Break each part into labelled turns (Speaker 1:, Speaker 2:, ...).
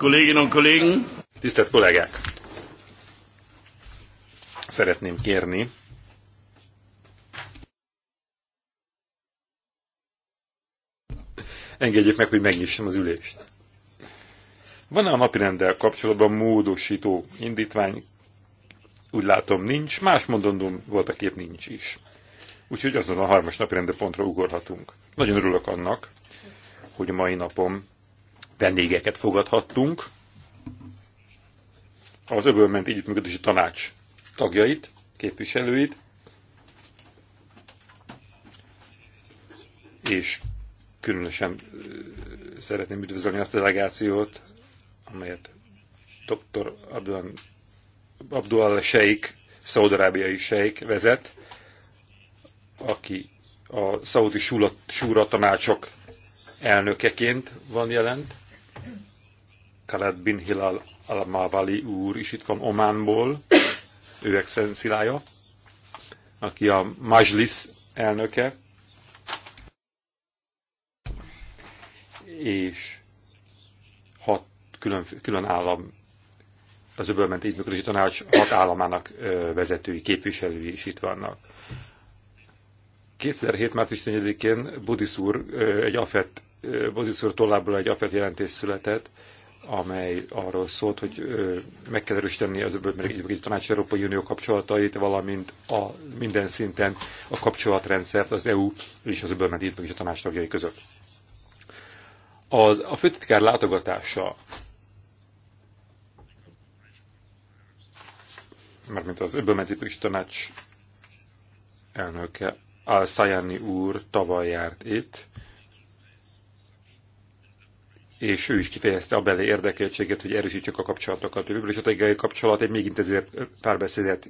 Speaker 1: Kolléginnen Tisztelt kollégák! Szeretném kérni, engedjék meg, hogy megnyissam az ülést. van -e a napirenddel kapcsolatban módosító indítvány? Úgy látom nincs, más mondandóm voltak épp nincs is. Úgyhogy azon a harmas napirendre pontra ugorhatunk. Nagyon örülök annak, hogy a mai napom vendégeket fogadhattunk, az öbölment együttműködési tanács tagjait, képviselőit, és különösen szeretném üdvözölni azt a delegációt, amelyet dr. Abdul, Abdul Sheikh, szaudarábiai Sheikh vezet, aki a szaudi súra tanácsok elnökeként van jelent, Khaled bin Hilal al-Mavali úr is itt van Ománból, ő excellenciája, aki a Majlis elnöke, és hat külön, külön állam, az öbölment ügyműködési tanács hat államának vezetői, képviselői is itt vannak. 2007. március 4-én Budiszúr egy afet Bodiszúr tollából egy afet jelentés született, amely arról szólt, hogy meg kell erősíteni az öbölmerikai tanács Európai Unió kapcsolatait, valamint a minden szinten a kapcsolatrendszert az EU és az a tanács tagjai között. Az, a főtitkár látogatása, mármint az öbölmerikai tanács elnöke, Al-Sayani úr tavaly járt itt, és ő is kifejezte a belé érdekeltséget, hogy erősítsük a kapcsolatokat. A bibliotetikai kapcsolat egy még intenzívebb párbeszédet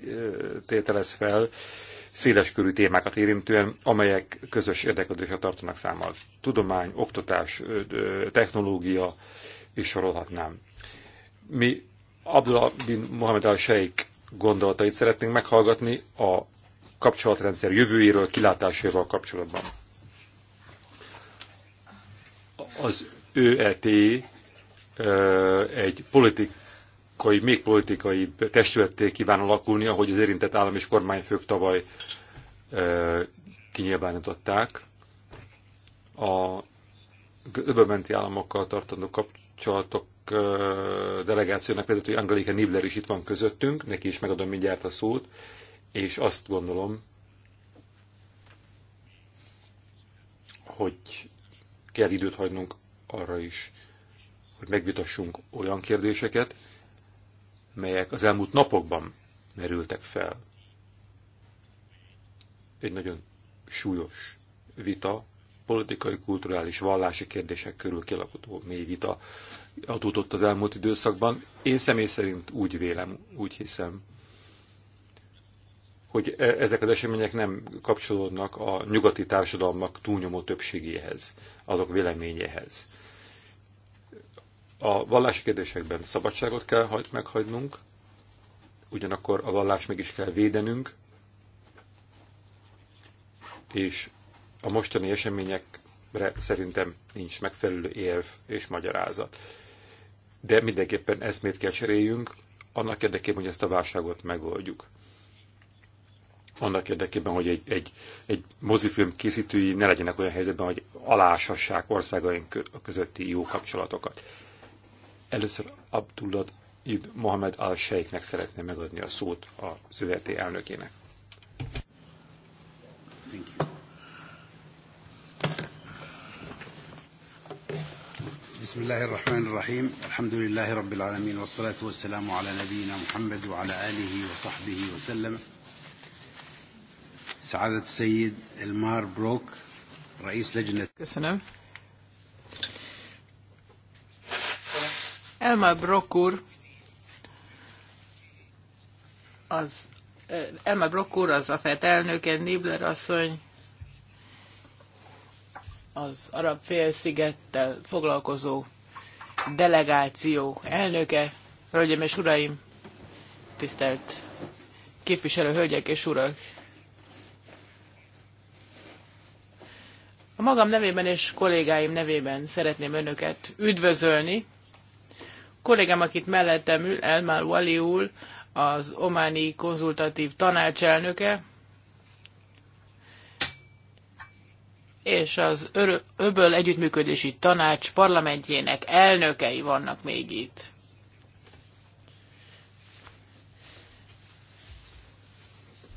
Speaker 1: tételez fel, széles körű témákat érintően, amelyek közös érdeklődésre tartanak számmal. Tudomány, oktatás, technológia, és sorolhatnám. Mi Abdullah bin Mohamed al Sheikh gondolatait szeretnénk meghallgatni a kapcsolatrendszer jövőjéről, kilátásairól kapcsolatban. Az ő e ÖET egy politikai, még politikai testületté kíván alakulni, ahogy az érintett állam és kormányfők tavaly kinyilvánították. A öbölmenti államokkal tartandó kapcsolatok delegációnak vezetői Angelika Nibler is itt van közöttünk, neki is megadom mindjárt a szót, és azt gondolom, hogy kell időt hagynunk arra is, hogy megvitassunk olyan kérdéseket, melyek az elmúlt napokban merültek fel. Egy nagyon súlyos vita, politikai, kulturális, vallási kérdések körül kialakuló mély vita adódott az elmúlt időszakban. Én személy szerint úgy vélem, úgy hiszem, hogy e- ezek az események nem kapcsolódnak a nyugati társadalmak túlnyomó többségéhez, azok véleményéhez. A vallási kérdésekben szabadságot kell meghagynunk, ugyanakkor a vallást mégis kell védenünk, és a mostani eseményekre szerintem nincs megfelelő érv és magyarázat. De mindenképpen eszmét kell cseréljünk, annak érdekében, hogy ezt a válságot megoldjuk. Annak érdekében, hogy egy, egy, egy mozifilm készítői ne legyenek olyan helyzetben, hogy aláshassák országaink közötti jó kapcsolatokat. Először Abdullah Ibn Mohamed al sheiknek szeretné megadni a szót a
Speaker 2: szöveti elnökének. Thank you. بسم الله الرحمن الرحيم الحمد لله رب العالمين والصلاة والسلام على نبينا محمد وعلى آله وصحبه وسلم سعادة السيد المار بروك رئيس لجنة Köszönöm. Elmar Brock úr az
Speaker 3: Elma Brock úr, az AFET elnöke, Nibler asszony, az arab félszigettel foglalkozó delegáció elnöke, hölgyeim és uraim, tisztelt képviselő hölgyek és urak! A magam nevében és kollégáim nevében szeretném önöket üdvözölni, kollégám, akit mellettem ül, Elmar Waliul, az ománi konzultatív tanácselnöke, és az Öböl Együttműködési Tanács parlamentjének elnökei vannak még itt.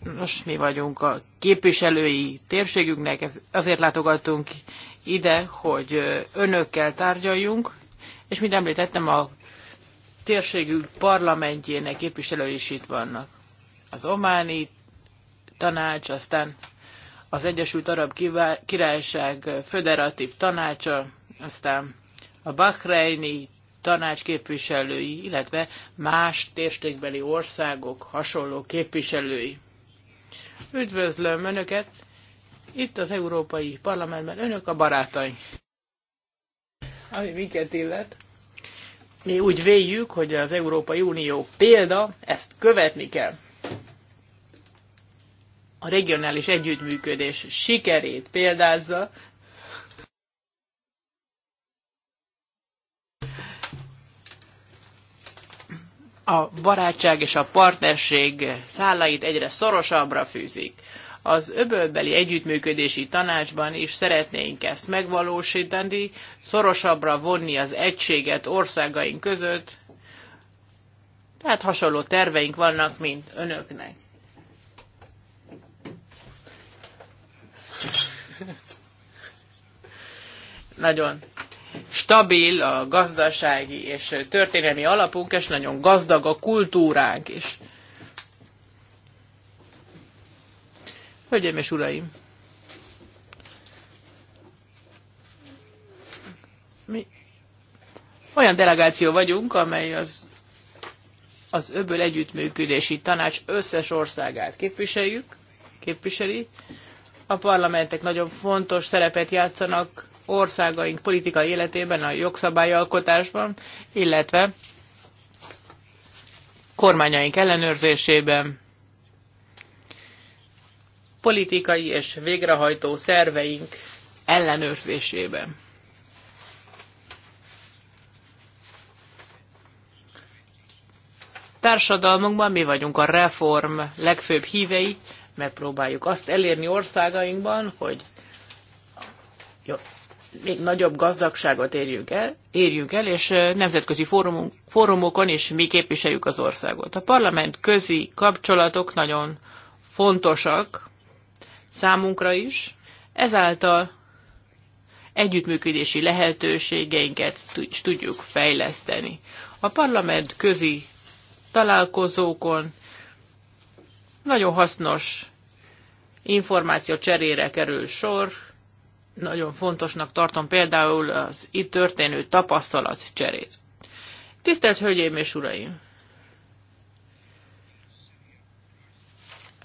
Speaker 3: Nos, mi vagyunk a képviselői térségünknek, azért látogattunk ide, hogy önökkel tárgyaljunk, és mint említettem, a térségünk parlamentjének képviselői is itt vannak. Az ománi tanács, aztán az Egyesült Arab Királyság Föderatív Tanácsa, aztán a Bahreini tanács képviselői, illetve más térségbeli országok hasonló képviselői. Üdvözlöm Önöket! Itt az Európai Parlamentben Önök a barátaink. Ami minket illet, mi úgy véljük, hogy az Európai Unió példa, ezt követni kell. A regionális együttműködés sikerét példázza, a barátság és a partnerség szálait egyre szorosabbra fűzik. Az öbölbeli együttműködési tanácsban is szeretnénk ezt megvalósítani, szorosabbra vonni az egységet országaink között, tehát hasonló terveink vannak, mint önöknek. Nagyon stabil a gazdasági és történelmi alapunk, és nagyon gazdag a kultúránk is. Hölgyeim és uraim! Mi olyan delegáció vagyunk, amely az, az öböl együttműködési tanács összes országát képviseljük, képviseli. A parlamentek nagyon fontos szerepet játszanak országaink politikai életében, a jogszabályalkotásban, illetve kormányaink ellenőrzésében, politikai és végrehajtó szerveink ellenőrzésében. Társadalmunkban mi vagyunk a reform legfőbb hívei, megpróbáljuk azt elérni országainkban, hogy jó, még nagyobb gazdagságot érjünk el, érjünk el és nemzetközi fórumunk, fórumokon is mi képviseljük az országot. A parlament közi kapcsolatok nagyon fontosak, számunkra is, ezáltal együttműködési lehetőségeinket tudjuk fejleszteni. A parlament közi találkozókon nagyon hasznos információ cserére kerül sor, nagyon fontosnak tartom például az itt történő tapasztalat cserét. Tisztelt Hölgyeim és Uraim!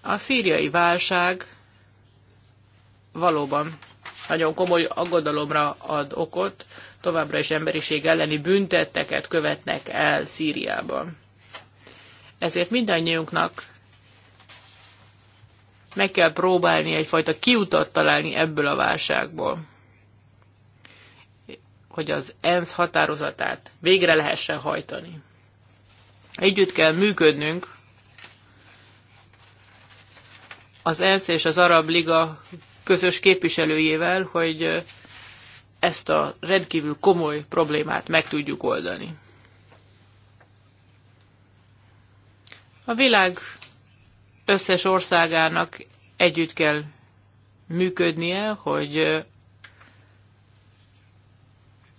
Speaker 3: A szíriai válság valóban nagyon komoly aggodalomra ad okot, továbbra is emberiség elleni büntetteket követnek el Szíriában. Ezért mindannyiunknak meg kell próbálni egyfajta kiutat találni ebből a válságból, hogy az ENSZ határozatát végre lehessen hajtani. Együtt kell működnünk az ENSZ és az Arab Liga közös képviselőjével, hogy ezt a rendkívül komoly problémát meg tudjuk oldani. A világ összes országának együtt kell működnie, hogy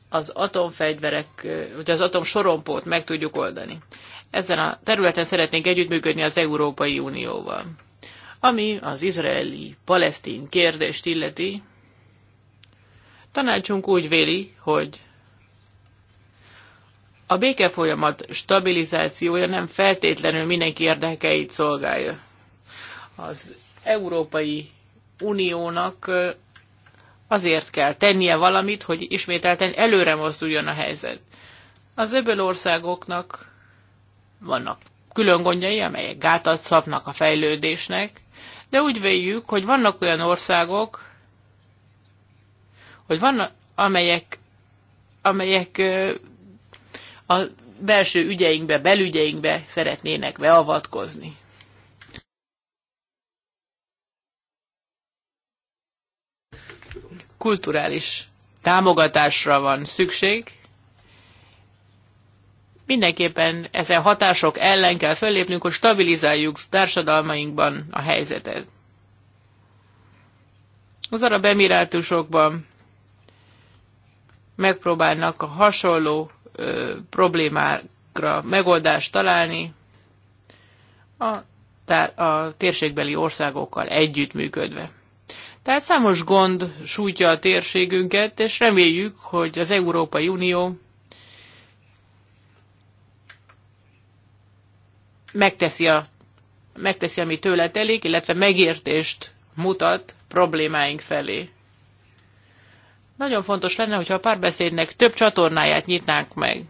Speaker 3: az atomfegyverek, hogy az atom sorompót meg tudjuk oldani. Ezen a területen szeretnénk együttműködni az Európai Unióval. Ami az izraeli-palesztin kérdést illeti, tanácsunk úgy véli, hogy a békefolyamat stabilizációja nem feltétlenül mindenki érdekeit szolgálja. Az Európai Uniónak azért kell tennie valamit, hogy ismételten előre mozduljon a helyzet. Az öböl országoknak vannak külön gondjai, amelyek gátat szabnak a fejlődésnek, de úgy véljük, hogy vannak olyan országok, hogy vannak, amelyek, amelyek a belső ügyeinkbe, belügyeinkbe szeretnének beavatkozni. Kulturális támogatásra van szükség, Mindenképpen ezen hatások ellen kell fellépnünk, hogy stabilizáljuk társadalmainkban a helyzetet. Az arab emirátusokban megpróbálnak a hasonló ö, problémákra megoldást találni a, tár, a térségbeli országokkal együttműködve. Tehát számos gond sújtja a térségünket, és reméljük, hogy az Európai Unió megteszi, a, megteszi, ami tőle telik, illetve megértést mutat problémáink felé. Nagyon fontos lenne, hogyha a párbeszédnek több csatornáját nyitnánk meg.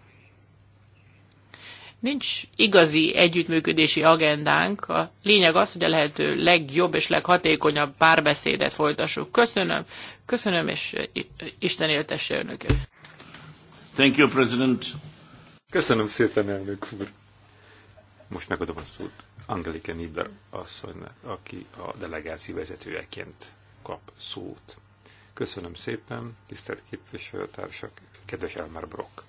Speaker 3: Nincs igazi együttműködési agendánk, a lényeg az, hogy a lehető legjobb és leghatékonyabb párbeszédet folytassuk. Köszönöm, köszönöm, és Isten éltesse önöket.
Speaker 2: Thank you, President.
Speaker 1: Köszönöm szépen, elnök úr. Most megadom a szót Angelika Nibler asszonynak, aki a delegáció vezetőjeként kap szót. Köszönöm szépen, tisztelt képviselőtársak, kedves Elmer Brock.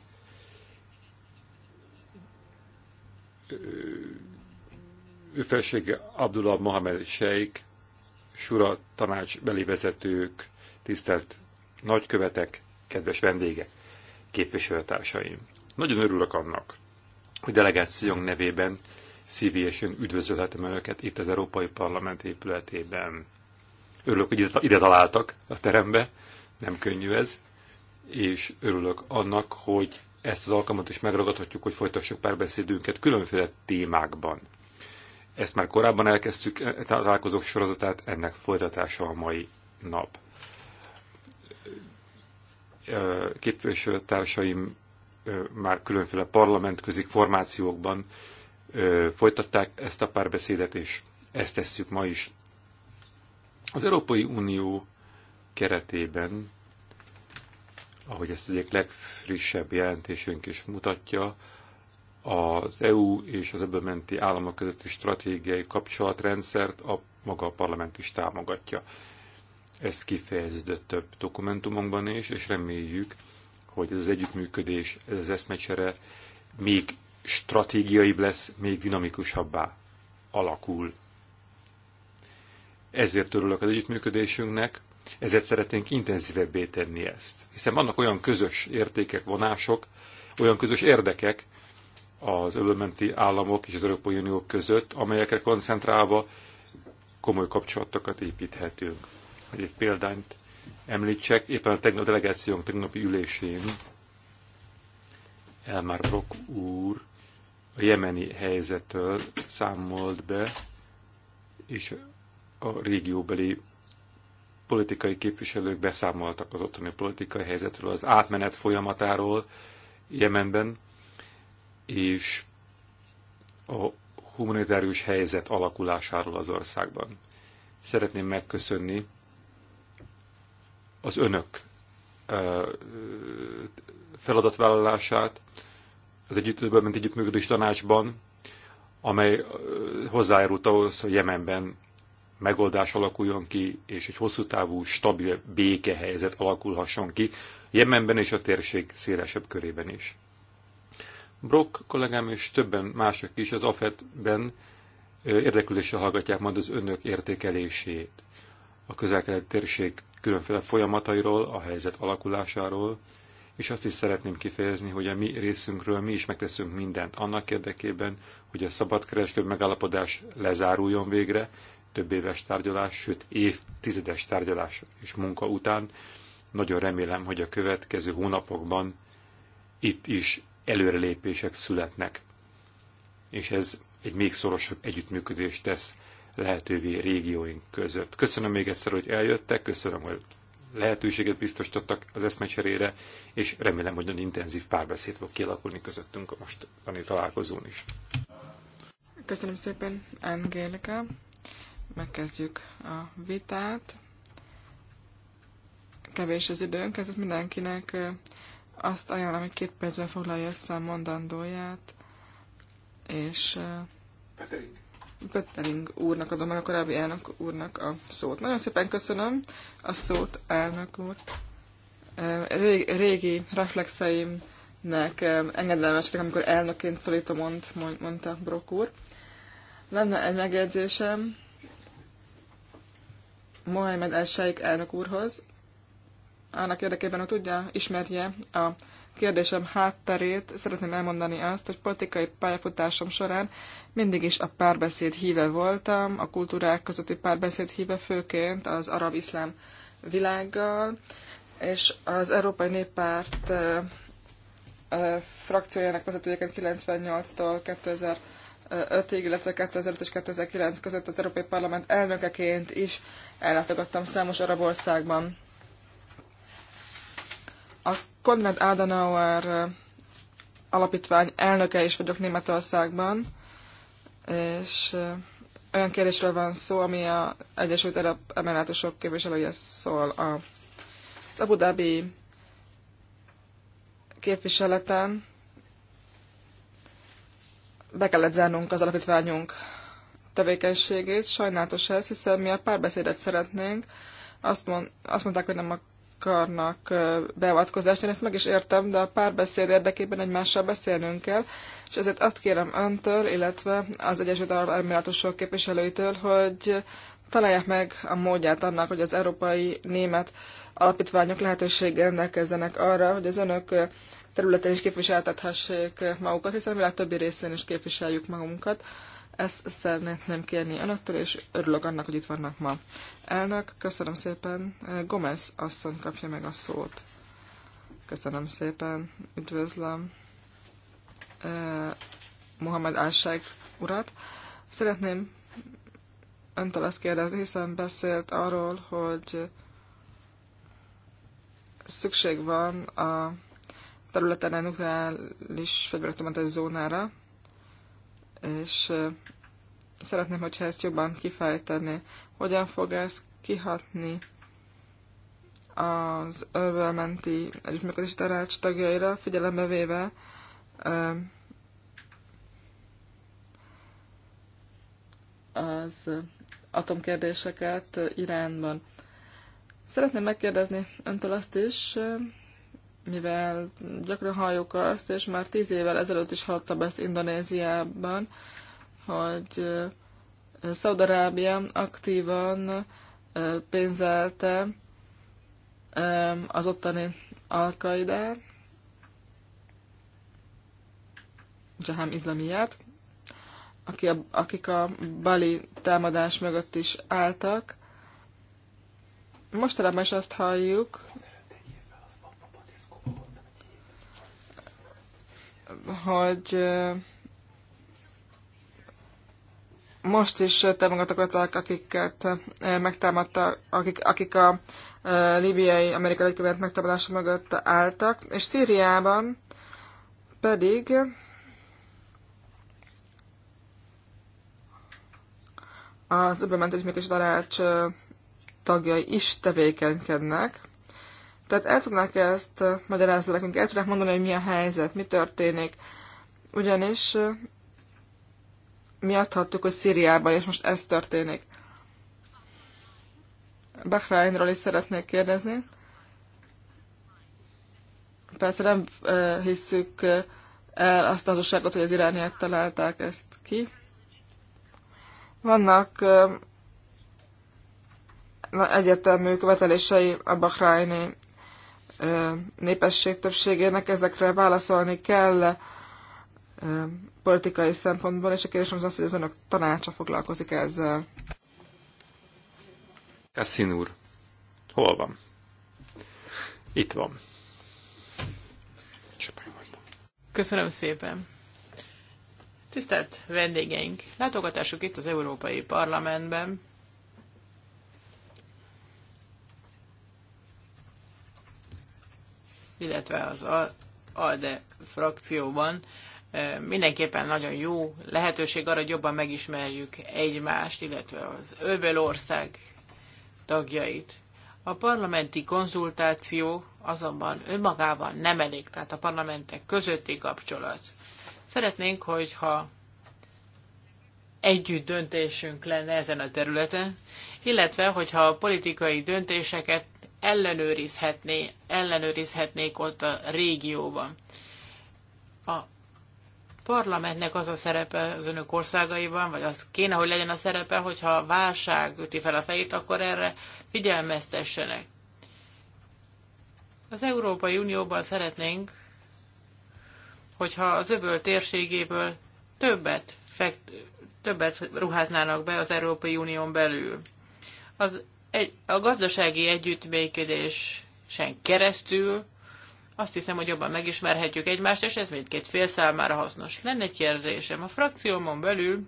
Speaker 1: Ő felsége Abdullah Mohamed Sheikh, Sura tanács vezetők, tisztelt nagykövetek, kedves vendégek, képviselőtársaim. Nagyon örülök annak, hogy delegációnk nevében szívélyesen üdvözölhetem Önöket itt az Európai Parlament épületében. Örülök, hogy ide találtak a terembe, nem könnyű ez, és örülök annak, hogy ezt az alkalmat is megragadhatjuk, hogy folytassuk párbeszédünket különféle témákban. Ezt már korábban elkezdtük, e, e, találkozók sorozatát, ennek folytatása a mai nap. Képviselőtársaim már különféle parlamentközi formációkban folytatták ezt a párbeszédet, és ezt tesszük ma is. Az Európai Unió keretében, ahogy ezt egyik legfrissebb jelentésünk is mutatja, az EU és az öbben menti államok közötti stratégiai kapcsolatrendszert a maga a parlament is támogatja. Ez kifejeződött több dokumentumunkban is, és reméljük, hogy ez az együttműködés, ez az eszmecsere még stratégiaibb lesz, még dinamikusabbá alakul. Ezért örülök az együttműködésünknek, ezért szeretnénk intenzívebbé tenni ezt. Hiszen vannak olyan közös értékek, vonások, olyan közös érdekek az öbölmenti államok és az Európai Unió között, amelyekre koncentrálva komoly kapcsolatokat építhetünk. Hogy egy példányt említsek, éppen a tegnap delegációnk tegnapi ülésén Elmar Brock úr a jemeni helyzettől számolt be, és a régióbeli politikai képviselők beszámoltak az ottani politikai helyzetről, az átmenet folyamatáról Jemenben, és a humanitárius helyzet alakulásáról az országban. Szeretném megköszönni az önök feladatvállalását az együttőben, mint együttműködés tanácsban, amely hozzájárult ahhoz, hogy Jemenben megoldás alakuljon ki, és egy hosszú távú, stabil békehelyzet alakulhasson ki, Jemenben és a térség szélesebb körében is. Brock kollégám és többen mások is az AFET-ben érdeklődéssel hallgatják majd az önök értékelését a közel térség különféle folyamatairól, a helyzet alakulásáról, és azt is szeretném kifejezni, hogy a mi részünkről mi is megteszünk mindent annak érdekében, hogy a szabadkereskedő megállapodás lezáruljon végre, több éves tárgyalás, sőt évtizedes tárgyalás és munka után. Nagyon remélem, hogy a következő hónapokban itt is előrelépések születnek. És ez egy még szorosabb együttműködést tesz lehetővé régióink között. Köszönöm még egyszer, hogy eljöttek, köszönöm, hogy lehetőséget biztosítottak az eszmecserére, és remélem, hogy nagyon intenzív párbeszéd fog kialakulni közöttünk a mostani találkozón is.
Speaker 4: Köszönöm szépen, Angélika. Megkezdjük a vitát. Kevés az időnk, ezért mindenkinek azt ajánlom, hogy két percben foglalja össze a mondandóját, és... Pedig. Pöttering úrnak adom a korábbi elnök úrnak a szót. Nagyon szépen köszönöm a szót, elnök úr. Régi, reflexeimnek engedelmesek, amikor elnökként szólítom, mond, mondta Brok úr. Lenne egy megjegyzésem Mohamed el elnök úrhoz, annak érdekében, hogy tudja, ismerje a kérdésem hátterét szeretném elmondani azt, hogy politikai pályafutásom során mindig is a párbeszéd híve voltam, a kultúrák közötti párbeszéd híve főként az arab-iszlám világgal, és az Európai Néppárt frakciójának vezetőjeként 98-tól 2005-ig, illetve 2005 és 2009 között az Európai Parlament elnökeként is ellátogattam számos arab országban. A Konrad Adenauer alapítvány elnöke is vagyok Németországban, és olyan kérdésről van szó, ami a Egyesült Arab Emirátusok képviselője szól. A, az Abu Dhabi képviseleten be kellett zárnunk az alapítványunk tevékenységét. Sajnálatos ez, hiszen mi a párbeszédet szeretnénk. Azt, mond, azt mondták, hogy nem a akarnak beavatkozást. Én ezt meg is értem, de a párbeszéd érdekében egymással beszélnünk kell, és ezért azt kérem öntől, illetve az Egyesült Arab Emirátusok képviselőitől, hogy találják meg a módját annak, hogy az európai német alapítványok lehetőséggel rendelkezzenek arra, hogy az önök területén is képviseltethessék magukat, hiszen a világ többi részén is képviseljük magunkat. Ezt szeretném kérni önöktől, és örülök annak, hogy itt vannak ma. Elnök, köszönöm szépen. Gomez asszony kapja meg a szót. Köszönöm szépen. Üdvözlöm. Eh, Mohamed Álság urat. Szeretném öntől azt kérdezni, hiszen beszélt arról, hogy szükség van a területen a nukleális fegyverektömentes zónára, és szeretném, hogyha ezt jobban kifejteni. Hogyan fog ez kihatni az örvölmenti együttműködési tanács tagjaira, figyelembe véve az atomkérdéseket Iránban. Szeretném megkérdezni öntől azt is, mivel gyakran halljuk azt, és már tíz évvel ezelőtt is hallottam ezt Indonéziában, hogy Szaudarábia aktívan pénzelte az ottani alkaidát, Jaham Izlamiát, aki a, akik a Bali támadás mögött is álltak. Mostanában is azt halljuk, hogy most is támogatók akiket megtámadta, akik, akik a libiai amerikai egykövet megtámadása mögött álltak, és Szíriában pedig az öbölmentés mégis tanács tagjai is tevékenykednek. Tehát el tudnak ezt magyarázni nekünk, el tudnak mondani, hogy mi a helyzet, mi történik. Ugyanis mi azt hattuk, hogy Szíriában, és most ez történik. Bahrainról is szeretnék kérdezni. Persze nem uh, hisszük el azt az újságot, hogy az irániak találták ezt ki. Vannak uh, egyetemű követelései a bahraini népesség többségének, ezekre válaszolni kell politikai szempontból, és a kérdésem az az, hogy az önök tanácsa foglalkozik ezzel.
Speaker 1: Kassin úr, hol van? Itt van.
Speaker 3: Köszönöm szépen. Tisztelt vendégeink! Látogatásuk itt az Európai Parlamentben illetve az ALDE frakcióban mindenképpen nagyon jó lehetőség arra, hogy jobban megismerjük egymást, illetve az Öbelország tagjait. A parlamenti konzultáció azonban önmagában nem elég, tehát a parlamentek közötti kapcsolat. Szeretnénk, hogyha együtt döntésünk lenne ezen a területen, illetve hogyha a politikai döntéseket ellenőrizhetné, ellenőrizhetnék ott a régióban. A parlamentnek az a szerepe az önök országaiban, vagy az kéne, hogy legyen a szerepe, hogyha a válság üti fel a fejét, akkor erre figyelmeztessenek. Az Európai Unióban szeretnénk, hogyha az öböl térségéből többet, fekt, többet ruháznának be az Európai Unión belül. Az egy, a gazdasági együttműködésen keresztül azt hiszem, hogy jobban megismerhetjük egymást, és ez mindkét fél számára hasznos. Lenne egy kérdésem. A frakciómon belül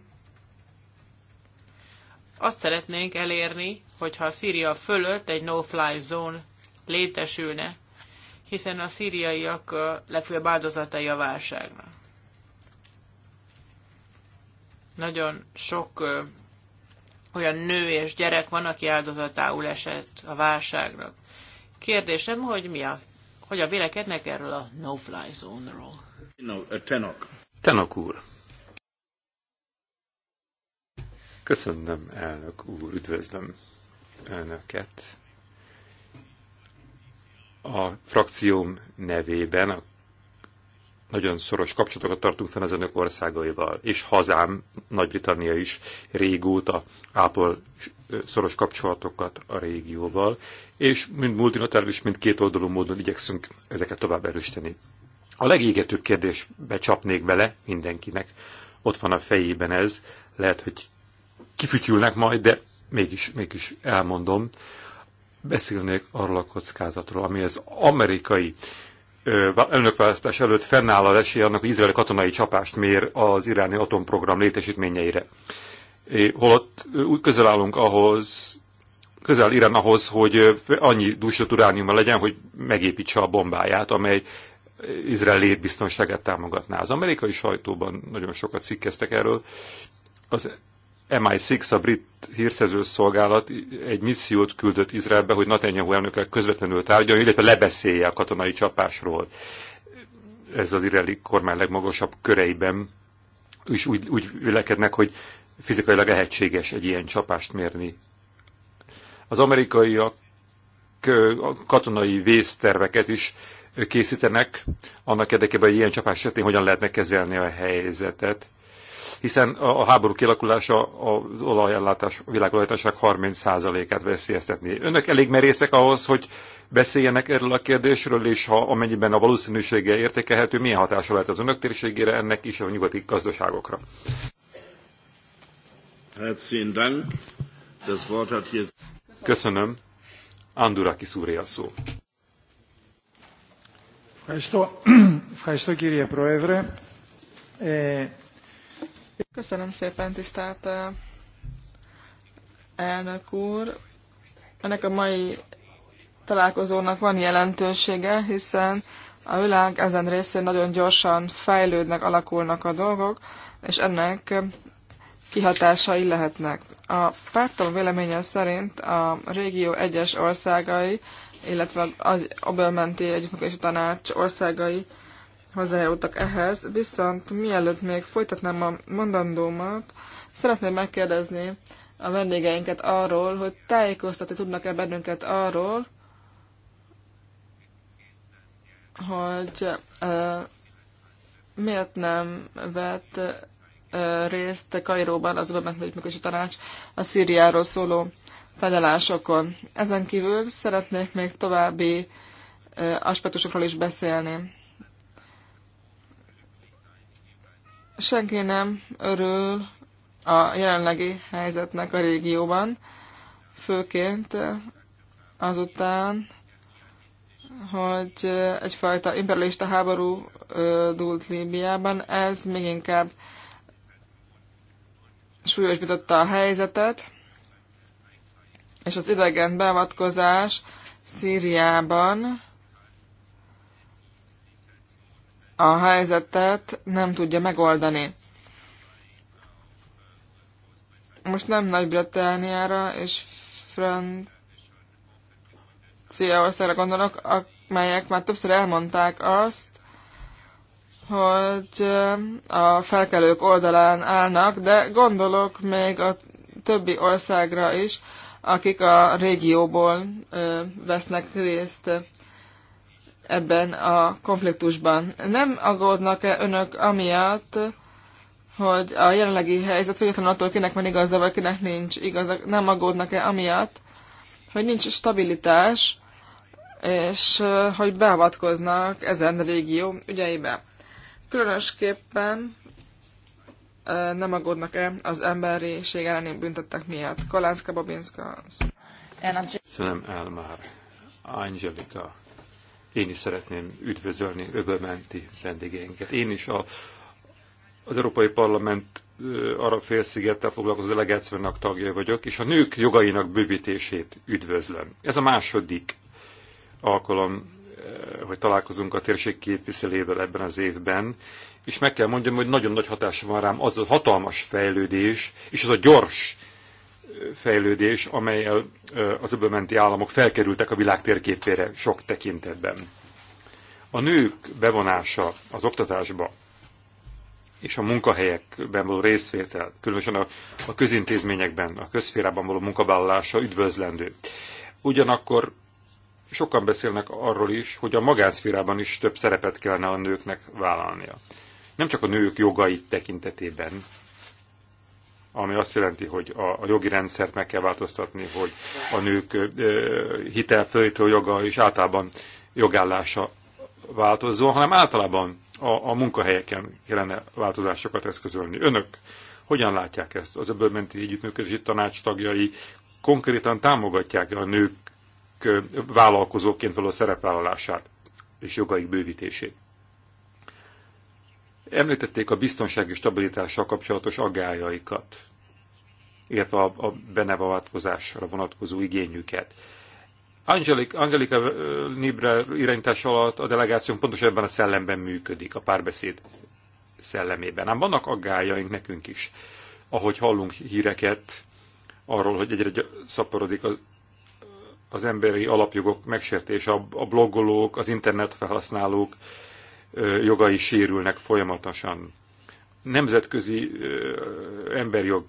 Speaker 3: azt szeretnénk elérni, hogyha a Szíria fölött egy no-fly zone létesülne, hiszen a szíriaiak a legfőbb áldozatai a válságnak. Nagyon sok olyan nő és gyerek van, aki áldozatául esett a válságnak. Kérdésem, hogy mi a, hogy a vélekednek erről a no-fly zónról?
Speaker 2: No, uh, tenok.
Speaker 1: Tenok úr. Köszönöm, elnök úr, üdvözlöm önöket. A frakcióm nevében, a nagyon szoros kapcsolatokat tartunk fenn az önök országaival, és hazám, Nagy-Britannia is régóta ápol szoros kapcsolatokat a régióval, és mind multilaterális, mind két oldalú módon igyekszünk ezeket tovább erősíteni. A legégetőbb kérdésbe csapnék bele mindenkinek, ott van a fejében ez, lehet, hogy kifütyülnek majd, de mégis, mégis elmondom, beszélnék arról a kockázatról, ami az amerikai elnökválasztás előtt fennáll a esély annak, hogy Izrael katonai csapást mér az iráni atomprogram létesítményeire. Holott úgy közel állunk ahhoz, közel Irán ahhoz, hogy annyi dúsított urániuma legyen, hogy megépítse a bombáját, amely Izrael létbiztonságát támogatná. Az amerikai sajtóban nagyon sokat cikkeztek erről. Az MI6, a brit hírszerző szolgálat egy missziót küldött Izraelbe, hogy Netanyahu elnökkel közvetlenül tárgyal, illetve lebeszélje a katonai csapásról. Ez az izraeli kormány legmagasabb köreiben is úgy, úgy vélekednek, hogy fizikailag lehetséges egy ilyen csapást mérni. Az amerikaiak katonai vészterveket is készítenek, annak érdekében, hogy ilyen csapás esetén hogyan lehetne kezelni a helyzetet hiszen a háború kilakulása az olajellátás, a világolajtásnak 30%-át veszélyeztetni. Önök elég merészek ahhoz, hogy beszéljenek erről a kérdésről, és ha amennyiben a valószínűsége értékelhető, milyen hatása lehet az önök térségére, ennek is a nyugati gazdaságokra. Köszönöm. Anduraki szúré a szó.
Speaker 2: Ευχαριστώ. Ευχαριστώ κύριε Πρόεδρε.
Speaker 4: Köszönöm szépen, tisztelt eh, elnök úr. Ennek a mai találkozónak van jelentősége, hiszen a világ ezen részén nagyon gyorsan fejlődnek, alakulnak a dolgok, és ennek kihatásai lehetnek. A pártom véleménye szerint a régió egyes országai, illetve az Obelmenti együttműködési tanács országai hozzájárultak ehhez, viszont mielőtt még folytatnám a mondandómat, szeretném megkérdezni a vendégeinket arról, hogy tájékoztatni tudnak-e bennünket arról, hogy uh, miért nem vett uh, részt Kairóban az Öbben Működési Tanács a Szíriáról szóló tárgyalásokon. Ezen kívül szeretnék még további uh, aspektusokról is beszélni. senki nem örül a jelenlegi helyzetnek a régióban, főként azután, hogy egyfajta imperialista háború dúlt Líbiában, ez még inkább súlyosbította a helyzetet, és az idegen beavatkozás Szíriában a helyzetet nem tudja megoldani. Most nem Nagy-Britanniára és Franciaországra gondolok, amelyek már többször elmondták azt, hogy a felkelők oldalán állnak, de gondolok még a többi országra is, akik a régióból vesznek részt ebben a konfliktusban. Nem aggódnak-e önök amiatt, hogy a jelenlegi helyzet függetlenül attól, kinek van igaza, vagy kinek nincs igaza, nem aggódnak-e amiatt, hogy nincs stabilitás, és hogy beavatkoznak ezen régió ügyeibe. Különösképpen nem aggódnak-e az emberiség elleni büntettek miatt. Kolánszka
Speaker 1: Szerintem el már, Angelika én is szeretném üdvözölni öbömenti szendégénket. Én is a, az Európai Parlament arab félszigettel foglalkozó delegációnak tagja vagyok, és a nők jogainak bővítését üdvözlöm. Ez a második alkalom, hogy találkozunk a térség képviselével ebben az évben, és meg kell mondjam, hogy nagyon nagy hatása van rám az a hatalmas fejlődés, és az a gyors fejlődés, amelyel az öbölmenti államok felkerültek a világ térképére sok tekintetben. A nők bevonása az oktatásba és a munkahelyekben való részvétel, különösen a, a közintézményekben, a közférában való munkavállalása üdvözlendő. Ugyanakkor sokan beszélnek arról is, hogy a magánszférában is több szerepet kellene a nőknek vállalnia. Nem csak a nők jogait tekintetében, ami azt jelenti, hogy a, a jogi rendszert meg kell változtatni, hogy a nők hitelfelítő joga és általában jogállása változzon, hanem általában a, a munkahelyeken kellene változásokat eszközölni. Önök hogyan látják ezt? Az ebből menti együttműködési tanács tagjai konkrétan támogatják a nők vállalkozóként való szerepvállalását és jogaik bővítését? Említették a biztonsági stabilitással kapcsolatos aggájaikat, illetve a, a benevavatkozásra vonatkozó igényüket. Angelika, Angelika Nibre irányítás alatt a delegáció pontosan ebben a szellemben működik, a párbeszéd szellemében. Ám vannak aggájaink nekünk is, ahogy hallunk híreket arról, hogy egyre szaporodik az, az emberi alapjogok megsértése, a, a blogolók, az internet felhasználók, jogai sérülnek folyamatosan. Nemzetközi emberjog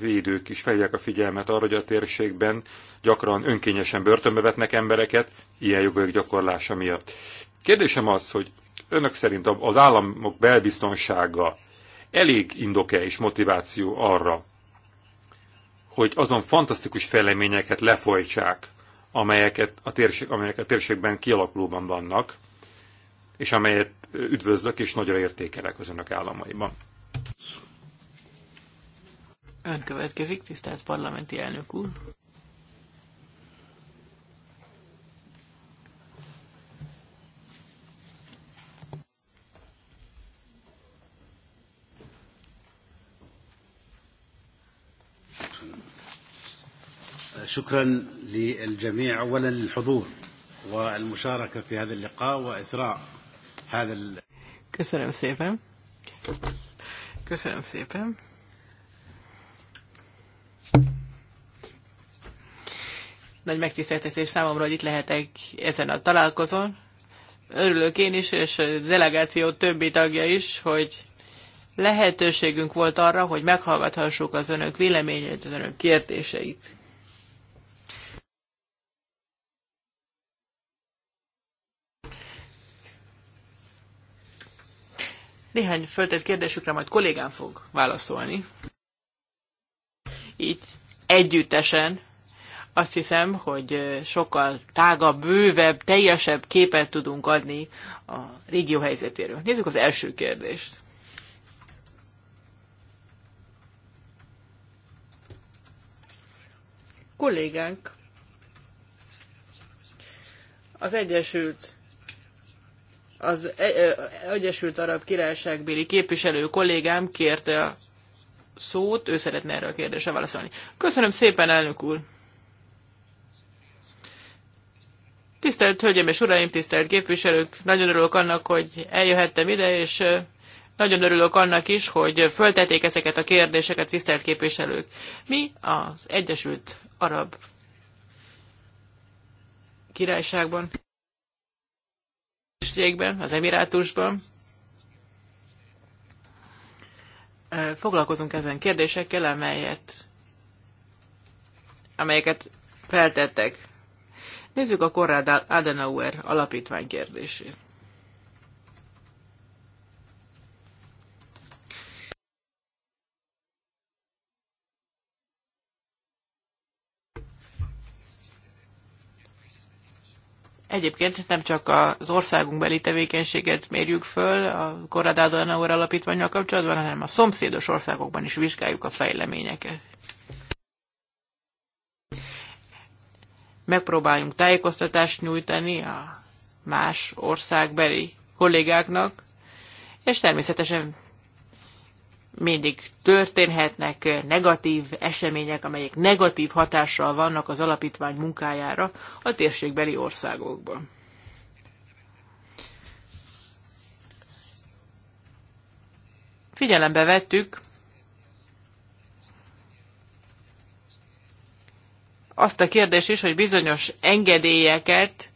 Speaker 1: védők is felhívják a figyelmet arra, hogy a térségben gyakran önkényesen börtönbe vetnek embereket ilyen jogok gyakorlása miatt. Kérdésem az, hogy önök szerint az államok belbiztonsága elég indoke és motiváció arra, hogy azon fantasztikus fejleményeket lefolytsák, amelyeket a, térség, amelyek a térségben kialakulóban vannak, és amelyet üdvözlök és nagyra értékelek az önök államaiban.
Speaker 3: Ön következik, tisztelt parlamenti elnök úr.
Speaker 2: شكرا للجميع اولا للحضور والمشاركه في هذا اللقاء واثراء هذا Köszönöm szépen. Köszönöm szépen.
Speaker 3: Nagy megtiszteltetés számomra, hogy itt lehetek ezen a találkozón. Örülök én is, és a delegáció többi tagja is, hogy lehetőségünk volt arra, hogy meghallgathassuk az önök véleményét, az önök kérdéseit. Néhány föltett kérdésükre majd kollégám fog válaszolni. Így együttesen azt hiszem, hogy sokkal tágabb, bővebb, teljesebb képet tudunk adni a régió helyzetéről. Nézzük az első kérdést. Kollégánk az Egyesült az e- e- Egyesült Arab Királyságbéli képviselő kollégám kérte a szót, ő szeretne erről a kérdésre válaszolni. Köszönöm szépen, elnök úr! Tisztelt Hölgyeim és Uraim, tisztelt képviselők, nagyon örülök annak, hogy eljöhettem ide, és nagyon örülök annak is, hogy föltették ezeket a kérdéseket, tisztelt képviselők. Mi az Egyesült Arab Királyságban cégben, az Emirátusban. Foglalkozunk ezen kérdésekkel, amelyet, amelyeket feltettek. Nézzük a Korrád Adenauer alapítvány kérdését. Egyébként nem csak az országunk beli tevékenységet mérjük föl a Konrad Adenauer alapítványjal kapcsolatban, hanem a szomszédos országokban is vizsgáljuk a fejleményeket. Megpróbáljunk tájékoztatást nyújtani a más országbeli kollégáknak, és természetesen mindig történhetnek negatív események, amelyek negatív hatással vannak az alapítvány munkájára a térségbeli országokban. Figyelembe vettük azt a kérdést is, hogy bizonyos engedélyeket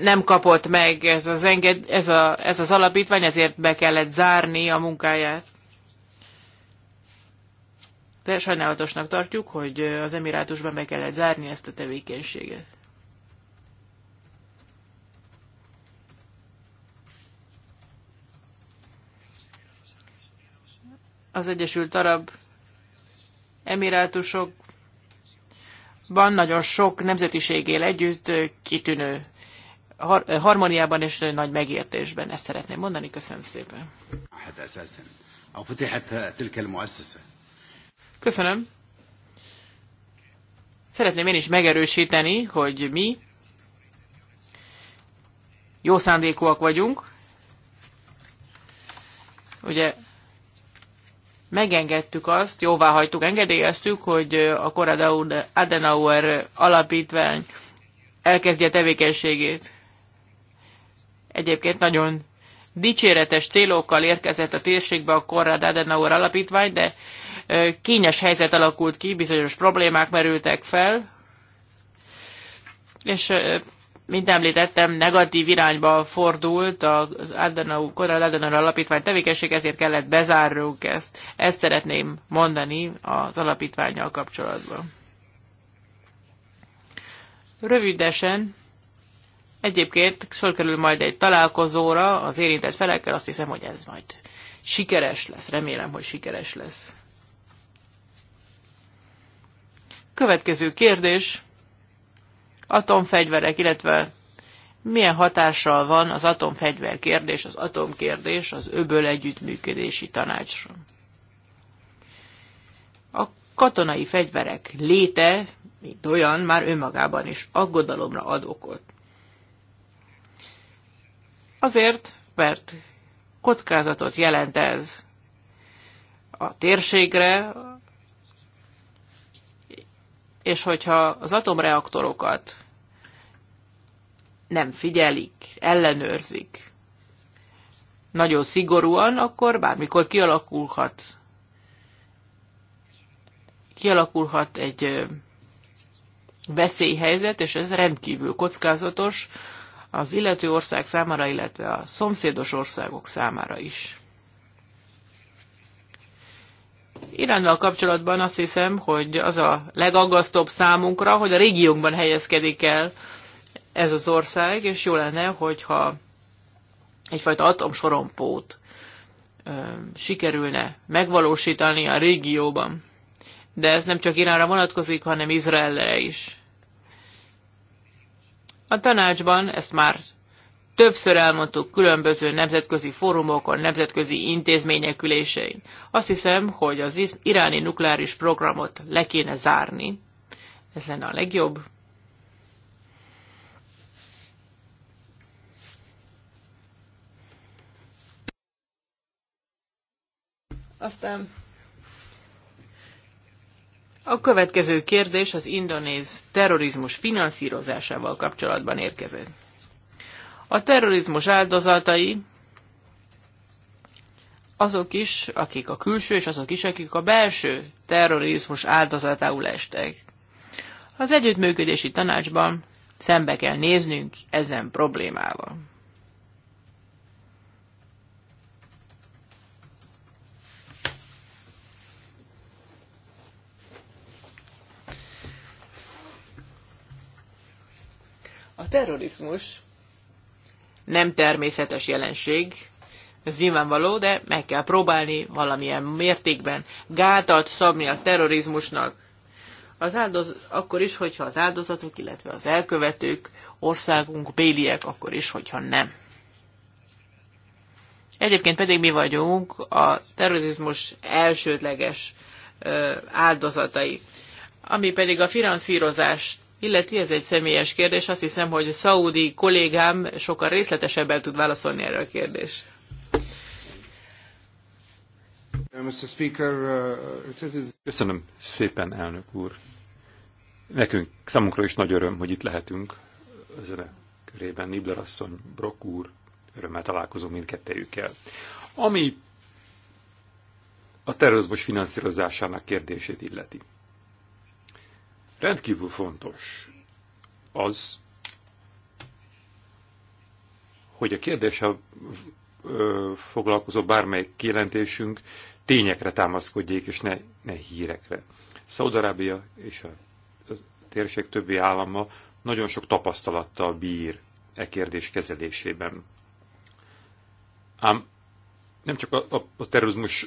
Speaker 3: nem kapott meg ez az, enged, ez, a, ez az alapítvány, ezért be kellett zárni a munkáját. De sajnálatosnak tartjuk, hogy az emirátusban be kellett zárni ezt a tevékenységet. Az Egyesült Arab Emirátusokban nagyon sok nemzetiség él együtt kitűnő harmóniában és nagy megértésben. Ezt szeretném mondani. Köszönöm szépen. Köszönöm. Szeretném én is megerősíteni, hogy mi jó szándékúak vagyunk. Ugye megengedtük azt, jóvá hagytuk, engedélyeztük, hogy a Korada Adenauer alapítvány elkezdje tevékenységét. Egyébként nagyon dicséretes célokkal érkezett a térségbe a Konrad Adenauer alapítvány, de kényes helyzet alakult ki, bizonyos problémák merültek fel, és mint említettem, negatív irányba fordult az Adenau, Konrad Adenauer alapítvány tevékenység, ezért kellett bezárnunk ezt. Ezt szeretném mondani az alapítványjal kapcsolatban. Rövidesen egyébként sor kerül majd egy találkozóra az érintett felekkel, azt hiszem, hogy ez majd sikeres lesz, remélem, hogy sikeres lesz. Következő kérdés, atomfegyverek, illetve milyen hatással van az atomfegyver kérdés, az atomkérdés az öböl együttműködési tanácsra. A katonai fegyverek léte, mint olyan, már önmagában is aggodalomra ad okot. Azért, mert kockázatot jelent ez a térségre, és hogyha az atomreaktorokat nem figyelik, ellenőrzik nagyon szigorúan, akkor bármikor kialakulhat kialakulhat egy veszélyhelyzet, és ez rendkívül kockázatos az illető ország számára, illetve a szomszédos országok számára is. Iránnal kapcsolatban azt hiszem, hogy az a legaggasztóbb számunkra, hogy a régiónkban helyezkedik el ez az ország, és jó lenne, hogyha egyfajta atomsorompót ö, sikerülne megvalósítani a régióban. De ez nem csak Iránra vonatkozik, hanem Izraelre is. A tanácsban ezt már többször elmondtuk különböző nemzetközi fórumokon, nemzetközi intézmények ülésein. Azt hiszem, hogy az iráni nukleáris programot le kéne zárni. Ez lenne a legjobb. Aztán a következő kérdés az indonéz terrorizmus finanszírozásával kapcsolatban érkezett. A terrorizmus áldozatai azok is, akik a külső, és azok is, akik a belső terrorizmus áldozatául estek. Az együttműködési tanácsban szembe kell néznünk ezen problémával. A terrorizmus nem természetes jelenség, ez nyilvánvaló, de meg kell próbálni valamilyen mértékben gátat szabni a terrorizmusnak. Az áldoz, akkor is, hogyha az áldozatok, illetve az elkövetők országunk béliek, akkor is, hogyha nem. Egyébként pedig mi vagyunk a terrorizmus elsődleges áldozatai. Ami pedig a finanszírozást illeti, ez egy személyes kérdés. Azt hiszem, hogy a szaudi kollégám sokkal részletesebben tud válaszolni erre a kérdésre.
Speaker 2: Uh, uh,
Speaker 1: Köszönöm szépen, elnök úr. Nekünk, számunkra is nagy öröm, hogy itt lehetünk az a körében. Nibler asszony, Brock úr, örömmel találkozunk mindkettejükkel. Ami a terrorizmus finanszírozásának kérdését illeti. Rendkívül fontos az, hogy a kérdéssel foglalkozó bármelyik kijelentésünk tényekre támaszkodjék, és ne, ne hírekre. Szaudarábia és a, a térség többi állama nagyon sok tapasztalattal bír e kérdés kezelésében. Ám nem csak a, a, a terrorizmus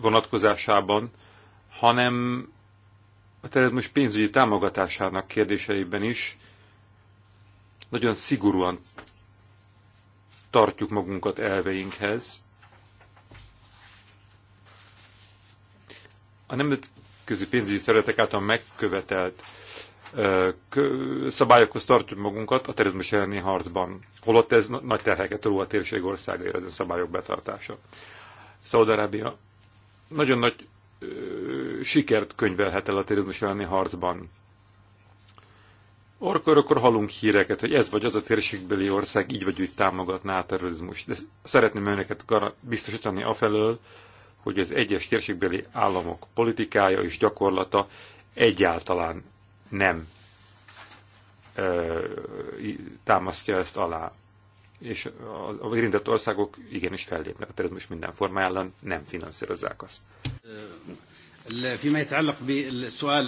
Speaker 1: vonatkozásában, hanem a terrorizmus pénzügyi támogatásának kérdéseiben is nagyon szigorúan tartjuk magunkat elveinkhez. A nemzetközi pénzügyi szeretek által megkövetelt szabályokhoz tartjuk magunkat a terrorizmus elleni harcban, holott ez nagy terheket ró a térség országaira ezen szabályok betartása. Szaudarábia nagyon nagy sikert könyvelhet el a terrorizmus elleni harcban. Orkor akkor hallunk híreket, hogy ez vagy az a térségbeli ország így vagy úgy támogatná a terrorizmust. De szeretném önöket biztosítani afelől, hogy az egyes térségbeli államok politikája és gyakorlata egyáltalán nem ö, támasztja ezt alá. És a érintett országok igenis fellépnek a terrorizmus minden formájában, nem finanszírozzák azt.
Speaker 2: فيما يتعلق بالسؤال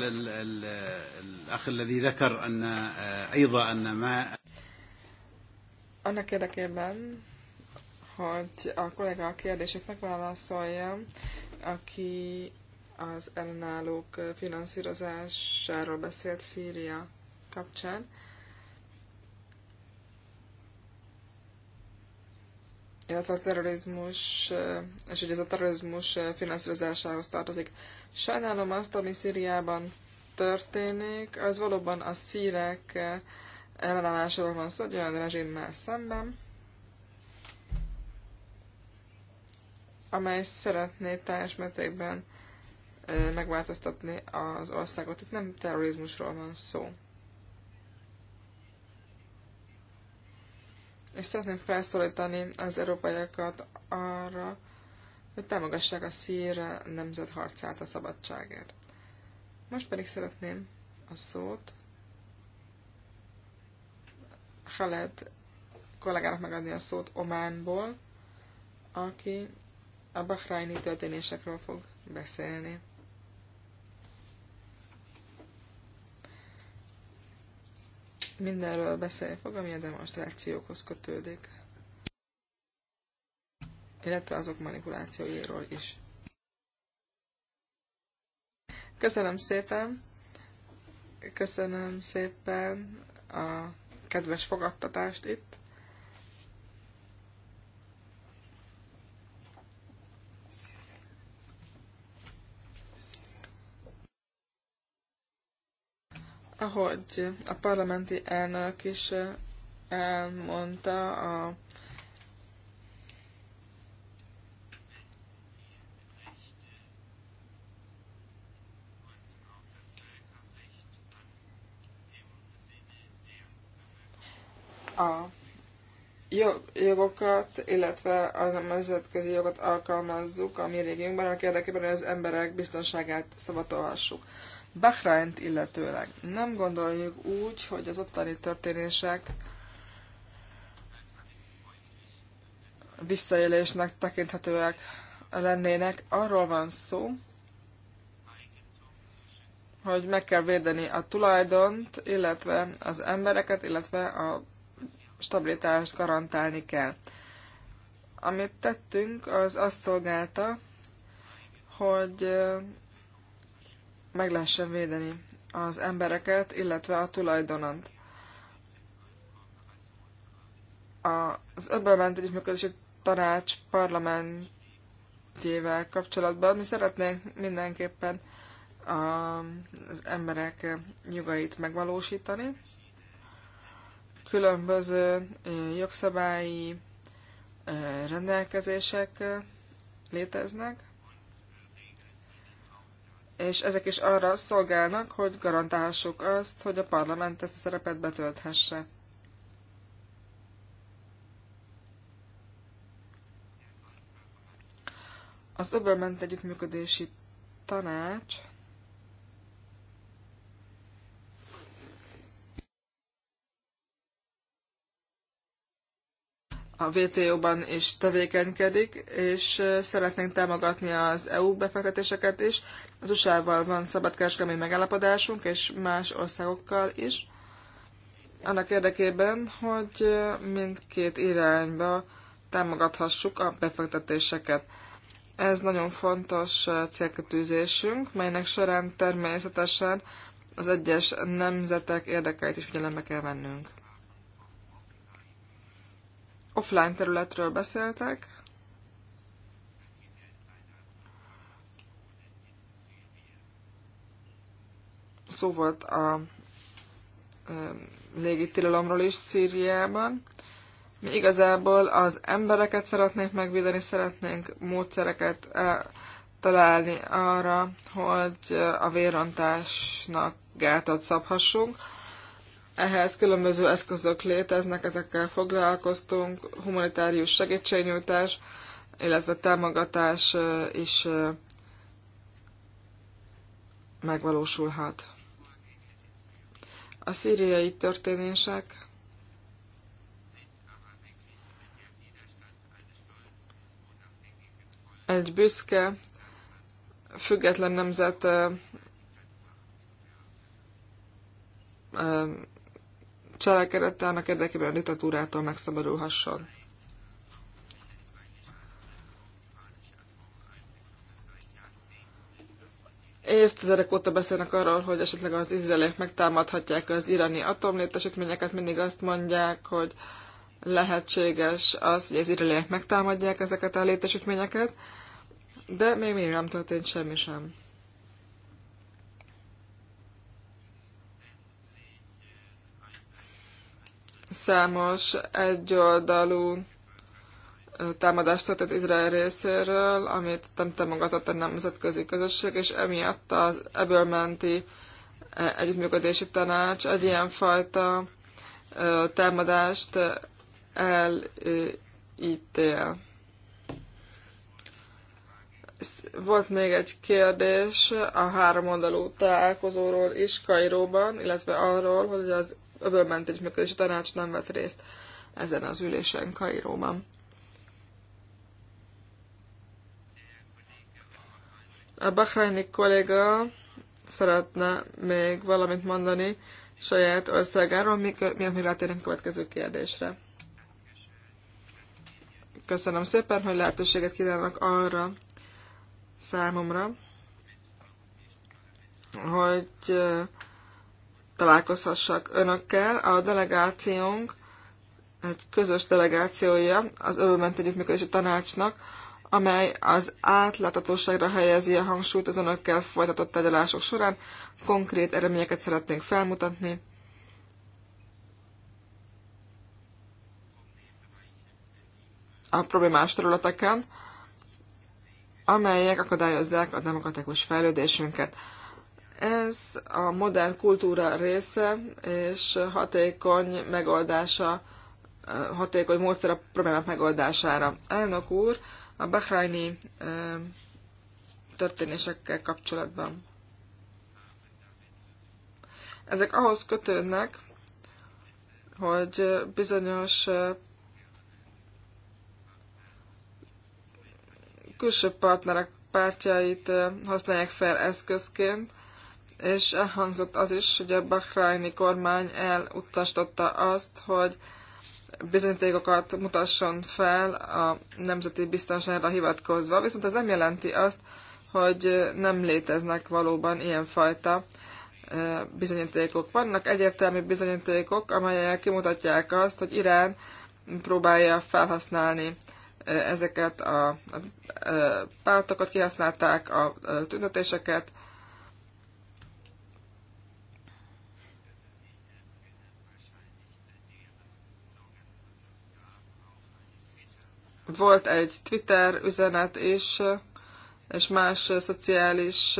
Speaker 2: الأخ الذي ذكر أن أيضا أن ما
Speaker 4: annak érdekében, hogy a kollega a kérdését megválaszolja, aki az ellenállók finanszírozásáról beszélt Szíria kapcsán. illetve a terrorizmus, és hogy ez a terrorizmus finanszírozásához tartozik. Sajnálom azt, ami Szíriában történik, az valóban a szírek ellenállásról van szó, hogy olyan rezsimmel szemben, amely szeretné teljes mértékben megváltoztatni az országot. Itt nem terrorizmusról van szó. és szeretném felszólítani az európaiakat arra, hogy támogassák a szír nemzet harcát a szabadságért. Most pedig szeretném a szót Haled kollégának megadni a szót Ománból, aki a bahrájni történésekről fog beszélni. mindenről beszélni fog, ami a demonstrációkhoz kötődik, illetve azok manipulációiról is. Köszönöm szépen! Köszönöm szépen a kedves fogadtatást itt! Ahogy a parlamenti elnök is elmondta, a a jogokat, illetve a nemzetközi jogot alkalmazzuk a mi régiónkban, annak érdekében, hogy az emberek biztonságát szavatolhassuk. Bahrányt illetőleg nem gondoljuk úgy, hogy az ottani történések visszaélésnek tekinthetőek lennének. Arról van szó, hogy meg kell védeni a tulajdont, illetve az embereket, illetve a stabilitást garantálni kell. Amit tettünk, az azt szolgálta, hogy meg lehessen védeni az embereket, illetve a tulajdonant. Az öbölment együttműködési tanács parlamentjével kapcsolatban mi szeretnénk mindenképpen az emberek nyugait megvalósítani. Különböző jogszabályi eh, rendelkezések eh, léteznek, és ezek is arra szolgálnak, hogy garantálhassuk azt, hogy a parlament ezt a szerepet betölthesse. Az Öbölment együttműködési tanács a WTO-ban is tevékenykedik, és szeretnénk támogatni az EU befektetéseket is. Az USA-val van szabadkereskedelmi megállapodásunk, és más országokkal is. Annak érdekében, hogy mindkét irányba támogathassuk a befektetéseket. Ez nagyon fontos célkötűzésünk, melynek során természetesen az egyes nemzetek érdekeit is figyelembe kell vennünk offline területről beszéltek. Szó volt a légitilalomról is Szíriában. Mi igazából az embereket szeretnénk megvédeni, szeretnénk módszereket e, találni arra, hogy e, a vérontásnak gátat szabhassunk. Ehhez különböző eszközök léteznek, ezekkel foglalkoztunk, humanitárius segítségnyújtás, illetve támogatás is megvalósulhat. A szíriai történések egy büszke, független nemzet cselekedete annak érdekében a diktatúrától megszabadulhasson. Évtizedek óta beszélnek arról, hogy esetleg az izraeliek megtámadhatják az iráni atomlétesítményeket, mindig azt mondják, hogy lehetséges az, hogy az izraeliek megtámadják ezeket a létesítményeket, de még mindig nem történt semmi sem. Számos egyoldalú támadást tett Izrael részéről, amit nem támogatott a nemzetközi közösség, és emiatt az ebből menti együttműködési tanács egy ilyen fajta támadást elítél. Volt még egy kérdés a oldalú találkozóról is Kairóban, illetve arról, hogy az öbölment egy működési tanács nem vett részt ezen az ülésen Kairóban. A bahraini kolléga szeretne még valamit mondani saját országáról, miért még rátérünk következő kérdésre. Köszönöm szépen, hogy lehetőséget kínálnak arra számomra, hogy találkozhassak önökkel. A delegációnk egy közös delegációja az Övőment Együttműködési Tanácsnak, amely az átláthatóságra helyezi a hangsúlyt az önökkel folytatott tárgyalások során. Konkrét eredményeket szeretnénk felmutatni. a problémás területeken, amelyek akadályozzák a demokratikus fejlődésünket. Ez a modern kultúra része, és hatékony megoldása, hatékony módszer a problémák megoldására. Elnök úr, a bahraini történésekkel kapcsolatban. Ezek ahhoz kötődnek, hogy bizonyos külső partnerek pártjait használják fel eszközként, és elhangzott az is, hogy a bahraini kormány elutasította azt, hogy bizonyítékokat mutasson fel a nemzeti biztonságra hivatkozva, viszont ez nem jelenti azt, hogy nem léteznek valóban ilyenfajta bizonyítékok. Vannak egyértelmű bizonyítékok, amelyek kimutatják azt, hogy Irán próbálja felhasználni ezeket a pártokat, kihasználták a tüntetéseket, Volt egy Twitter üzenet is, és más szociális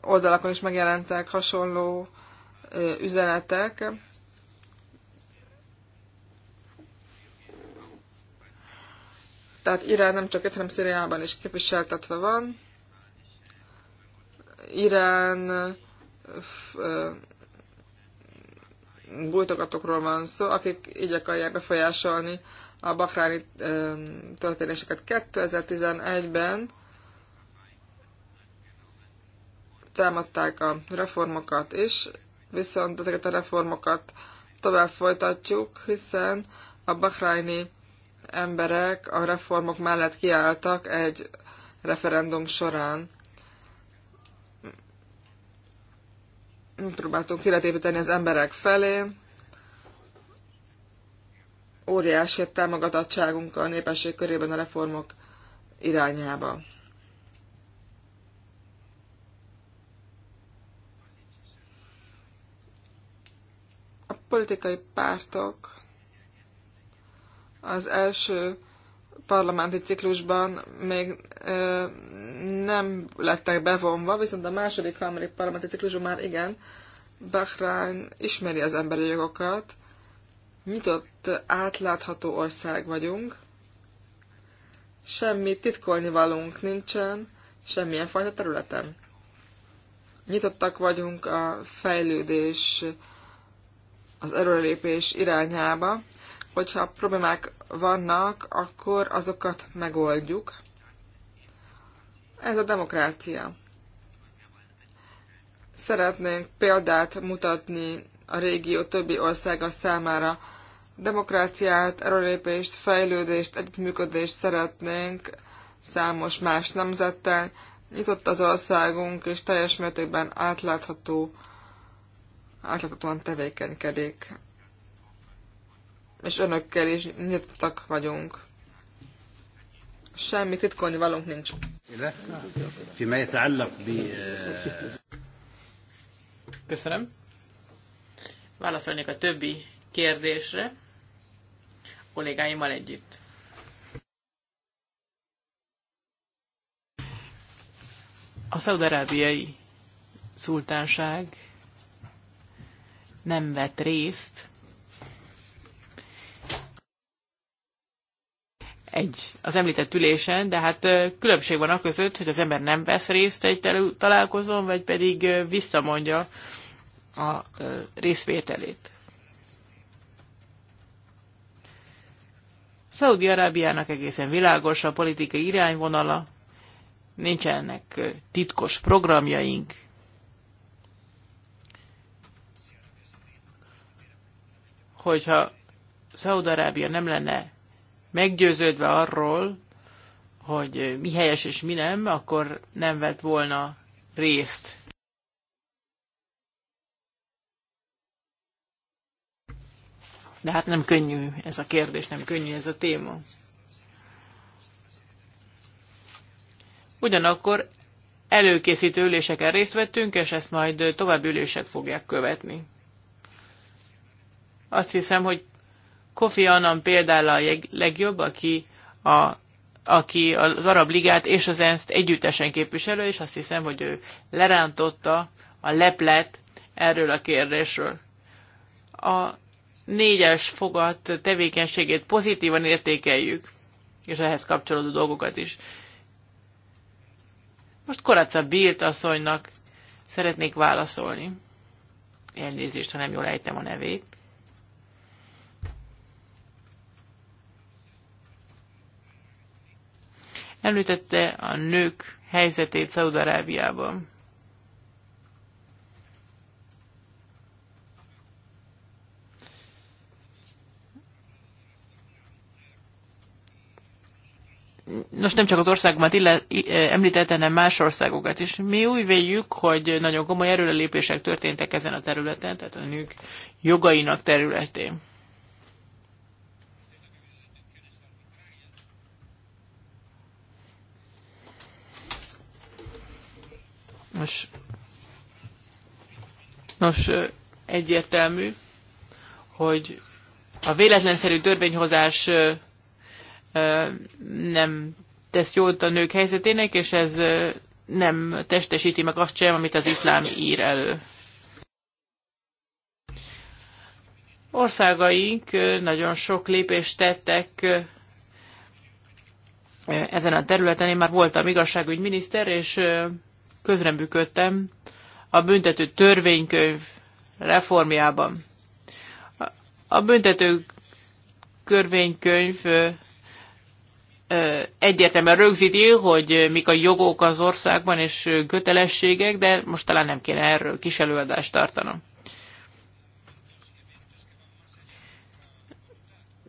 Speaker 4: oldalakon is megjelentek hasonló üzenetek. Tehát Irán nem csak itt, hanem Szíriában is képviseltetve van. Irán bújtogatókról van szó, akik így akarják befolyásolni a bakráni történéseket 2011-ben, támadták a reformokat is, viszont ezeket a reformokat tovább folytatjuk, hiszen a bakráni emberek a reformok mellett kiálltak egy referendum során. Próbáltunk kiletépíteni az emberek felé, óriási a támogatottságunk a népesség körében a reformok irányába. A politikai pártok az első parlamenti ciklusban még ö, nem lettek bevonva, viszont a második harmadik parlamenti ciklusban már igen, Bahrain ismeri az emberi jogokat, nyitott, átlátható ország vagyunk, semmi titkolni valunk nincsen, semmilyen fajta területen. Nyitottak vagyunk a fejlődés, az erőlépés irányába, hogyha problémák vannak, akkor azokat megoldjuk. Ez a demokrácia. Szeretnénk példát mutatni a régió többi országa számára. Demokráciát, erőlépést, fejlődést, együttműködést szeretnénk számos más nemzettel. Nyitott az országunk, és teljes mértékben átlátható, átláthatóan tevékenykedik. És önökkel is nyitottak vagyunk. Semmi titkony
Speaker 3: valunk nincs. Eh, Köszönöm válaszolnék a többi kérdésre kollégáimmal együtt. A szaudarábiai szultánság nem vett részt egy az említett ülésen, de hát különbség van a között, hogy az ember nem vesz részt egy találkozón, vagy pedig visszamondja a részvételét. Szaudi-Arábiának egészen világos a politikai irányvonala, nincsenek titkos programjaink. Hogyha Szaudarábia nem lenne meggyőződve arról, hogy mi helyes és mi nem, akkor nem vett volna részt de hát nem könnyű ez a kérdés, nem könnyű ez a téma. Ugyanakkor előkészítő üléseken részt vettünk, és ezt majd további ülések fogják követni. Azt hiszem, hogy Kofi Annan például a legjobb, aki, a, aki az Arab Ligát és az ENSZ-t együttesen képviselő, és azt hiszem, hogy ő lerántotta a leplet erről a kérdésről. A négyes fogat tevékenységét pozitívan értékeljük, és ehhez kapcsolódó dolgokat is. Most Koraca Bilt asszonynak szeretnék válaszolni. Elnézést, ha nem jól ejtem a nevét. Említette a nők helyzetét Szaudarábiában. Nos, nem csak az országomat illet, e, említette, hanem más országokat is. Mi úgy véljük, hogy nagyon komoly erőlelépések történtek ezen a területen, tehát a nők jogainak területén. Nos, nos egyértelmű, hogy a véletlenszerű törvényhozás nem tesz jót a nők helyzetének, és ez nem testesíti meg azt sem, amit az iszlám ír elő. Országaink nagyon sok lépést tettek ezen a területen. Én már voltam igazságügyminiszter, és közreműködtem a büntető törvénykönyv reformjában. A büntető törvénykönyv egyértelműen rögzíti, hogy mik a jogok az országban és kötelességek, de most talán nem kéne erről kis előadást tartanom.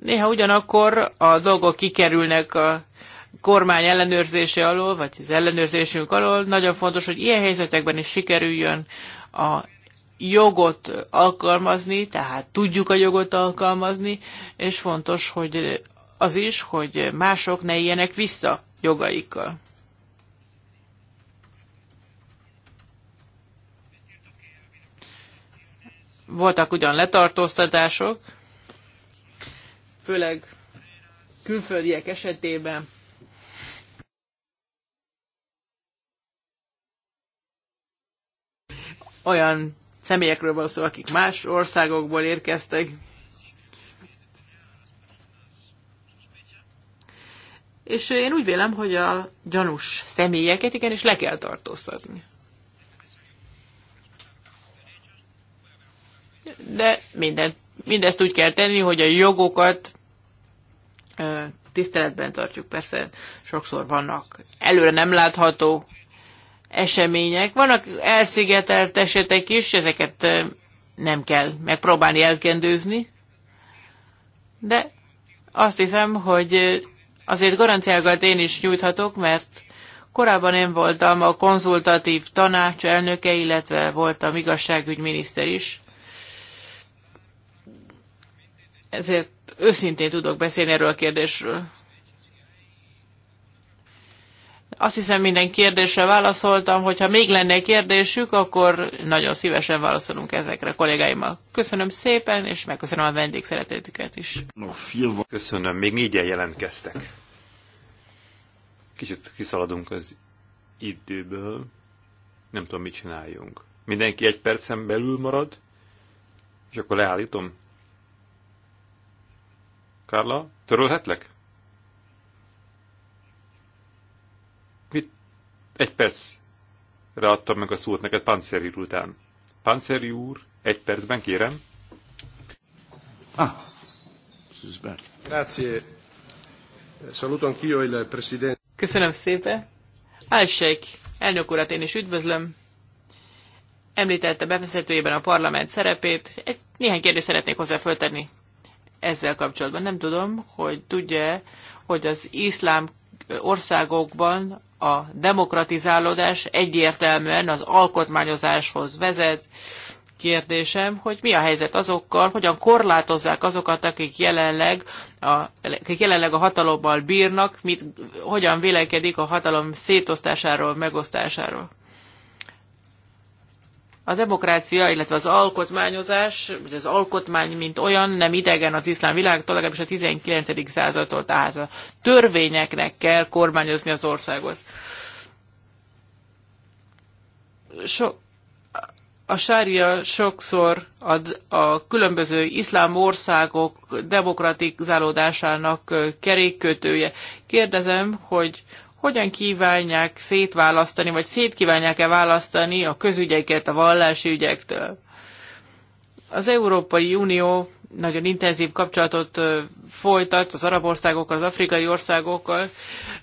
Speaker 3: Néha ugyanakkor a dolgok kikerülnek a kormány ellenőrzése alól, vagy az ellenőrzésünk alól. Nagyon fontos, hogy ilyen helyzetekben is sikerüljön a jogot alkalmazni, tehát tudjuk a jogot alkalmazni, és fontos, hogy az is, hogy mások ne éljenek vissza jogaikkal. Voltak ugyan letartóztatások, főleg külföldiek esetében, olyan személyekről van szó, akik más országokból érkeztek. és én úgy vélem, hogy a gyanús személyeket igenis le kell tartóztatni. De minden, mindezt úgy kell tenni, hogy a jogokat tiszteletben tartjuk. Persze sokszor vannak előre nem látható események, vannak elszigetelt esetek is, ezeket nem kell megpróbálni elkendőzni, de azt hiszem, hogy azért garanciákat én is nyújthatok, mert korábban én voltam a konzultatív tanács elnöke, illetve voltam igazságügyminiszter is. Ezért őszintén tudok beszélni erről a kérdésről. Azt hiszem minden kérdésre válaszoltam, hogyha még lenne kérdésük, akkor nagyon szívesen válaszolunk ezekre a kollégáimmal. Köszönöm szépen, és megköszönöm a vendégszeretetüket is.
Speaker 1: No, Köszönöm, még négyen jelentkeztek. Kicsit kiszaladunk az időből. Nem tudom, mit csináljunk. Mindenki egy percen belül marad, és akkor leállítom. Karla, törölhetlek? Egy percre adtam meg a szót neked panzeri úr után. Panzeri úr, egy percben kérem.
Speaker 2: Ah, Grazie. Saluto anch'io il presidente. Köszönöm
Speaker 3: szépen. Álsejk, elnök urat én is üdvözlöm. Említette bevezetőjében a parlament szerepét. Egy, néhány kérdést szeretnék hozzá föltenni ezzel kapcsolatban. Nem tudom, hogy tudja hogy az iszlám országokban a demokratizálódás egyértelműen az alkotmányozáshoz vezet. Kérdésem, hogy mi a helyzet azokkal, hogyan korlátozzák azokat, akik jelenleg a, akik jelenleg a hatalommal bírnak, mit, hogyan vélekedik a hatalom szétosztásáról, megosztásáról. A demokrácia, illetve az alkotmányozás, vagy az alkotmány, mint olyan, nem idegen az iszlám világtól, legalábbis a 19. századtól, tehát a törvényeknek kell kormányozni az országot. So, a sária sokszor ad a különböző iszlám országok demokratizálódásának kerékkötője. Kérdezem, hogy hogyan kívánják szétválasztani, vagy szétkívánják-e választani a közügyeket a vallási ügyektől. Az Európai Unió nagyon intenzív kapcsolatot folytat az arab országokkal, az afrikai országokkal.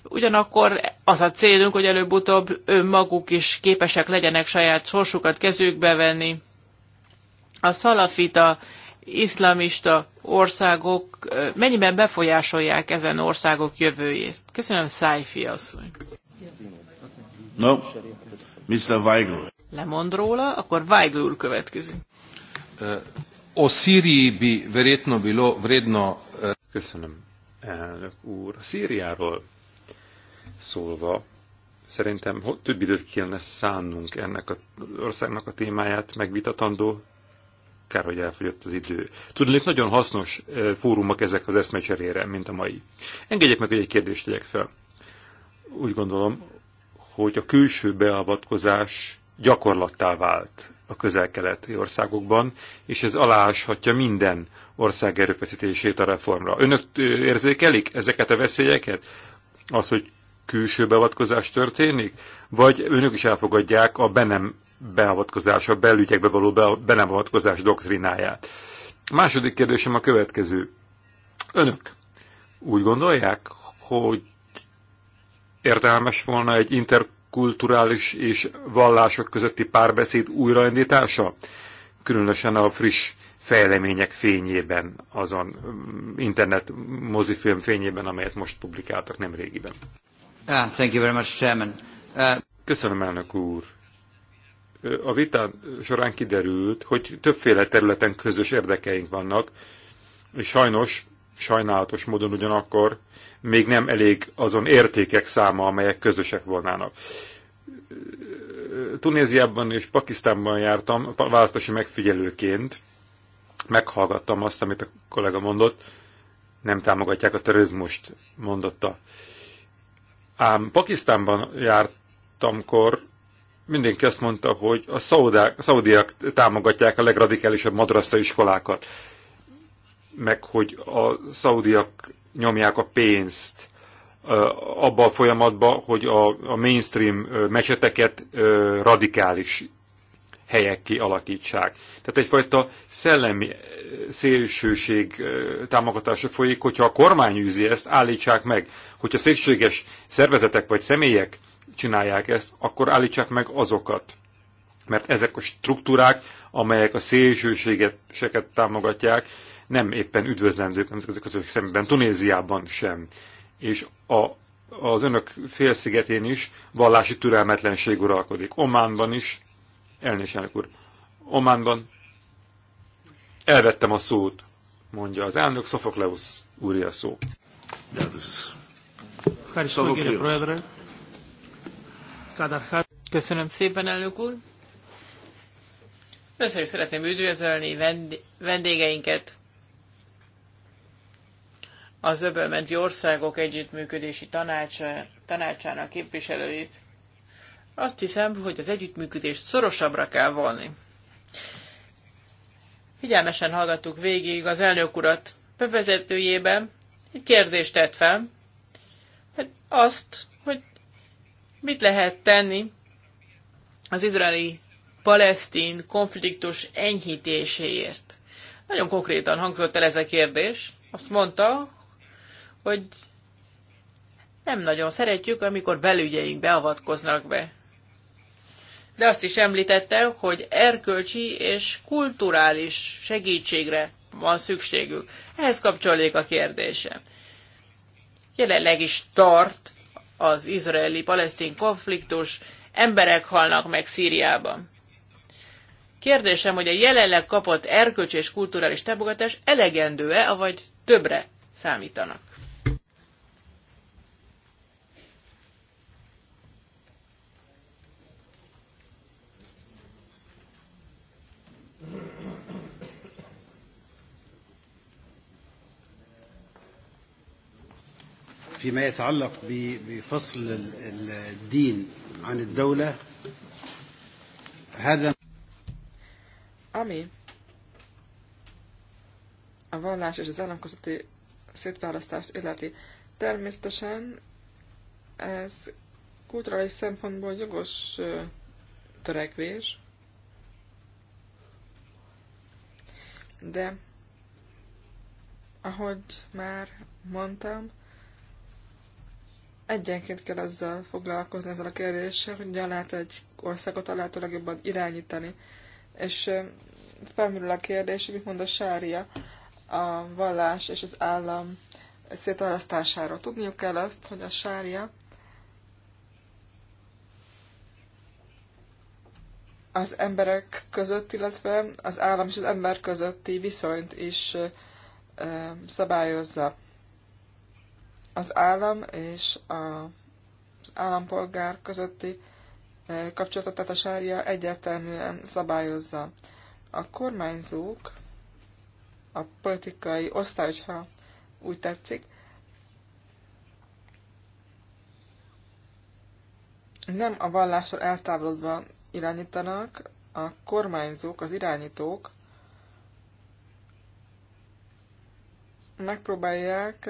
Speaker 3: Ugyanakkor az a célunk, hogy előbb-utóbb önmaguk is képesek legyenek saját sorsukat kezükbe venni. A szalafita, iszlamista országok, mennyiben befolyásolják ezen országok jövőjét? Köszönöm, Szájfi asszony.
Speaker 2: No, Mr. Weigl.
Speaker 3: Lemond róla, akkor Weigl úr következik.
Speaker 2: O Szírii bi verjetno bilo vredno...
Speaker 1: Köszönöm, elnök úr. A Szíriáról szólva, szerintem több időt kellene szánnunk ennek az országnak a témáját megvitatandó Kár, hogy elfogyott az idő. hogy nagyon hasznos fórumok ezek az eszmecserére, mint a mai. Engedjék meg, hogy egy kérdést tegyek fel. Úgy gondolom, hogy a külső beavatkozás gyakorlattá vált a közel-keleti országokban, és ez aláshatja minden ország erőfeszítését a reformra. Önök érzékelik ezeket a veszélyeket? Az, hogy külső beavatkozás történik? Vagy önök is elfogadják a be nem beavatkozás, a belügyekbe való beavatkozás doktrináját. Második kérdésem a következő. Önök úgy gondolják, hogy értelmes volna egy interkulturális és vallások közötti párbeszéd újraindítása? Különösen a friss fejlemények fényében, azon mm, internet mozifilm fényében, amelyet most publikáltak nem régiben.
Speaker 2: Ah, thank you very much,
Speaker 1: Chairman. Uh... Köszönöm, elnök úr a vita során kiderült, hogy többféle területen közös érdekeink vannak, és sajnos, sajnálatos módon ugyanakkor még nem elég azon értékek száma, amelyek közösek volnának. Tunéziában és Pakisztánban jártam választási megfigyelőként, meghallgattam azt, amit a kollega mondott, nem támogatják a terrorizmust, mondotta. Ám Pakisztánban jártamkor mindenki azt mondta, hogy a szaudák, a szaudiak támogatják a legradikálisabb is iskolákat, meg hogy a szaudiak nyomják a pénzt abba a folyamatba, hogy a, a mainstream mecseteket radikális helyekké kialakítsák. Tehát egyfajta szellemi szélsőség támogatása folyik, hogyha a kormány űzi ezt, állítsák meg. Hogyha szélsőséges szervezetek vagy személyek csinálják ezt, akkor állítsák meg azokat. Mert ezek a struktúrák, amelyek a szélsőségeseket támogatják, nem éppen üdvözlendők nemzetközi közösség szemben, Tunéziában sem. És a, az önök félszigetén is vallási türelmetlenség uralkodik. Ománban is, elnézést elnök úr, Ománban elvettem a szót, mondja az elnök, Szofokleusz úrja szó. De ez... Köszönöm,
Speaker 3: Köszönöm szépen, elnök úr. Először szeretném üdvözölni vendégeinket, az öbölmenti országok együttműködési tanácsa, tanácsának képviselőit. Azt hiszem, hogy az együttműködést szorosabbra kell volni. Figyelmesen hallgattuk végig az elnök urat bevezetőjében, egy kérdést tett fel, hogy hát azt Mit lehet tenni az izraeli palesztin konfliktus enyhítéséért? Nagyon konkrétan hangzott el ez a kérdés. Azt mondta, hogy nem nagyon szeretjük, amikor belügyeink beavatkoznak be. De azt is említette, hogy erkölcsi és kulturális segítségre van szükségük. Ehhez kapcsolódik a kérdése. Jelenleg is tart az izraeli-palesztin konfliktus, emberek halnak meg Szíriában. Kérdésem, hogy a jelenleg kapott erkölcs és kulturális támogatás elegendő-e, avagy többre számítanak?
Speaker 2: فيما يتعلق بفصل الدين عن الدولة هذا
Speaker 4: ami a vallás és az államközötti szétválasztást illeti. Természetesen ez kulturális szempontból jogos törekvés, de ahogy már mondtam, egyenként kell azzal foglalkozni, ezzel a kérdéssel, hogy hogyan lehet egy országot a lehető legjobban irányítani. És felmerül a kérdés, hogy mit mond a sária a vallás és az állam szétválasztásáról. Tudniuk kell azt, hogy a sária az emberek között, illetve az állam és az ember közötti viszonyt is szabályozza az állam és a, az állampolgár közötti e, kapcsolatot, tehát a sárja egyértelműen szabályozza. A kormányzók, a politikai osztály, ha úgy tetszik, nem a vallással eltávolodva irányítanak, a kormányzók, az irányítók megpróbálják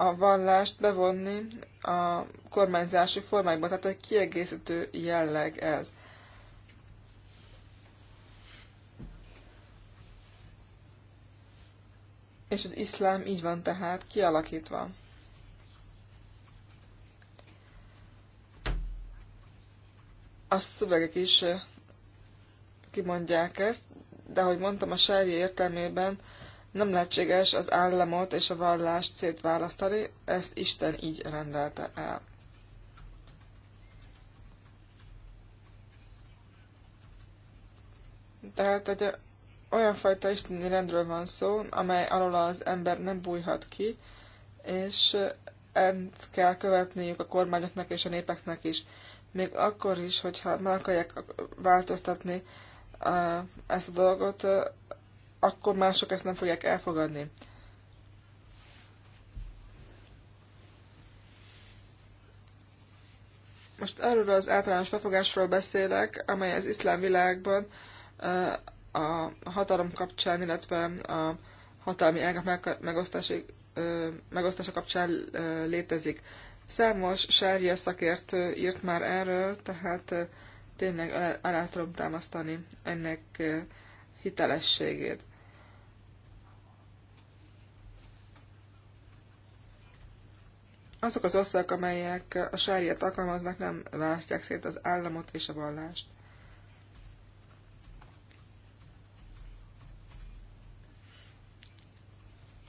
Speaker 4: a vallást bevonni a kormányzási formákba, tehát egy kiegészítő jelleg ez. És az iszlám így van tehát kialakítva. A szövegek is eh, kimondják ezt, de ahogy mondtam, a sárja értelmében nem lehetséges az államot és a vallást szétválasztani, ezt Isten így rendelte el. Tehát egy olyan fajta isteni rendről van szó, amely alól az ember nem bújhat ki, és ezt kell követniük a kormányoknak és a népeknek is. Még akkor is, hogyha meg akarják változtatni ezt a dolgot, akkor mások ezt nem fogják elfogadni. Most erről az általános befogásról beszélek, amely az iszlám világban eh, a hatalom kapcsán, illetve a hatalmi ágak eh, megosztása kapcsán eh, létezik. Számos sárja szakértő írt már erről, tehát tényleg alá tudom támasztani ennek hitelességét. azok az országok, amelyek a sáriát alkalmaznak, nem választják szét az államot és a vallást.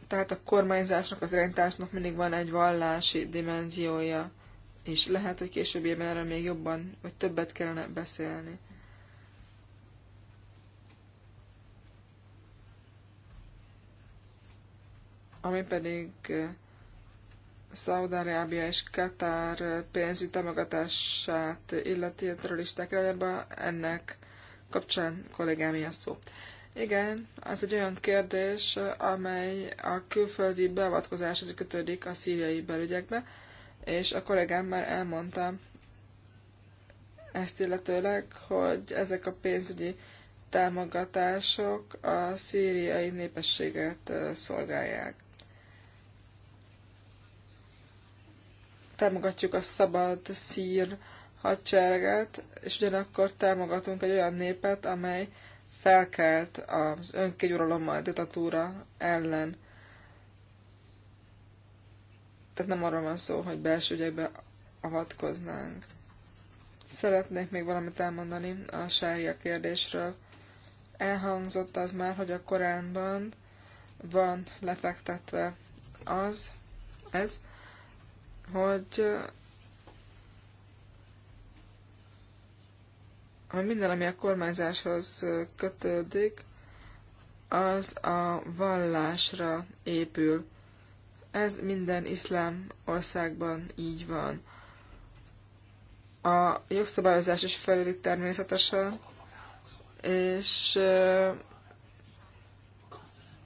Speaker 4: Tehát a kormányzásnak, az rendtársnak mindig van egy vallási dimenziója, és lehet, hogy később erről még jobban, vagy többet kellene beszélni. Ami pedig eh, Szaudarábia és Katár pénzügyi támogatását illeti a terroristák ennek kapcsán kollégám a szó. Igen, ez egy olyan kérdés, amely a külföldi beavatkozáshoz kötődik a szíriai belügyekbe, és a kollégám már elmondta ezt illetőleg, hogy ezek a pénzügyi támogatások a szíriai népességet szolgálják. támogatjuk a szabad szír hadsereget, és ugyanakkor támogatunk egy olyan népet, amely felkelt az önkényuralommal, diktatúra ellen. Tehát nem arról van szó, hogy belső ügyekbe avatkoznánk. Szeretnék még valamit elmondani a sárja kérdésről. Elhangzott az már, hogy a Koránban van lefektetve az, ez, hogy, hogy minden, ami a kormányzáshoz kötődik, az a vallásra épül. Ez minden iszlám országban így van. A jogszabályozás is felülik természetesen, és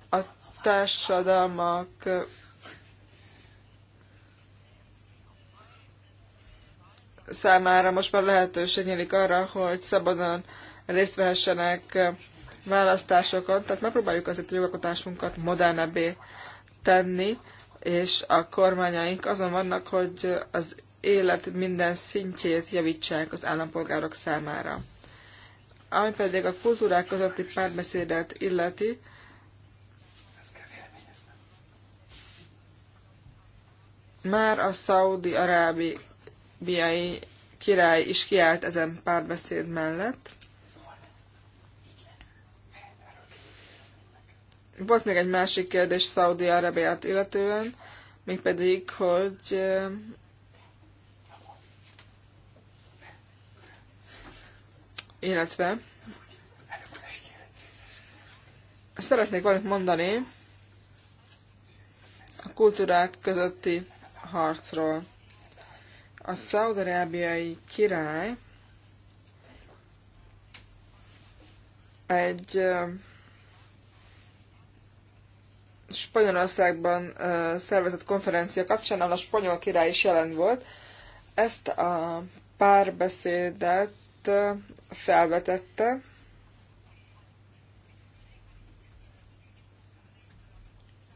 Speaker 4: a társadalmak számára most már lehetőség nyílik arra, hogy szabadon részt vehessenek választásokon, tehát megpróbáljuk azért a jogalkotásunkat modernebbé tenni, és a kormányaink azon vannak, hogy az élet minden szintjét javítsák az állampolgárok számára. Ami pedig a kultúrák közötti párbeszédet illeti, már a szaudi arábi biai király is kiállt ezen párbeszéd mellett. Volt még egy másik kérdés Szaudi Arabiát illetően, mégpedig, hogy eh, illetve szeretnék valamit mondani a kultúrák közötti harcról. A szaudarábiai király egy Spanyolországban szervezett konferencia kapcsán, ahol a spanyol király is jelen volt. Ezt a párbeszédet felvetette,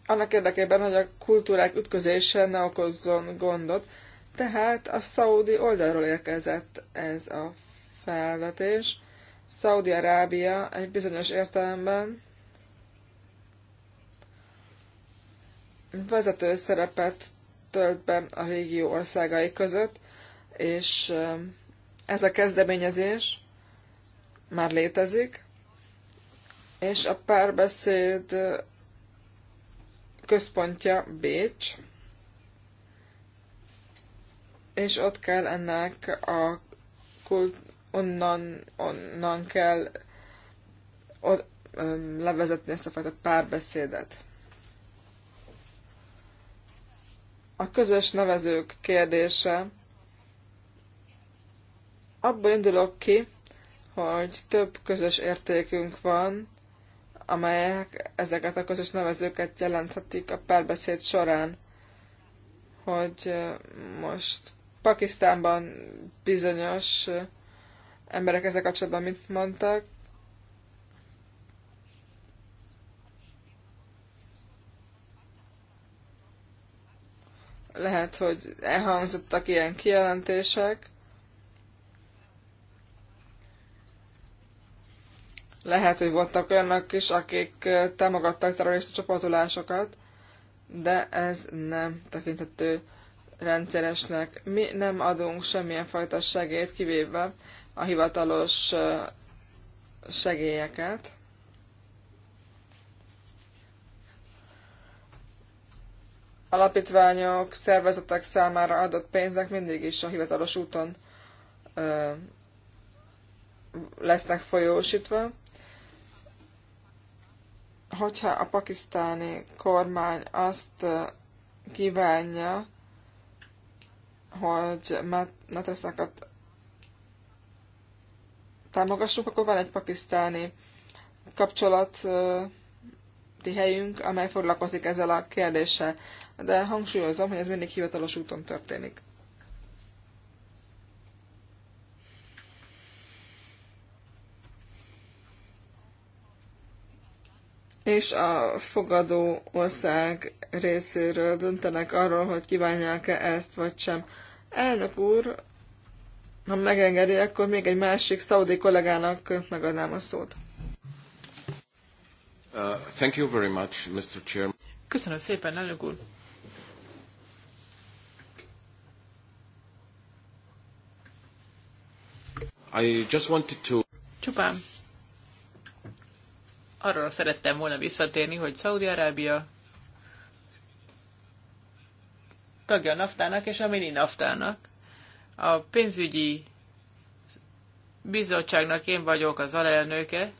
Speaker 4: annak érdekében, hogy a kultúrák ütközése ne okozzon gondot. Tehát a szaudi oldalról érkezett ez a felvetés. Szaudi-Arábia egy bizonyos értelemben vezető szerepet tölt be a régió országai között, és um, ez a kezdeményezés már létezik, és a párbeszéd uh, központja Bécs, és ott kell ennek a kult, onnan, onnan kell ott, levezetni ezt a fajta párbeszédet. A közös nevezők kérdése abból indulok ki, hogy több közös értékünk van, amelyek ezeket a közös nevezőket jelenthetik a párbeszéd során, hogy most Pakisztánban bizonyos emberek ezek kapcsolatban mit mondtak. Lehet, hogy elhangzottak ilyen kijelentések. Lehet, hogy voltak olyanok is, akik támogattak terrorista csapatolásokat, de ez nem tekinthető rendszeresnek. Mi nem adunk semmilyen fajta segélyt, kivéve a hivatalos segélyeket. Alapítványok, szervezetek számára adott pénzek mindig is a hivatalos úton ö, lesznek folyósítva. Hogyha a pakisztáni kormány azt kívánja, hogy matrasznákat támogassuk, akkor van egy pakisztáni kapcsolati helyünk, amely foglalkozik ezzel a kérdéssel. De hangsúlyozom, hogy ez mindig hivatalos úton történik. és a fogadó ország részéről döntenek arról, hogy kívánják-e ezt vagy sem. Elnök úr, ha megengedi, akkor még egy másik szaudi kollégának megadnám
Speaker 3: a szót.
Speaker 2: Uh, thank you very much, Mr. Chairman.
Speaker 3: Köszönöm szépen, elnök úr.
Speaker 2: I just wanted to... Csupán
Speaker 3: arról szerettem volna visszatérni, hogy Szaudi-Arábia tagja a naftának és a mini naftának. A pénzügyi bizottságnak én vagyok az alelnöke.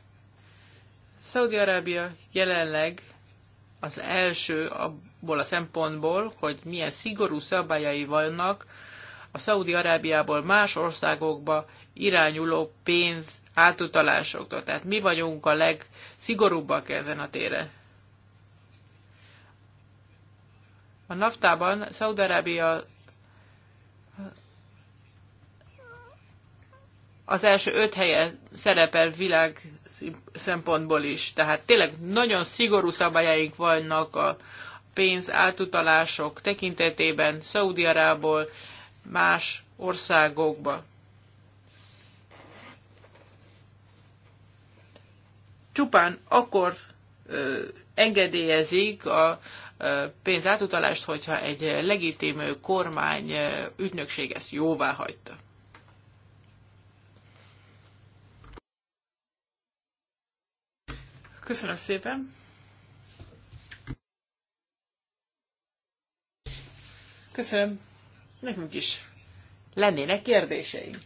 Speaker 3: Szaudi-Arábia jelenleg az első abból a szempontból, hogy milyen szigorú szabályai vannak a Szaudi-Arábiából más országokba irányuló pénz átutalásoktól. Tehát mi vagyunk a legszigorúbbak ezen a téren. A naftában Szaudarábia az első öt helye szerepel világ szempontból is. Tehát tényleg nagyon szigorú szabályaink vannak a pénz átutalások tekintetében Szaudiarából más országokba. Csupán akkor ö, engedélyezik a pénzátutalást, hogyha egy legitim kormány ügynökség ezt jóvá hagyta. Köszönöm szépen! Köszönöm. Nekünk is lennének kérdéseink.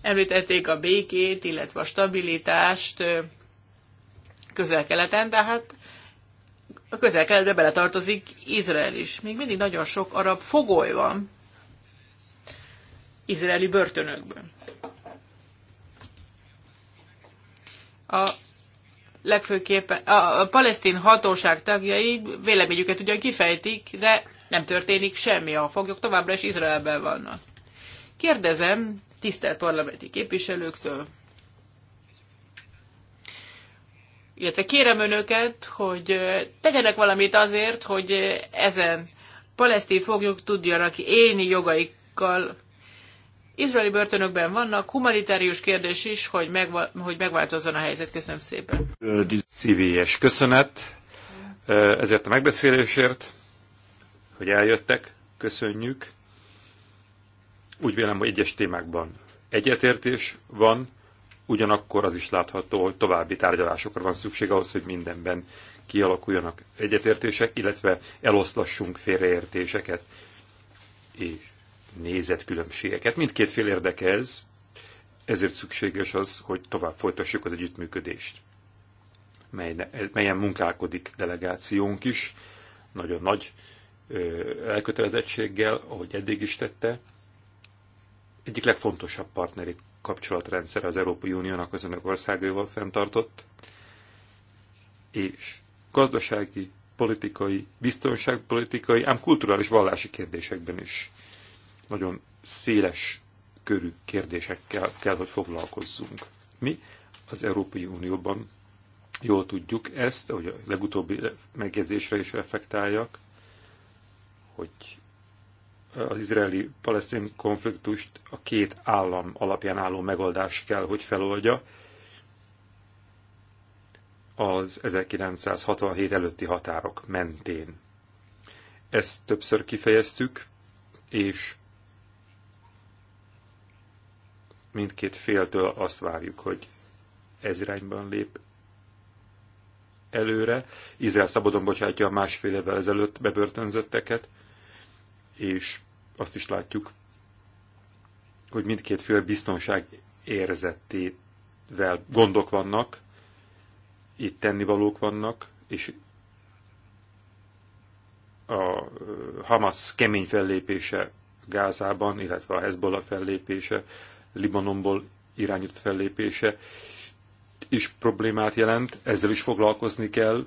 Speaker 3: Említették a békét, illetve a stabilitást, közel-keleten, de hát a közel-keletre beletartozik Izrael is. Még mindig nagyon sok arab fogoly van izraeli börtönökből. A legfőképpen a, a palesztin hatóság tagjai véleményüket ugyan kifejtik, de nem történik semmi, a foglyok továbbra is Izraelben vannak. Kérdezem tisztelt parlamenti képviselőktől, illetve kérem önöket, hogy tegyenek valamit azért, hogy ezen palesztin foglyok tudjanak élni jogaikkal. Izraeli börtönökben vannak, humanitárius kérdés is, hogy, megva- hogy megváltozzon a helyzet. Köszönöm szépen.
Speaker 1: Szívélyes köszönet ezért a megbeszélésért, hogy eljöttek, köszönjük. Úgy vélem, hogy egyes témákban egyetértés van, ugyanakkor az is látható, hogy további tárgyalásokra van szükség ahhoz, hogy mindenben kialakuljanak egyetértések, illetve eloszlassunk félreértéseket és nézetkülönbségeket. Mindkét fél érdekez, ezért szükséges az, hogy tovább folytassuk az együttműködést, melyen munkálkodik delegációnk is, nagyon nagy elkötelezettséggel, ahogy eddig is tette. Egyik legfontosabb partnerik kapcsolatrendszer az Európai Uniónak az önök országaival fenntartott, és gazdasági, politikai, biztonságpolitikai, ám kulturális vallási kérdésekben is nagyon széles körű kérdésekkel kell, hogy foglalkozzunk. Mi az Európai Unióban jól tudjuk ezt, ahogy a legutóbbi megjegyzésre is reflektáljak, hogy az izraeli-palesztin konfliktust a két állam alapján álló megoldás kell, hogy feloldja az 1967 előtti határok mentén. Ezt többször kifejeztük, és mindkét féltől azt várjuk, hogy ez irányban lép előre. Izrael szabadon bocsátja a másfél évvel ezelőtt bebörtönzötteket, és azt is látjuk, hogy mindkét fél biztonság érzetével gondok vannak, itt tennivalók vannak, és a Hamas kemény fellépése Gázában, illetve a Hezbollah fellépése, Libanonból irányított fellépése is problémát jelent, ezzel is foglalkozni kell,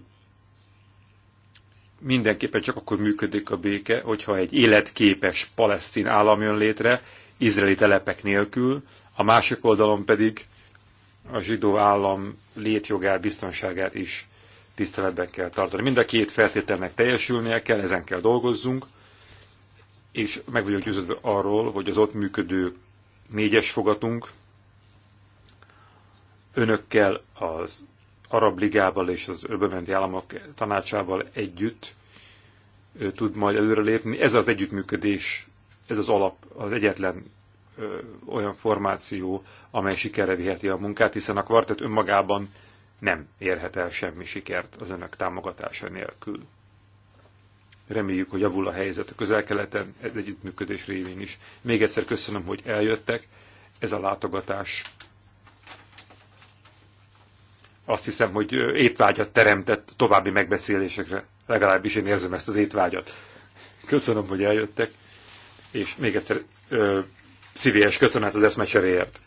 Speaker 1: mindenképpen csak akkor működik a béke, hogyha egy életképes palesztin állam jön létre, izraeli telepek nélkül, a másik oldalon pedig a zsidó állam létjogát, biztonságát is tiszteletben kell tartani. Mind a két feltételnek teljesülnie kell, ezen kell dolgozzunk, és meg vagyok győződve arról, hogy az ott működő négyes fogatunk önökkel, az Arab Ligával és az Öbömenti államok tanácsával együtt tud majd előrelépni. Ez az együttműködés, ez az alap, az egyetlen olyan formáció, amely sikerre viheti a munkát, hiszen a kvartett önmagában nem érhet el semmi sikert az önök támogatása nélkül. Reméljük, hogy javul a helyzet a közel-keleten, együttműködés révén is. Még egyszer köszönöm, hogy eljöttek. Ez a látogatás azt hiszem, hogy étvágyat teremtett további megbeszélésekre. Legalábbis én érzem ezt az étvágyat. Köszönöm, hogy eljöttek, és még egyszer ö, szívélyes köszönet az eszmecseréért.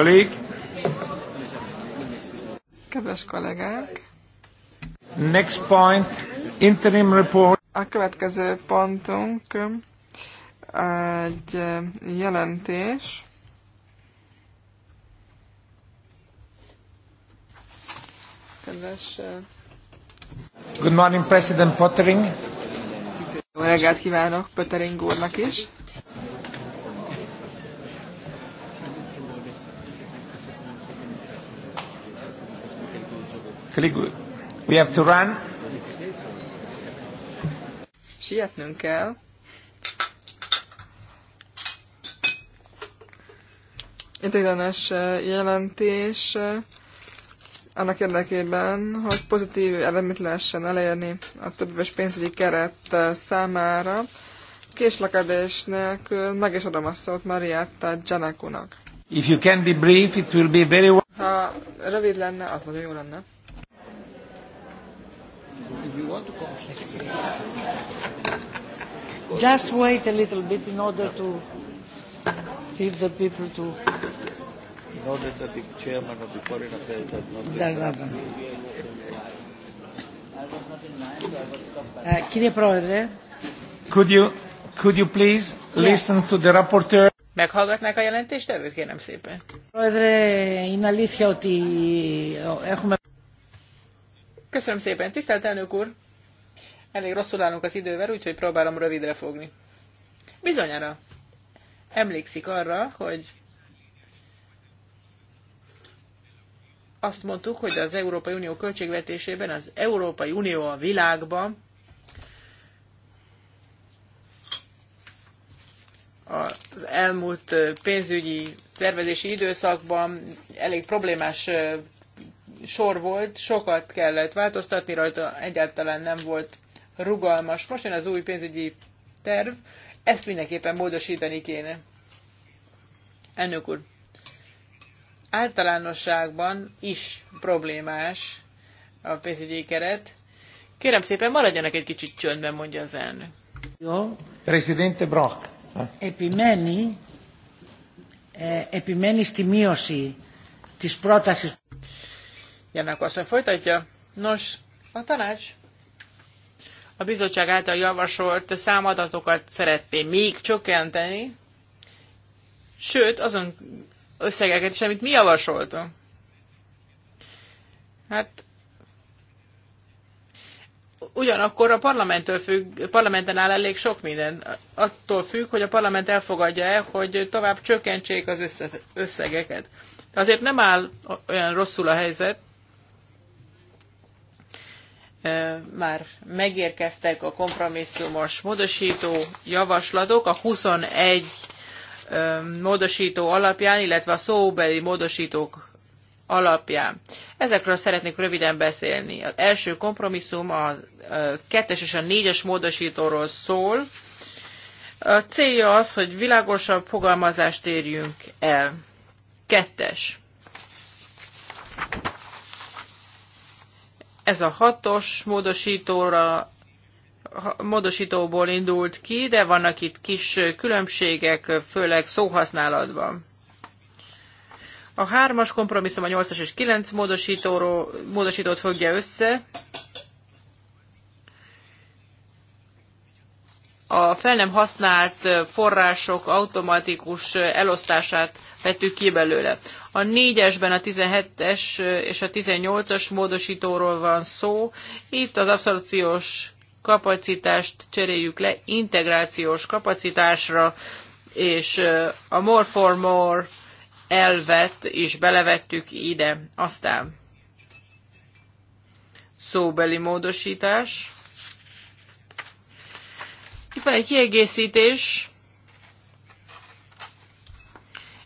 Speaker 1: colleague. Kedves
Speaker 4: kollégák!
Speaker 2: Next point, interim report.
Speaker 4: A következő pontunk egy jelentés. Kedves...
Speaker 2: Good morning, President Pottering.
Speaker 4: Jó reggelt kívánok Pöttering úrnak is.
Speaker 1: Colleague, we have to run.
Speaker 4: Sietnünk kell. Ideiglenes eh, jelentés eh, annak érdekében, hogy pozitív elemét lehessen elérni a többéves pénzügyi keret eh, számára. Késlekedés nélkül meg is adom a szót Marietta Gianakunak.
Speaker 2: If you can be brief, it will be very... well.
Speaker 4: Ha rövid lenne, az nagyon jó lenne.
Speaker 3: Just wait a little bit in order to give the people to.
Speaker 2: In order that the chairman of the foreign affairs does not. Does Uh, κύριε Πρόεδρε. Could you, could you please listen to the rapporteur?
Speaker 3: Meghallgatnak a jelentést, jelentéstevőt, kérem szépen. Πρόεδρε, én, αλήθεια ότι έχουμε... Köszönöm szépen, tisztelt elnök úr! Elég rosszul állunk az idővel, úgyhogy próbálom rövidre fogni. Bizonyára emlékszik arra, hogy azt mondtuk, hogy az Európai Unió költségvetésében az Európai Unió a világban az elmúlt pénzügyi tervezési időszakban elég problémás sor volt, sokat kellett változtatni rajta, egyáltalán nem volt rugalmas. Most jön az új pénzügyi terv, ezt mindenképpen módosítani kéne. Elnök úr, általánosságban is problémás a pénzügyi keret. Kérem szépen, maradjanak egy kicsit csöndben, mondja az elnök. Jó.
Speaker 2: Presidente Brock. Epimeni,
Speaker 3: ε, επιμένει tis protasis... Jannak asszony folytatja. Nos, a tanács a bizottság által javasolt számadatokat szeretné még csökkenteni, sőt, azon összegeket is, amit mi javasoltunk. Hát ugyanakkor a parlamenttől függ, parlamenten áll elég sok minden. Attól függ, hogy a parlament elfogadja-e, hogy tovább csökkentsék az összegeket. De azért nem áll olyan rosszul a helyzet, már megérkeztek a kompromisszumos módosító javaslatok, a 21 módosító alapján, illetve a szóbeli módosítók alapján. Ezekről szeretnék röviden beszélni. Az első kompromisszum a kettes és a négyes módosítóról szól. A célja az, hogy világosabb fogalmazást érjünk el. Kettes. Ez a hatos módosítóra módosítóból indult ki, de vannak itt kis különbségek, főleg szóhasználatban. A hármas kompromisszum a 8-as és 9 módosítót fogja össze. a fel nem használt források automatikus elosztását vettük ki belőle. A 4-esben a 17-es és a 18-as módosítóról van szó. Itt az abszorpciós kapacitást cseréljük le integrációs kapacitásra, és a more for more elvet is belevettük ide. Aztán szóbeli módosítás van egy kiegészítés,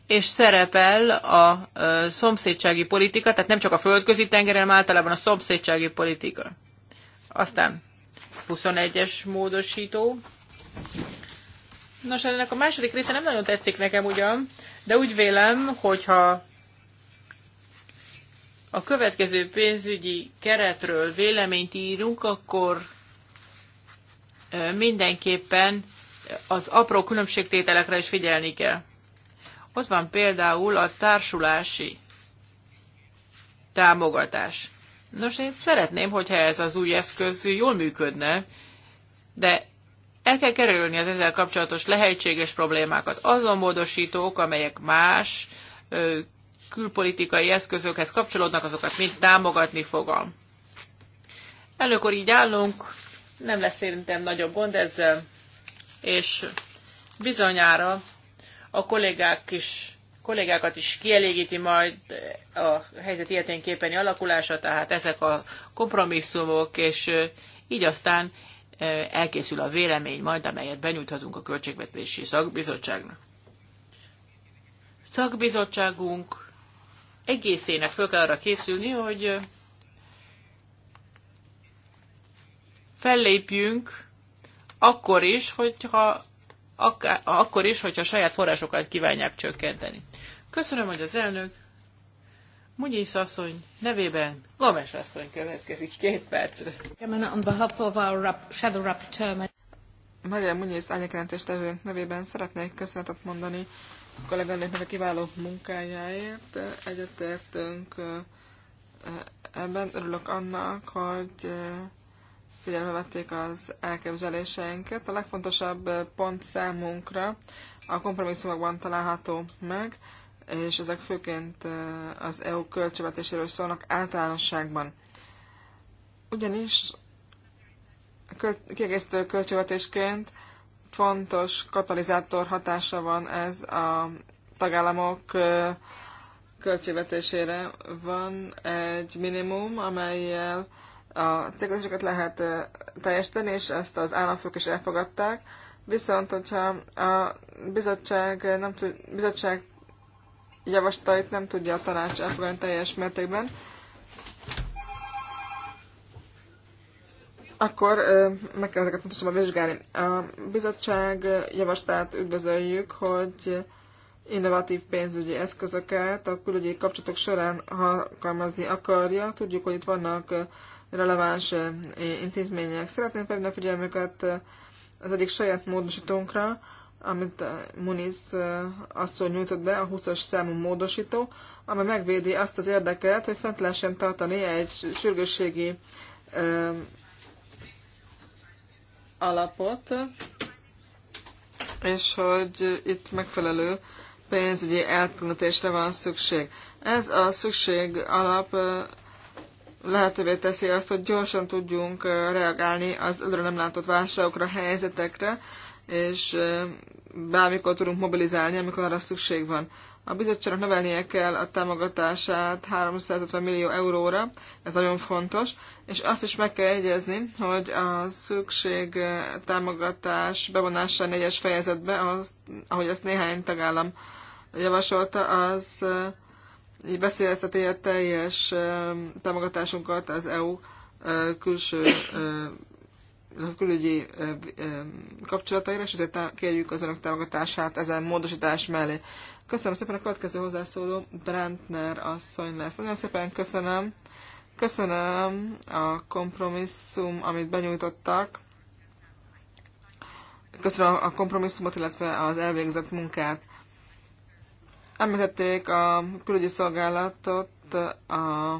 Speaker 3: és szerepel a szomszédsági politika, tehát nem csak a földközi tengeren, hanem általában a szomszédsági politika. Aztán 21-es módosító. Nos, ennek a második része nem nagyon tetszik nekem ugyan, de úgy vélem, hogyha a következő pénzügyi keretről véleményt írunk, akkor mindenképpen az apró különbségtételekre is figyelni kell. Ott van például a társulási támogatás. Nos, én szeretném, hogyha ez az új eszköz jól működne, de el kell kerülni az ezzel kapcsolatos lehetséges problémákat. Azon módosítók, amelyek más ö, külpolitikai eszközökhez kapcsolódnak, azokat mind támogatni fogom. Előkor így állunk, nem lesz szerintem nagyobb gond ezzel, és bizonyára a kollégák is, kollégákat is kielégíti majd a helyzet ilyeténképeni alakulása, tehát ezek a kompromisszumok, és így aztán elkészül a vélemény majd, amelyet benyújthatunk a Költségvetési Szakbizottságnak. Szakbizottságunk egészének föl kell arra készülni, hogy fellépjünk akkor is, hogyha akár, akkor is, hogyha saját forrásokat kívánják csökkenteni. Köszönöm, hogy az elnök Mugyisz asszony nevében Gomes asszony következik két percre. On behalf of our shadow rapporteur,
Speaker 4: Maria Munyész tevő nevében szeretnék köszönetet mondani a kolléganőknek a kiváló munkájáért. Egyetértünk ebben. Örülök annak, hogy figyelembe vették az elképzeléseinket. A legfontosabb pont számunkra a kompromisszumokban található meg, és ezek főként az EU költségvetéséről szólnak általánosságban. Ugyanis kiegészítő költségvetésként fontos katalizátor hatása van ez a tagállamok költségvetésére. Van egy minimum, amelyel a célkötéseket lehet teljesíteni, és ezt az államfők is elfogadták. Viszont, hogyha a bizottság, nem tud, bizottság javaslatait nem tudja a tanács elfogadni teljes mértékben, akkor meg kell ezeket pontosabban vizsgálni. A bizottság javaslatát üdvözöljük, hogy innovatív pénzügyi eszközöket a külügyi kapcsolatok során alkalmazni akarja. Tudjuk, hogy itt vannak releváns eh, intézmények. Szeretném felhívni a figyelmüket eh, az egyik saját módosítónkra, amit eh, Muniz asszony nyújtott be, a 20-as számú módosító, amely megvédi azt az érdeket, hogy fent lehessen tartani egy sürgősségi alapot, és hogy itt megfelelő pénzügyi elkülönítésre van szükség. Ez a szükség alap lehetővé teszi azt, hogy gyorsan tudjunk reagálni az előre nem látott válságokra, helyzetekre, és bármikor tudunk mobilizálni, amikor arra szükség van. A bizottságnak növelnie kell a támogatását 350 millió euróra, ez nagyon fontos, és azt is meg kell egyezni, hogy a szükség támogatás bevonása négyes fejezetbe, ahogy ezt néhány tagállam javasolta, az így beszélezteti a teljes támogatásunkat az EU külső külügyi kapcsolataira, és ezért kérjük az önök támogatását ezen módosítás mellé. Köszönöm szépen a következő hozzászóló, Brandner asszony lesz. Nagyon szépen köszönöm. Köszönöm a kompromisszum, amit benyújtottak. Köszönöm a kompromisszumot, illetve az elvégzett munkát. Említették a külügyi szolgálatot, a,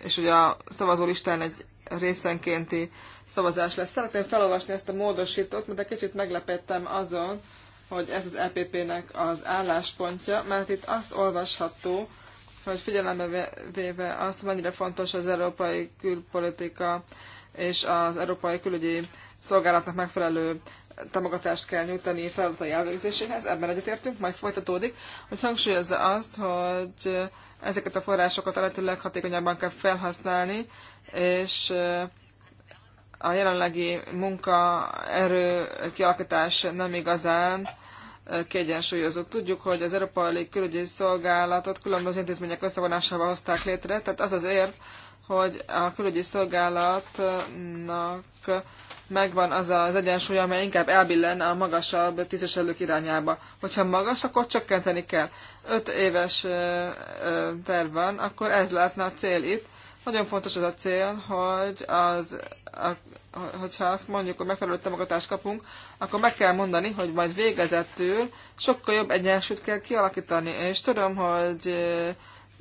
Speaker 4: és ugye a szavazólistán egy részenkénti szavazás lesz. Szeretném felolvasni ezt a módosítót, mert egy kicsit meglepettem azon, hogy ez az EPP-nek az álláspontja, mert itt azt olvasható, hogy figyelembe véve azt, mennyire fontos az európai külpolitika és az európai külügyi szolgálatnak megfelelő támogatást kell nyújtani feladatai elvégzéséhez, ebben egyetértünk, majd folytatódik, hogy hangsúlyozza azt, hogy ezeket a forrásokat a lehető leghatékonyabban kell felhasználni, és eh, a jelenlegi munkaerő kialakítás nem igazán eh, kiegyensúlyozott. Tudjuk, hogy az Európai Külügyi Szolgálatot különböző intézmények összevonásával hozták létre, tehát az az ér, hogy a külügyi szolgálatnak megvan az az egyensúly, amely inkább elbillen a magasabb tisztviselők irányába. Hogyha magas, akkor csökkenteni kell. Öt éves terv van, akkor ez lehetne a cél itt. Nagyon fontos az a cél, hogy az, a, hogyha azt mondjuk, hogy megfelelő támogatást kapunk, akkor meg kell mondani, hogy majd végezettől sokkal jobb egyensúlyt kell kialakítani. És tudom, hogy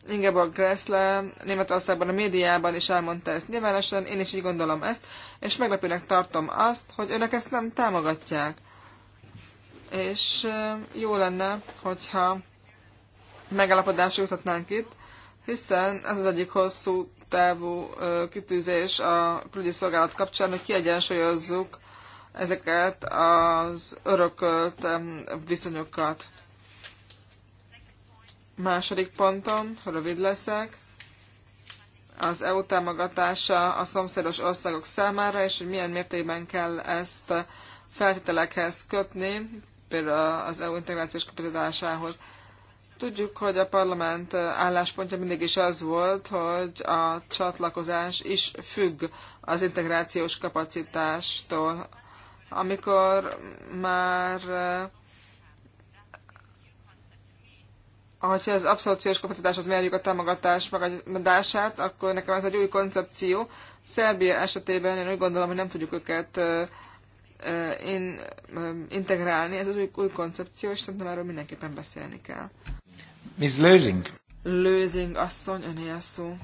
Speaker 4: Ingeborg Gressle Németországban a médiában is elmondta ezt nyilvánosan, én is így gondolom ezt, és meglepőnek tartom azt, hogy önök ezt nem támogatják. És jó lenne, hogyha megállapodásra juthatnánk itt, hiszen ez az egyik hosszú távú kitűzés a külügyi szolgálat kapcsán, hogy kiegyensúlyozzuk ezeket az örökölt viszonyokat. Második pontom, rövid leszek, az EU támogatása a szomszédos országok számára, és hogy milyen mértékben kell ezt feltételekhez kötni, például az EU integrációs kapacitásához. Tudjuk, hogy a parlament álláspontja mindig is az volt, hogy a csatlakozás is függ az integrációs kapacitástól. Amikor már hogyha az abszorciós kapacitáshoz mérjük a támogatás megadását, akkor nekem ez egy új koncepció. Szerbia esetében én úgy gondolom, hogy nem tudjuk őket in, integrálni. Ez az új, új koncepció, és szerintem erről mindenképpen beszélni kell.
Speaker 1: Ms. Lőzing.
Speaker 4: Lőzing asszony, öné a szó.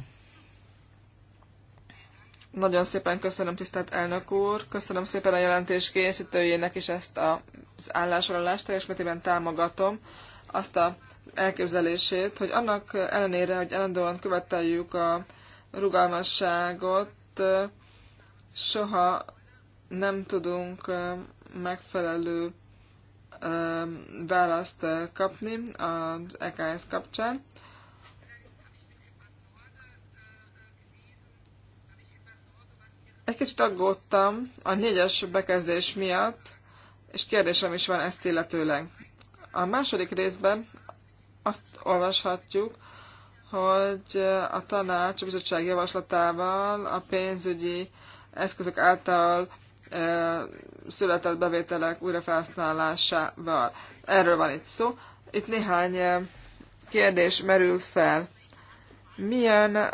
Speaker 4: Nagyon szépen köszönöm, tisztelt elnök úr. Köszönöm szépen a jelentés készítőjének is ezt az állásolást. Teljes mértékben támogatom azt a elképzelését, hogy annak ellenére, hogy állandóan követeljük a rugalmasságot, soha nem tudunk megfelelő választ kapni az EKS kapcsán. Egy kicsit aggódtam a négyes bekezdés miatt, és kérdésem is van ezt illetőleg. A második részben azt olvashatjuk, hogy a tanács a bizottság javaslatával a pénzügyi eszközök által született bevételek újrafelhasználásával. Erről van itt szó. Itt néhány kérdés merül fel. Milyen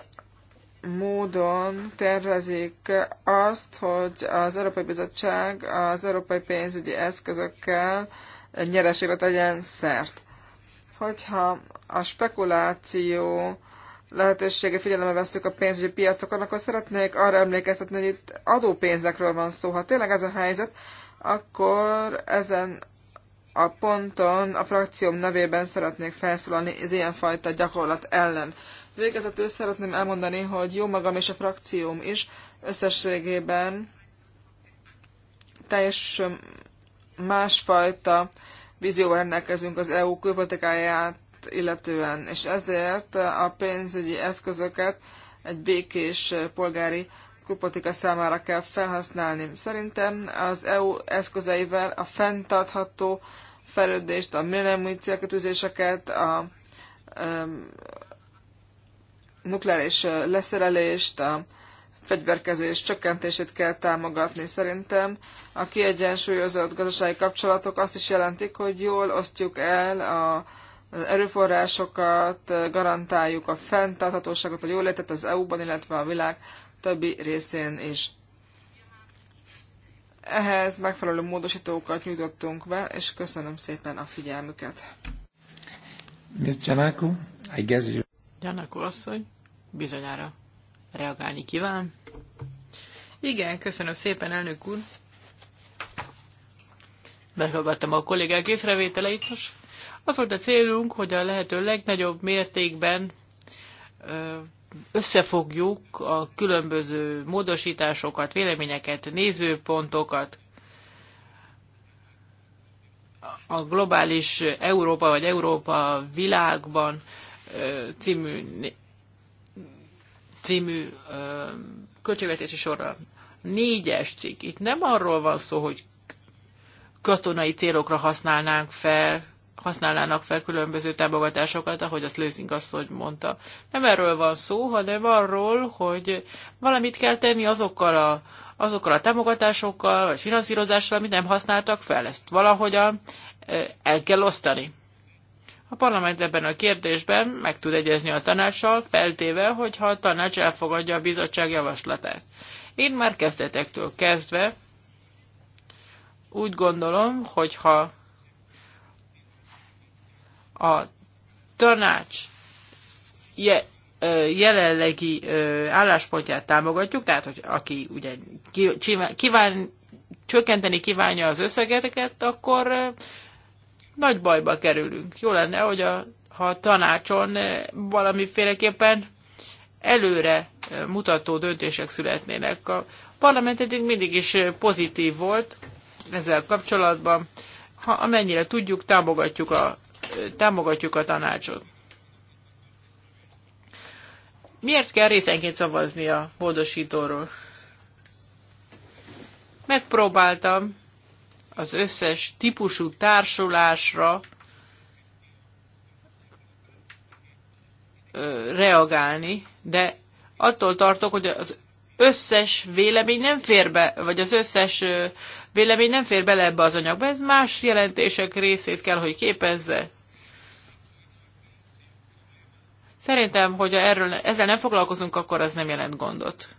Speaker 4: módon tervezik azt, hogy az Európai Bizottság az európai pénzügyi eszközökkel nyereségre tegyen szert? Hogyha a spekuláció lehetősége figyelembe veszük a pénzügyi piacokon, akkor szeretnék arra emlékeztetni, hogy itt adópénzekről van szó. Ha tényleg ez a helyzet, akkor ezen a ponton a frakcióm nevében szeretnék felszólalni az ilyenfajta gyakorlat ellen. Végezetül szeretném elmondani, hogy jó magam és a frakcióm is összességében teljes másfajta vízióval rendelkezünk az EU külpolitikáját illetően, és ezért a pénzügyi eszközöket egy békés polgári külpolitika számára kell felhasználni. Szerintem az EU eszközeivel a fenntartható fejlődést, a millenniumi célkötőzéseket, a nukleáris leszerelést, a fegyverkezés csökkentését kell támogatni. Szerintem a kiegyensúlyozott gazdasági kapcsolatok azt is jelentik, hogy jól osztjuk el a az erőforrásokat, garantáljuk a fenntarthatóságot, a jólétet az EU-ban, illetve a világ többi részén is. Ehhez megfelelő módosítókat nyújtottunk be, és köszönöm szépen a figyelmüket.
Speaker 1: Ms. Janaku, I guess you...
Speaker 3: Janaku asszony, bizonyára reagálni kíván. Igen, köszönöm szépen, elnök úr. Meghallgattam a kollégák észrevételeit is. Az volt a célunk, hogy a lehető legnagyobb mértékben összefogjuk a különböző módosításokat, véleményeket, nézőpontokat, a globális Európa vagy Európa világban című, című költségvetési sorral. Négyes cikk. Itt nem arról van szó, hogy katonai célokra használnánk fel, használnának fel különböző támogatásokat, ahogy azt Lőzing asszony mondta. Nem erről van szó, hanem arról, hogy valamit kell tenni azokkal a, azokkal a támogatásokkal, vagy finanszírozással, amit nem használtak fel. Ezt valahogyan eh, el kell osztani. A parlament ebben a kérdésben meg tud egyezni a tanácssal, feltéve, hogyha a tanács elfogadja a bizottság javaslatát. Én már kezdetektől kezdve úgy gondolom, hogyha a tanács je, jelenlegi álláspontját támogatjuk, tehát hogy aki ugye kíván, csökkenteni kívánja az összegeteket, akkor nagy bajba kerülünk. Jó lenne, hogy a, ha a tanácson eh, valamiféleképpen előre eh, mutató döntések születnének. A parlament eddig mindig is eh, pozitív volt ezzel kapcsolatban. Ha amennyire tudjuk, támogatjuk a, támogatjuk a tanácsot. Miért kell részenként szavazni a módosítóról? Megpróbáltam az összes típusú társulásra reagálni, de attól tartok, hogy az összes vélemény nem fér be, vagy az összes vélemény nem fér bele ebbe az anyagba. Ez más jelentések részét kell, hogy képezze. Szerintem, hogy erről, ezzel nem foglalkozunk, akkor az nem jelent gondot.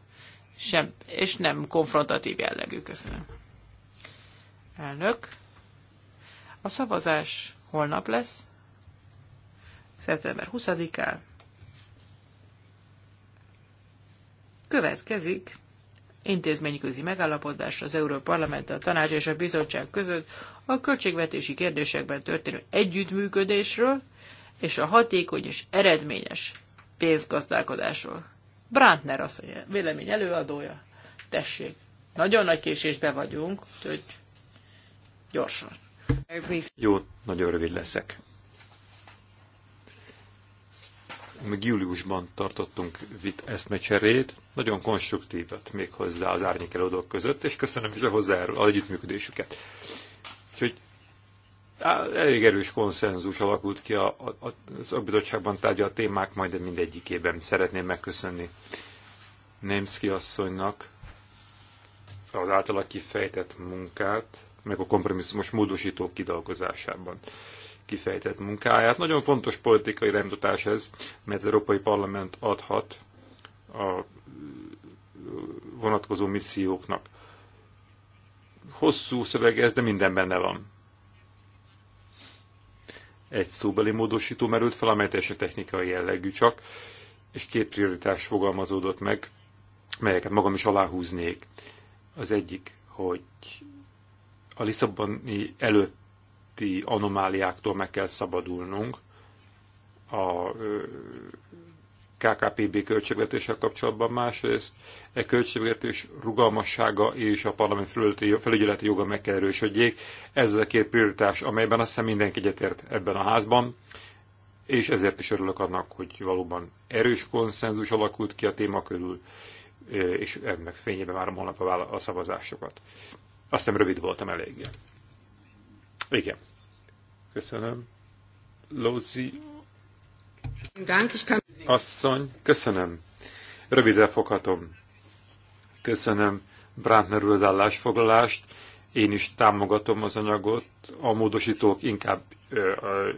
Speaker 3: Sem, és nem konfrontatív jellegű. Köszönöm. Elnök, a szavazás holnap lesz, szeptember 20-án. Következik intézményközi megállapodás az Európai Parlament, a Tanács és a Bizottság között a költségvetési kérdésekben történő együttműködésről és a hatékony és eredményes pénzgazdálkodásról. Brandner asszony, vélemény előadója. Tessék, nagyon nagy késésbe vagyunk, hogy
Speaker 2: Gyorsan.
Speaker 1: Jó, nagyon rövid leszek. Még júliusban tartottunk vit eszmecserét, nagyon konstruktívat még hozzá az árnyékelődők között, és köszönöm is a hozzá az együttműködésüket. Úgyhogy elég erős konszenzus alakult ki a, a, az agbizottságban tárgyalt témák majd mindegyikében. Szeretném megköszönni Nemszki asszonynak az általa kifejtett munkát, meg a kompromisszumos módosítók kidolgozásában kifejtett munkáját. Nagyon fontos politikai iránymutatás ez, mert az Európai Parlament adhat a vonatkozó misszióknak. Hosszú szöveg ez, de minden benne van. Egy szóbeli módosító merült fel, amely teljesen technikai jellegű csak, és két prioritás fogalmazódott meg, melyeket magam is aláhúznék. Az egyik, hogy a Lisszaboni előtti anomáliáktól meg kell szabadulnunk a KKPB költségvetéssel kapcsolatban, másrészt e költségvetés rugalmassága és a parlament felügyeleti joga meg kell erősödjék. Ez a két prioritás, amelyben azt hiszem mindenki egyetért ebben a házban, és ezért is örülök annak, hogy valóban erős konszenzus alakult ki a téma körül, és ennek fényében várom holnap a, a szavazásokat. Azt hiszem rövid voltam eléggé. Igen. Köszönöm. Lózi Asszony, köszönöm. Rövidre foghatom. Köszönöm Brandner az állásfoglalást. Én is támogatom az anyagot. A módosítók inkább ö, ö,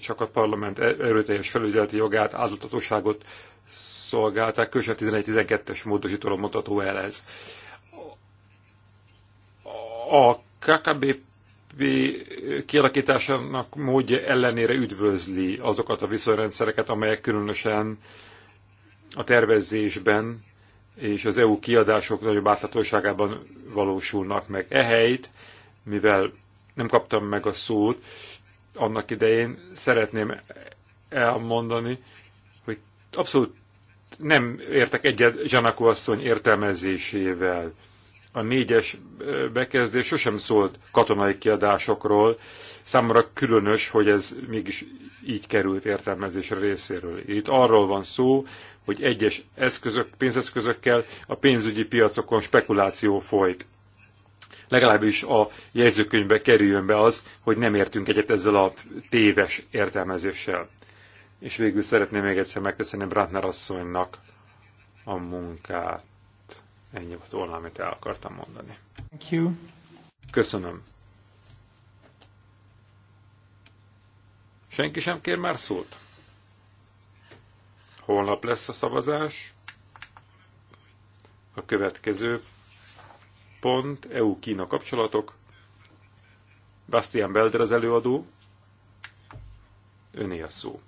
Speaker 1: csak a parlament e- erőteljes felügyeleti jogát, áldozatosságot szolgálták. Köszönöm 11-12-es módosítóra mondható el ez a KKB kialakításának módja ellenére üdvözli azokat a viszonyrendszereket, amelyek különösen a tervezésben és az EU kiadások nagyobb átláthatóságában valósulnak meg. Ehelyt, mivel nem kaptam meg a szót, annak idején szeretném elmondani, hogy abszolút nem értek egyet Zsanakó asszony értelmezésével a négyes bekezdés sosem szólt katonai kiadásokról. Számomra különös, hogy ez mégis így került értelmezésre részéről. Itt arról van szó, hogy egyes eszközök, pénzeszközökkel a pénzügyi piacokon spekuláció folyt. Legalábbis a jegyzőkönyvbe kerüljön be az, hogy nem értünk egyet ezzel a téves értelmezéssel. És végül szeretném még egyszer megköszönni Brantner asszonynak a munkát Ennyi volt volna, amit el akartam mondani. Thank you. Köszönöm. Senki sem kér már szót? Holnap lesz a szavazás. A következő pont EU-Kína kapcsolatok. Bastian Belder az előadó. Öné a szó.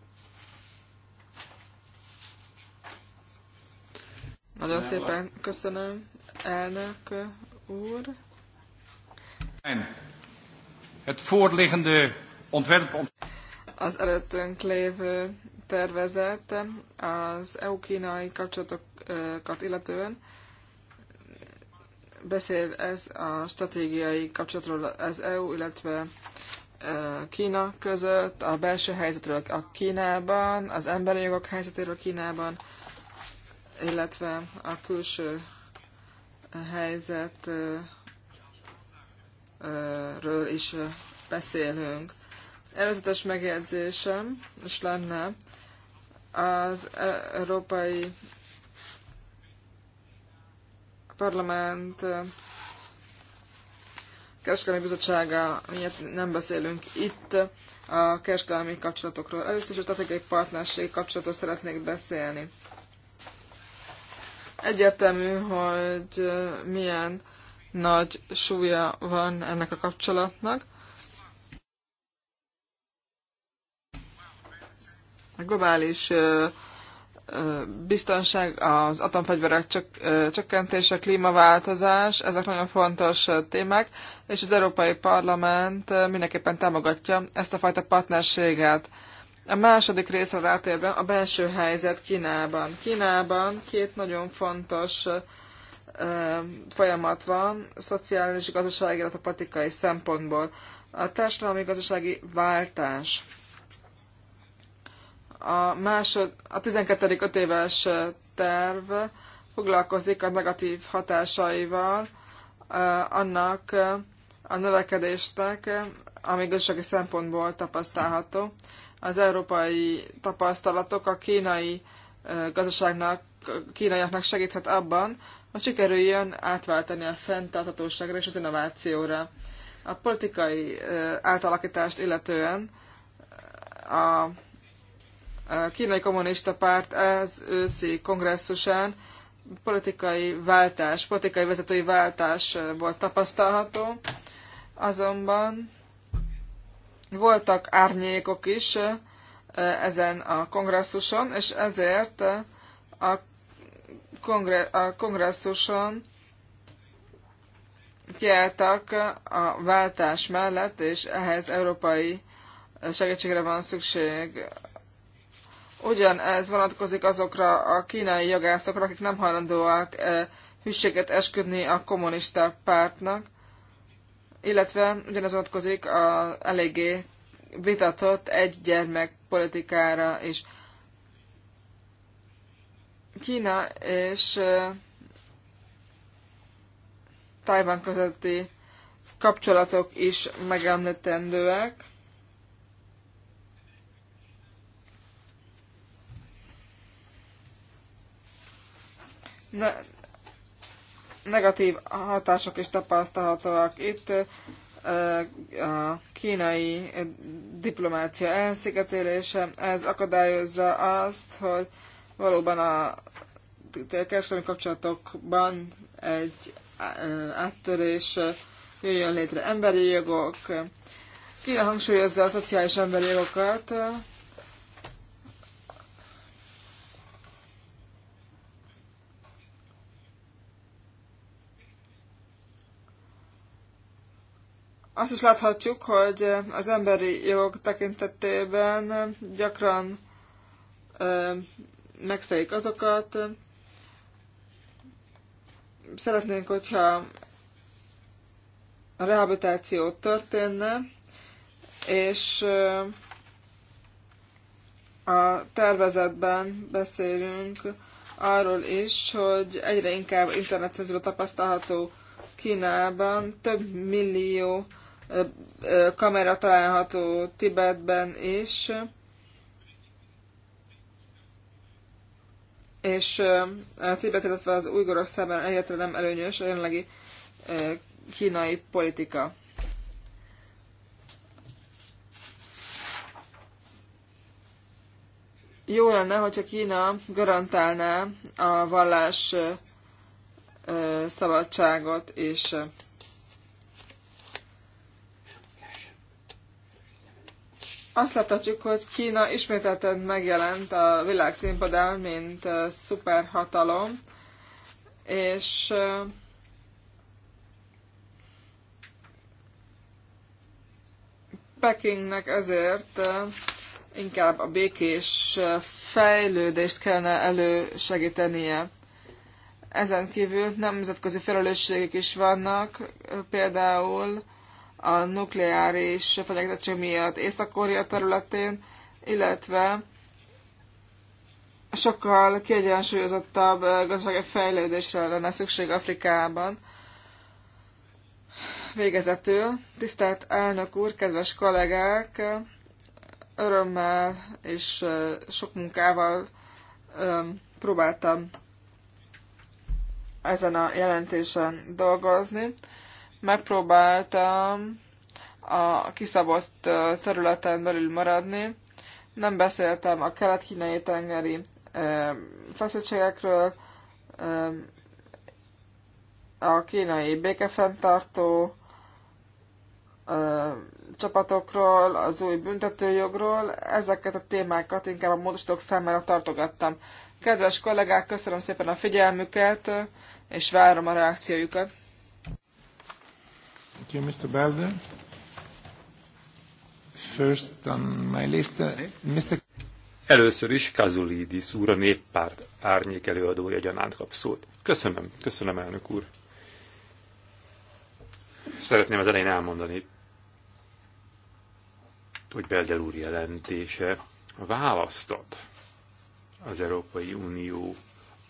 Speaker 4: Nagyon szépen köszönöm, elnök úr.
Speaker 1: Het voorliggende ontwerp...
Speaker 4: Az előttünk lévő tervezet az EU-kínai kapcsolatokat illetően beszél ez a stratégiai kapcsolatról az EU, illetve Kína között, a belső helyzetről a Kínában, az emberi jogok helyzetéről Kínában, illetve a külső helyzetről is beszélünk. Előzetes megjegyzésem is lenne az Európai Parlament Kereskedelmi Bizottsága miért nem beszélünk itt a kereskedelmi kapcsolatokról. Először is a stratégiai partnerségi kapcsolatról szeretnék beszélni Egyértelmű, hogy milyen nagy súlya van ennek a kapcsolatnak. A globális biztonság, az atomfegyverek csökkentése, klímaváltozás, ezek nagyon fontos témák, és az Európai Parlament mindenképpen támogatja ezt a fajta partnerséget. A második részre rátérve a belső helyzet Kínában. Kínában két nagyon fontos folyamat van, szociális, gazdasági, illetve politikai szempontból. A társadalmi gazdasági váltás. A, másod, a 12. 5 éves terv foglalkozik a negatív hatásaival annak a növekedésnek, ami gazdasági szempontból tapasztalható az európai tapasztalatok a kínai gazdaságnak, kínaiaknak segíthet abban, hogy sikerüljön átváltani a fenntarthatóságra és az innovációra. A politikai átalakítást illetően a kínai kommunista párt az őszi kongresszusán politikai váltás, politikai vezetői váltás volt tapasztalható, azonban voltak árnyékok is ezen a kongresszuson, és ezért a, kongre, a kongresszuson kiálltak a váltás mellett, és ehhez európai segítségre van szükség. Ugyanez vonatkozik azokra a kínai jogászokra, akik nem hajlandóak hűséget esküdni a kommunista pártnak, illetve ugyanez vonatkozik a eléggé vitatott egy gyermek politikára is. Kína és Tajván közötti kapcsolatok is megemlítendőek. Na negatív hatások is tapasztalhatóak itt. A kínai diplomácia elszigetelése, ez akadályozza azt, hogy valóban a kereskedelmi kapcsolatokban egy áttörés jöjjön létre emberi jogok. Kína hangsúlyozza a szociális emberi jogokat, Azt is láthatjuk, hogy az emberi jog tekintetében gyakran megszegik azokat. Szeretnénk, hogyha a rehabilitáció történne, és a tervezetben beszélünk arról is, hogy egyre inkább internetcenzúra tapasztalható Kínában több millió kamera található Tibetben is. És a Tibet, illetve az ujgorok számára egyáltalán nem előnyös a jelenlegi kínai politika. Jó lenne, hogyha Kína garantálná a vallás szabadságot és azt láthatjuk, hogy Kína ismételten megjelent a világ színpadán, mint szuperhatalom, és Pekingnek ezért inkább a békés fejlődést kellene elősegítenie. Ezen kívül nemzetközi felelősségek is vannak, például a nukleáris fenyegetettség miatt Észak-Korea területén, illetve sokkal kiegyensúlyozottabb eh, gazdasági fejlődésre lenne szükség Afrikában. Végezetül, tisztelt elnök úr, kedves kollégák, örömmel és eh, sok munkával eh, próbáltam ezen a jelentésen dolgozni megpróbáltam a kiszabott területen belül maradni. Nem beszéltem a kelet-kínai tengeri feszültségekről, a kínai békefenntartó csapatokról, az új büntetőjogról. Ezeket a témákat inkább a módosítók számára tartogattam. Kedves kollégák, köszönöm szépen a figyelmüket, és várom a reakciójukat.
Speaker 2: Thank you, Mr. Belder.
Speaker 1: First on my list, uh, Mr. Először is Kazulidis úr, a néppárt árnyék előadója gyanánt kap szót. Köszönöm, köszönöm elnök úr. Szeretném az elején elmondani, hogy Belder úr jelentése választott az Európai Unió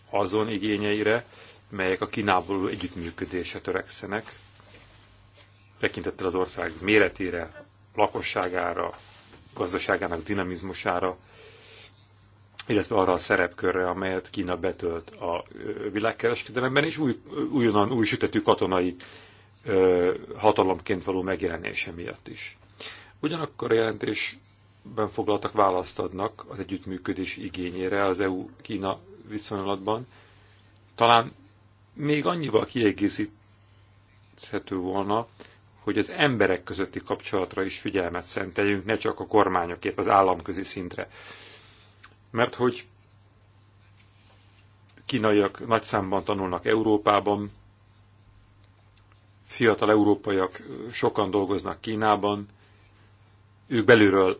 Speaker 1: azon igényeire, melyek a Kínából együttműködésre törekszenek, tekintettel az ország méretére, lakosságára, gazdaságának dinamizmusára, illetve arra a szerepkörre, amelyet Kína betölt a világkereskedelemben, és új, újonnan új sütetű katonai ö, hatalomként való megjelenése miatt is. Ugyanakkor a jelentésben foglaltak választ adnak az együttműködés igényére az EU-Kína viszonylatban. Talán még annyival kiegészíthető volna, hogy az emberek közötti kapcsolatra is figyelmet szenteljünk, ne csak a kormányokért, az államközi szintre. Mert hogy kínaiak nagy számban tanulnak Európában, fiatal európaiak sokan dolgoznak Kínában, ők belülről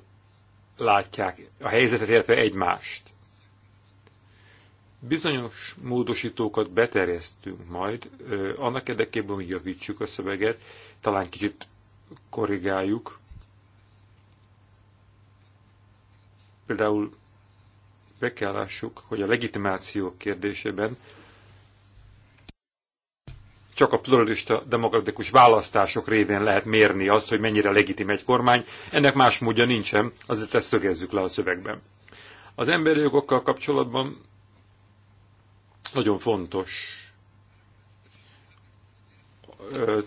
Speaker 1: látják a helyzetet, illetve egymást. Bizonyos módosítókat beterjesztünk majd, annak érdekében, hogy javítsuk a szöveget, talán kicsit korrigáljuk. Például be kell lássuk, hogy a legitimáció kérdésében csak a pluralista demokratikus választások révén lehet mérni azt, hogy mennyire legitim egy kormány. Ennek más módja nincsen, azért ezt szögezzük le a szövegben. Az emberi jogokkal kapcsolatban nagyon fontos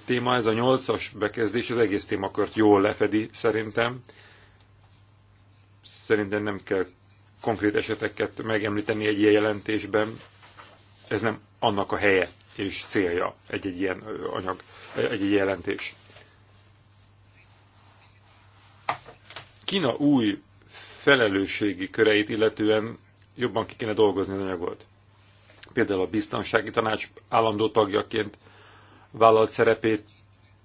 Speaker 1: téma, ez a nyolcas bekezdés az egész témakört jól lefedi szerintem. Szerintem nem kell konkrét eseteket megemlíteni egy ilyen jelentésben. Ez nem annak a helye és célja egy-egy ilyen anyag, egy-egy jelentés. Kína új felelősségi köreit illetően jobban ki kéne dolgozni az anyagot például a biztonsági tanács állandó tagjaként vállalt szerepét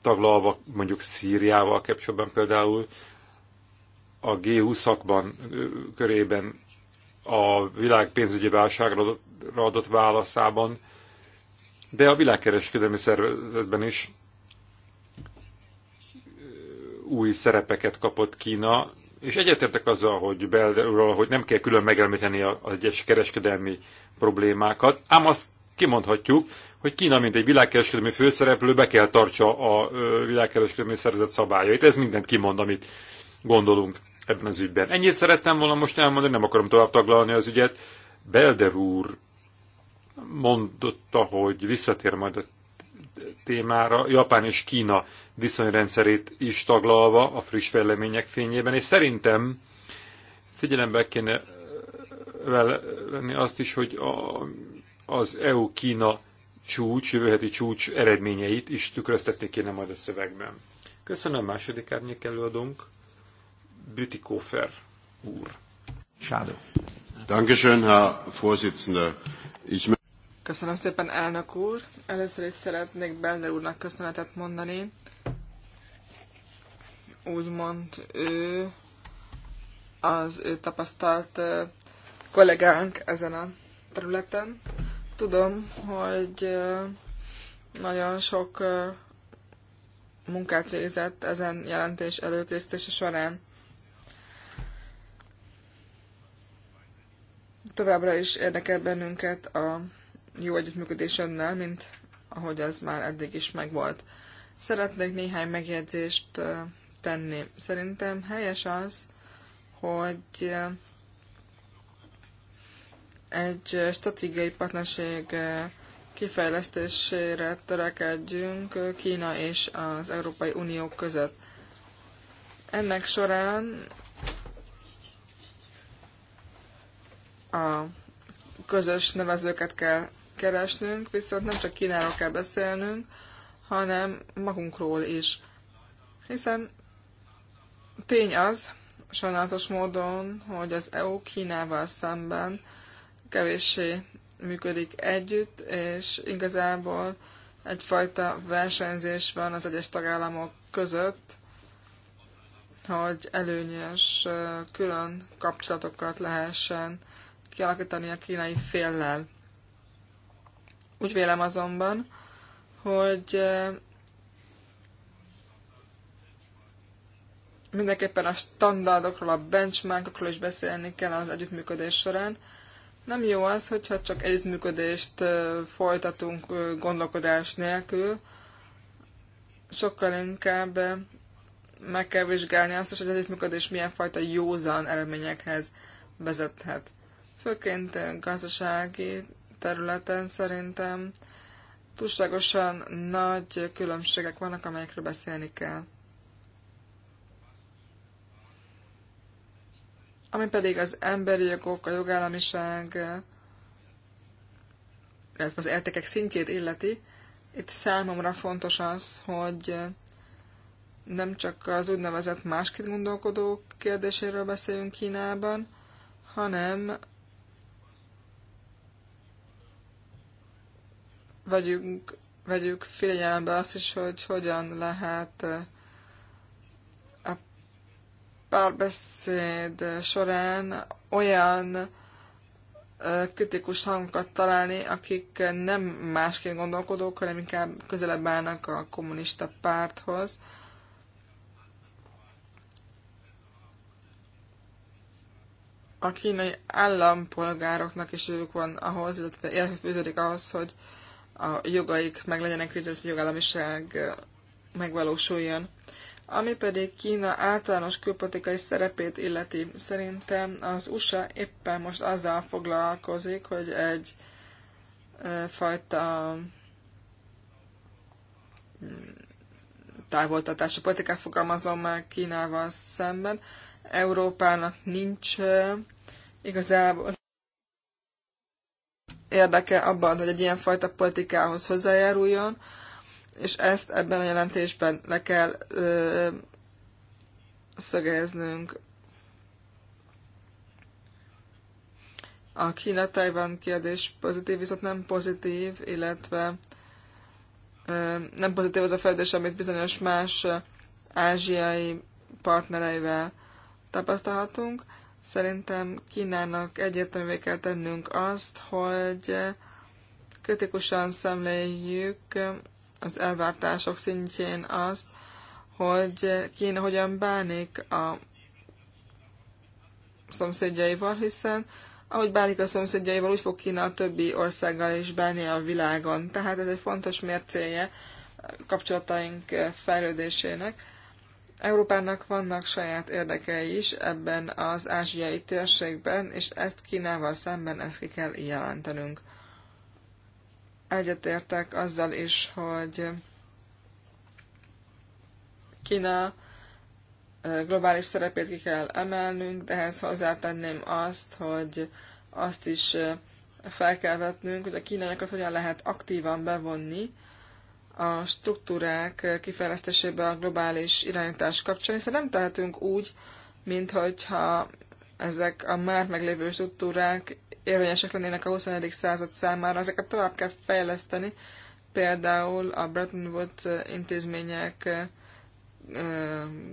Speaker 1: taglalva mondjuk Szíriával kapcsolatban például, a G20-akban körében a világ pénzügyi válságra adott válaszában, de a világkereskedelmi szervezetben is új szerepeket kapott Kína, és egyetértek azzal, hogy belről, hogy nem kell külön megelmíteni az egyes kereskedelmi problémákat, ám azt kimondhatjuk, hogy Kína, mint egy világkereskedelmi főszereplő, be kell tartsa a világkereskedelmi szervezet szabályait. Ez mindent kimond, amit gondolunk ebben az ügyben. Ennyit szerettem volna most elmondani, nem akarom tovább taglalni az ügyet. Belder úr mondotta, hogy visszatér majd a témára Japán és Kína viszonyrendszerét is taglalva a friss fejlemények fényében, és szerintem figyelembe kéne eh, venni azt is, hogy a, az EU-Kína csúcs, jövő heti csúcs eredményeit is tükröztették kéne majd a szövegben. Köszönöm második árnyék előadónk, Bütikófer
Speaker 2: úr. Sádó. Dankeschön, Herr Vorsitzender. Ich
Speaker 1: Köszönöm szépen, elnök úr.
Speaker 4: Először is szeretnék Belder úrnak köszönetet mondani. Úgymond ő az ő tapasztalt kollégánk ezen a területen. Tudom, hogy nagyon sok munkát végzett ezen jelentés előkészítése során. Továbbra is érdekel bennünket a jó együttműködés önnel, mint ahogy az már eddig is megvolt. Szeretnék néhány megjegyzést tenni. Szerintem helyes az, hogy egy stratégiai partnerség kifejlesztésére törekedjünk Kína és az Európai Unió között. Ennek során a közös nevezőket kell keresnünk, viszont nem csak Kínáról kell beszélnünk, hanem magunkról is. Hiszen tény az, sajnálatos módon, hogy az EU Kínával szemben kevéssé működik együtt, és igazából egyfajta versenyzés van az egyes tagállamok között, hogy előnyös külön kapcsolatokat lehessen kialakítani a kínai féllel. Úgy vélem azonban, hogy mindenképpen a standardokról, a benchmarkokról is beszélni kell az együttműködés során. Nem jó az, hogyha csak együttműködést folytatunk gondolkodás nélkül, sokkal inkább meg kell vizsgálni azt hogy az együttműködés milyen fajta józan eredményekhez vezethet. Főként gazdasági területen szerintem túlságosan nagy különbségek vannak, amelyekről beszélni kell. Ami pedig az emberi jogok, a jogállamiság, illetve az értékek szintjét illeti, itt számomra fontos az, hogy nem csak az úgynevezett másként gondolkodók kérdéséről beszélünk Kínában, hanem vegyünk, vegyük figyelembe azt is, hogy hogyan lehet eh, a párbeszéd során olyan eh, kritikus hangokat találni, akik nem másként gondolkodók, hanem inkább közelebb állnak a kommunista párthoz. A kínai állampolgároknak is ők van ahhoz, illetve fűződik ahhoz, hogy a jogaik meg legyenek létező, hogy a jogállamiság megvalósuljon. Ami pedig Kína általános külpolitikai szerepét illeti, szerintem az USA éppen most azzal foglalkozik, hogy egy e, fajta mm, távoltatási politikát fogalmazom meg Kínával szemben. Európának nincs e, igazából érdeke abban, hogy egy ilyen fajta politikához hozzájáruljon, és ezt ebben a jelentésben le kell ö, szögeznünk. A Kína-Tajvan kérdés pozitív, viszont nem pozitív, illetve ö, nem pozitív az a fejlődés, amit bizonyos más ázsiai partnereivel tapasztalhatunk. Szerintem Kínának egyértelművé kell tennünk azt, hogy kritikusan szemléljük az elvártások szintjén azt, hogy Kína hogyan bánik a szomszédjaival, hiszen ahogy bánik a szomszédjaival, úgy fog Kína a többi országgal is bánni a világon. Tehát ez egy fontos mércéje kapcsolataink fejlődésének. Európának vannak saját érdekei is ebben az ázsiai térségben, és ezt Kínával szemben ezt ki kell jelentenünk. Egyetértek azzal is, hogy Kína globális szerepét ki kell emelnünk, de ehhez hozzátenném azt, hogy azt is fel kell vetnünk, hogy a kínaiakat hogyan lehet aktívan bevonni a struktúrák kifejlesztésébe a globális irányítás kapcsán, hiszen nem tehetünk úgy, mint hogyha ezek a már meglévő struktúrák érvényesek lennének a 21. század számára, ezeket tovább kell fejleszteni, például a Bretton Woods intézmények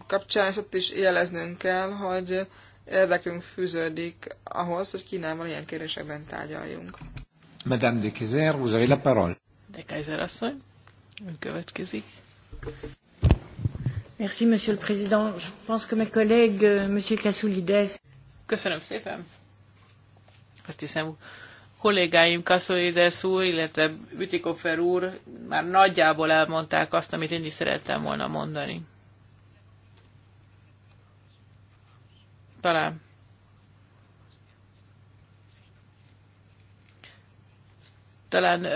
Speaker 4: kapcsán, és ott is jeleznünk kell, hogy érdekünk fűződik ahhoz, hogy Kínával ilyen kérdésekben tárgyaljunk.
Speaker 2: Madame de Kizer, vous avez la parole.
Speaker 4: De Kaiser asszony.
Speaker 3: Ön következik.
Speaker 2: Merci, Monsieur le Président. Je
Speaker 3: pense que mes collègues, euh, Monsieur Kassoulides. Köszönöm szépen. Azt hiszem, kollégáim Kassoulides úr, illetve Bütikofer úr már nagyjából elmondták azt, amit én is szerettem volna mondani. Talán talán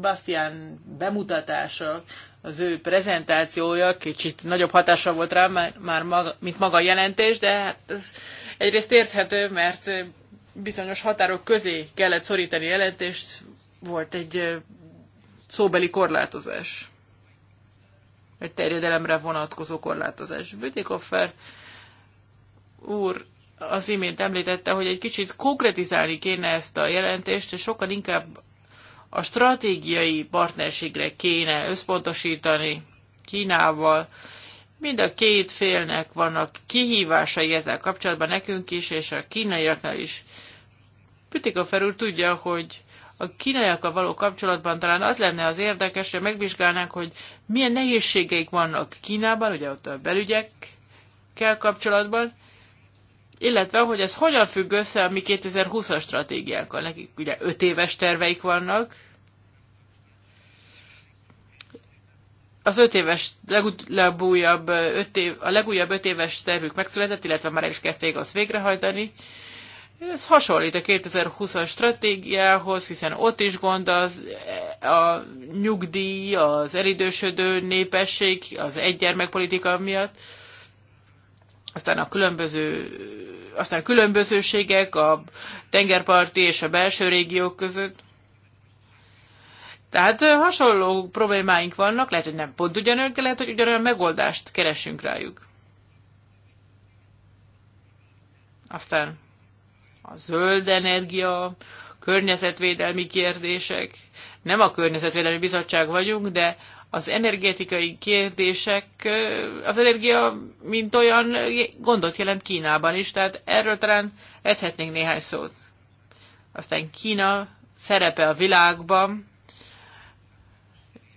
Speaker 3: Bastian bemutatása, az ő prezentációja kicsit nagyobb hatása volt rám, már maga, mint maga a jelentés, de hát ez egyrészt érthető, mert bizonyos határok közé kellett szorítani jelentést, volt egy szóbeli korlátozás. Egy terjedelemre vonatkozó korlátozás. Bütikoffer úr az imént említette, hogy egy kicsit konkretizálni kéne ezt a jelentést, és sokkal inkább a stratégiai partnerségre kéne összpontosítani Kínával. Mind a két félnek vannak kihívásai ezzel kapcsolatban nekünk is, és a kínaiaknál is. Pütika felül tudja, hogy a kínaiakkal való kapcsolatban talán az lenne az érdekes, hogy megvizsgálnánk, hogy milyen nehézségeik vannak Kínában, ugye ott a belügyekkel kapcsolatban, illetve hogy ez hogyan függ össze a mi 2020-as stratégiákkal. Nekik ugye 5 éves terveik vannak. Az öt éves, legújabb, öt év, a legújabb öt éves tervük megszületett, illetve már el is kezdték azt végrehajtani. Ez hasonlít a 2020-as stratégiához, hiszen ott is gond az a nyugdíj, az elidősödő népesség, az egygyermekpolitika miatt. Aztán a különböző aztán a különbözőségek a tengerparti és a belső régiók között. Tehát hasonló problémáink vannak, lehet, hogy nem pont ugyanolyan, de lehet, hogy ugyanolyan megoldást keresünk rájuk. Aztán a zöld energia, környezetvédelmi kérdések. Nem a Környezetvédelmi Bizottság vagyunk, de az energetikai kérdések, az energia mint olyan gondot jelent Kínában is, tehát erről talán edhetnénk néhány szót. Aztán Kína szerepe a világban,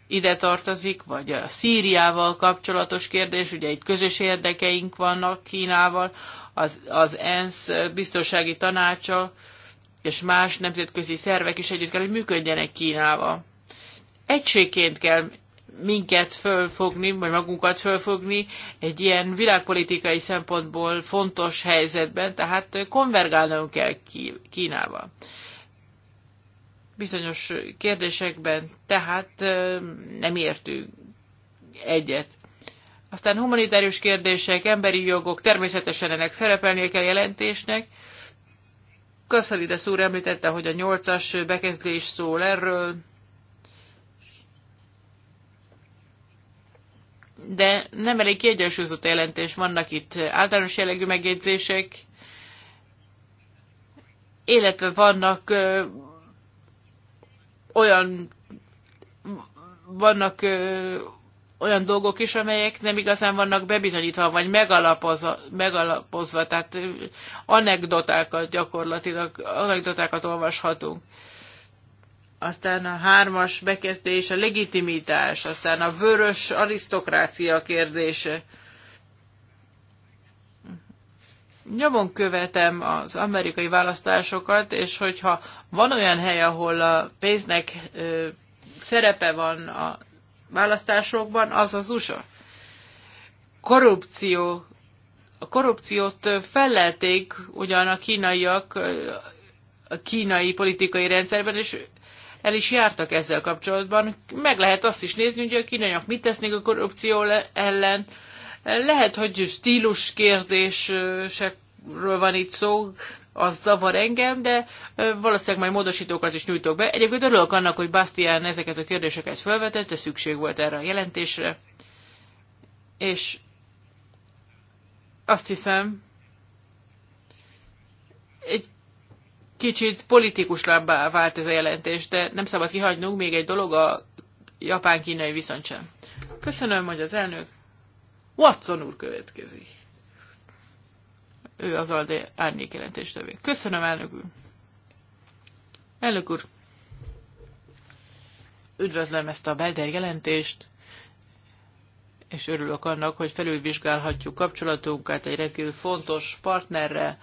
Speaker 3: ide tartozik, vagy a Szíriával kapcsolatos kérdés, ugye itt közös érdekeink vannak Kínával, az, az ENSZ biztonsági tanácsa és más nemzetközi szervek is együtt kell, hogy működjenek Kínával. Egységként kell minket fölfogni, vagy magunkat fölfogni egy ilyen világpolitikai szempontból fontos helyzetben, tehát konvergálnunk kell Kínával. Bizonyos kérdésekben tehát nem értünk egyet. Aztán humanitárius kérdések, emberi jogok, természetesen ennek szerepelnie kell jelentésnek, Kasszalides úr említette, hogy a nyolcas bekezdés szól erről, de nem elég kiegyensúlyozott jelentés. Vannak itt általános jellegű megjegyzések, illetve vannak ö, olyan vannak ö, olyan dolgok is, amelyek nem igazán vannak bebizonyítva, vagy megalapozva, megalapozva tehát anekdotákat gyakorlatilag, anekdotákat olvashatunk. Aztán a hármas bekértés, a legitimitás, aztán a vörös arisztokrácia kérdése. Nyomon követem az amerikai választásokat, és hogyha van olyan hely, ahol a pénznek szerepe van a választásokban, az az USA. Korrupció. A korrupciót fellelték ugyan a kínaiak a kínai politikai rendszerben, és el is jártak ezzel kapcsolatban. Meg lehet azt is nézni, hogy a kínaiak mit tesznek a korrupció ellen. Lehet, hogy stílus kérdésekről van itt szó, az zavar engem, de valószínűleg majd módosítókat is nyújtok be. Egyébként örülök annak, hogy Bastian ezeket a kérdéseket felvetette, szükség volt erre a jelentésre. És azt hiszem, egy kicsit lábbá vált ez a jelentés, de nem szabad kihagynunk még egy dolog a japán-kínai viszont sem. Köszönöm, hogy az elnök Watson úr következik ő az ALDE árnyék jelentéstevő. Köszönöm, elnök úr! Elnök úr! Üdvözlöm ezt a Belder jelentést, és örülök annak, hogy felülvizsgálhatjuk kapcsolatunkat egy rendkívül fontos partnerre,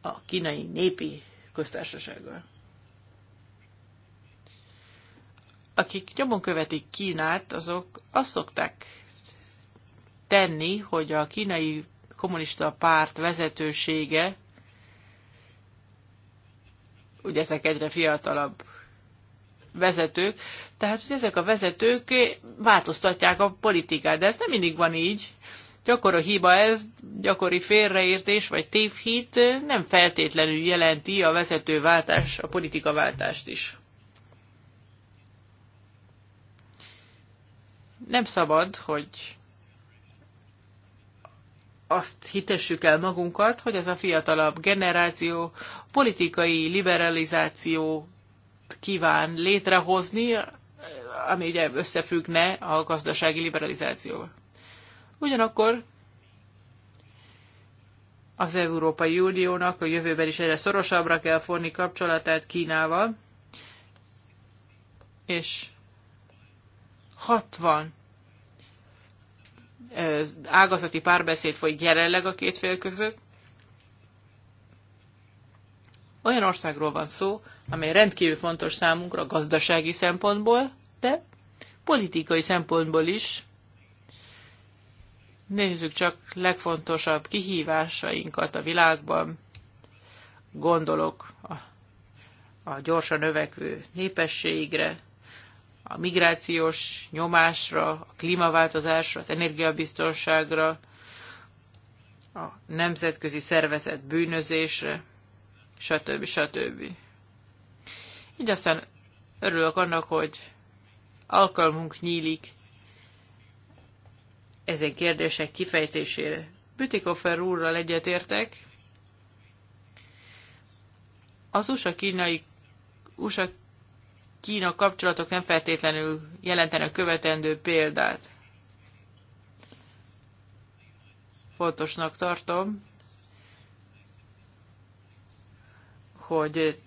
Speaker 3: a kínai népi köztársasággal. Akik nyomon követik Kínát, azok azt szokták tenni, hogy a kínai kommunista párt vezetősége, ugye ezek egyre fiatalabb vezetők, tehát hogy ezek a vezetők változtatják a politikát, de ez nem mindig van így. Gyakori hiba ez, gyakori félreértés vagy tévhit nem feltétlenül jelenti a vezetőváltás, a politikaváltást is. Nem szabad, hogy azt hitessük el magunkat, hogy ez a fiatalabb generáció politikai liberalizációt kíván létrehozni, ami ugye összefüggne a gazdasági liberalizációval. Ugyanakkor az Európai Uniónak a jövőben is egyre szorosabbra kell forni kapcsolatát Kínával, és 60 ágazati párbeszéd folyik jelenleg a két fél között. Olyan országról van szó, amely rendkívül fontos számunkra gazdasági szempontból, de politikai szempontból is. Nézzük csak legfontosabb kihívásainkat a világban. Gondolok a, a gyorsan növekvő népességre, a migrációs nyomásra, a klímaváltozásra, az energiabiztonságra, a nemzetközi szervezet bűnözésre, stb. stb. Így aztán örülök annak, hogy alkalmunk nyílik ezen kérdések kifejtésére. Bütikofer úrral egyetértek. Az USA-kínai USA, -kínai, USA Kína kapcsolatok nem feltétlenül jelentenek követendő példát. Fontosnak tartom, hogy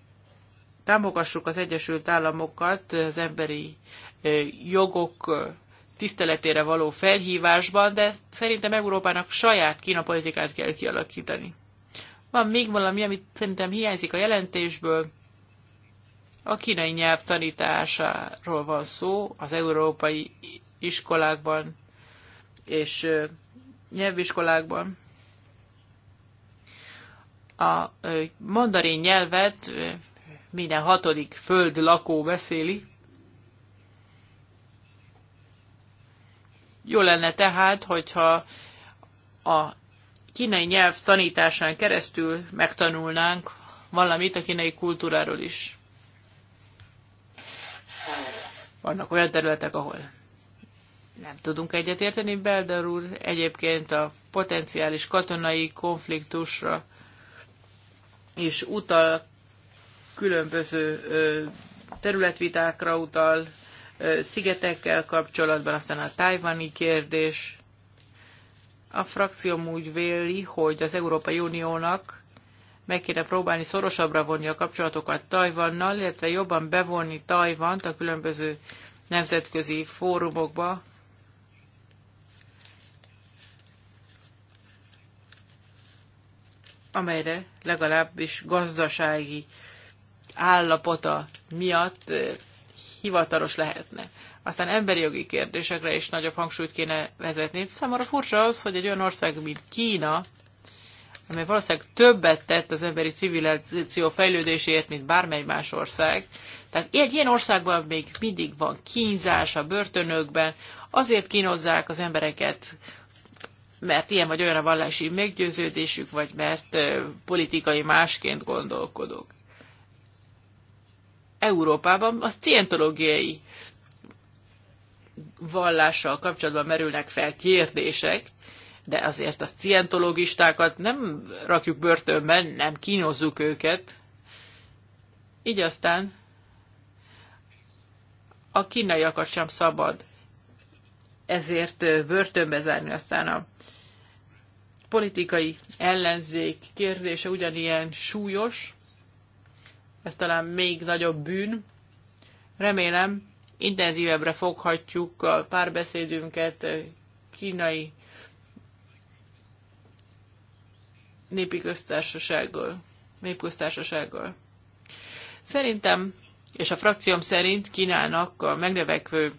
Speaker 3: támogassuk az Egyesült Államokat az emberi jogok tiszteletére való felhívásban, de szerintem Európának saját Kína politikát kell kialakítani. Van még valami, amit szerintem hiányzik a jelentésből, a kínai nyelv tanításáról van szó az európai iskolákban és nyelviskolákban. A mandarin nyelvet minden hatodik föld lakó beszéli. Jó lenne tehát, hogyha a kínai nyelv tanításán keresztül megtanulnánk valamit a kínai kultúráról is. Vannak olyan területek, ahol nem tudunk egyetérteni. Belder úr egyébként a potenciális katonai konfliktusra is utal, különböző területvitákra utal, szigetekkel kapcsolatban, aztán a tájvani kérdés. A frakcióm úgy véli, hogy az Európai Uniónak meg kéne próbálni szorosabbra vonni a kapcsolatokat Tajvannal, illetve jobban bevonni Tajvant a különböző nemzetközi fórumokba, amelyre legalábbis gazdasági állapota miatt eh, hivatalos lehetne. Aztán emberi jogi kérdésekre is nagyobb hangsúlyt kéne vezetni. Számomra furcsa az, hogy egy olyan ország, mint Kína, amely valószínűleg többet tett az emberi civilizáció fejlődéséért, mint bármely más ország. Tehát egy ilyen országban még mindig van kínzás a börtönökben, azért kínozzák az embereket, mert ilyen vagy olyan a vallási meggyőződésük, vagy mert politikai másként gondolkodok. Európában a cientológiai vallással kapcsolatban merülnek fel kérdések, de azért a cientológistákat nem rakjuk börtönbe, nem kínozzuk őket. Így aztán a kínaiakat sem szabad ezért börtönbe zárni. Aztán a politikai ellenzék kérdése ugyanilyen súlyos, ez talán még nagyobb bűn. Remélem, intenzívebbre foghatjuk a párbeszédünket kínai népi köztársasággal, népköztársasággal. Szerintem, és a frakcióm szerint Kínának a megnövekvő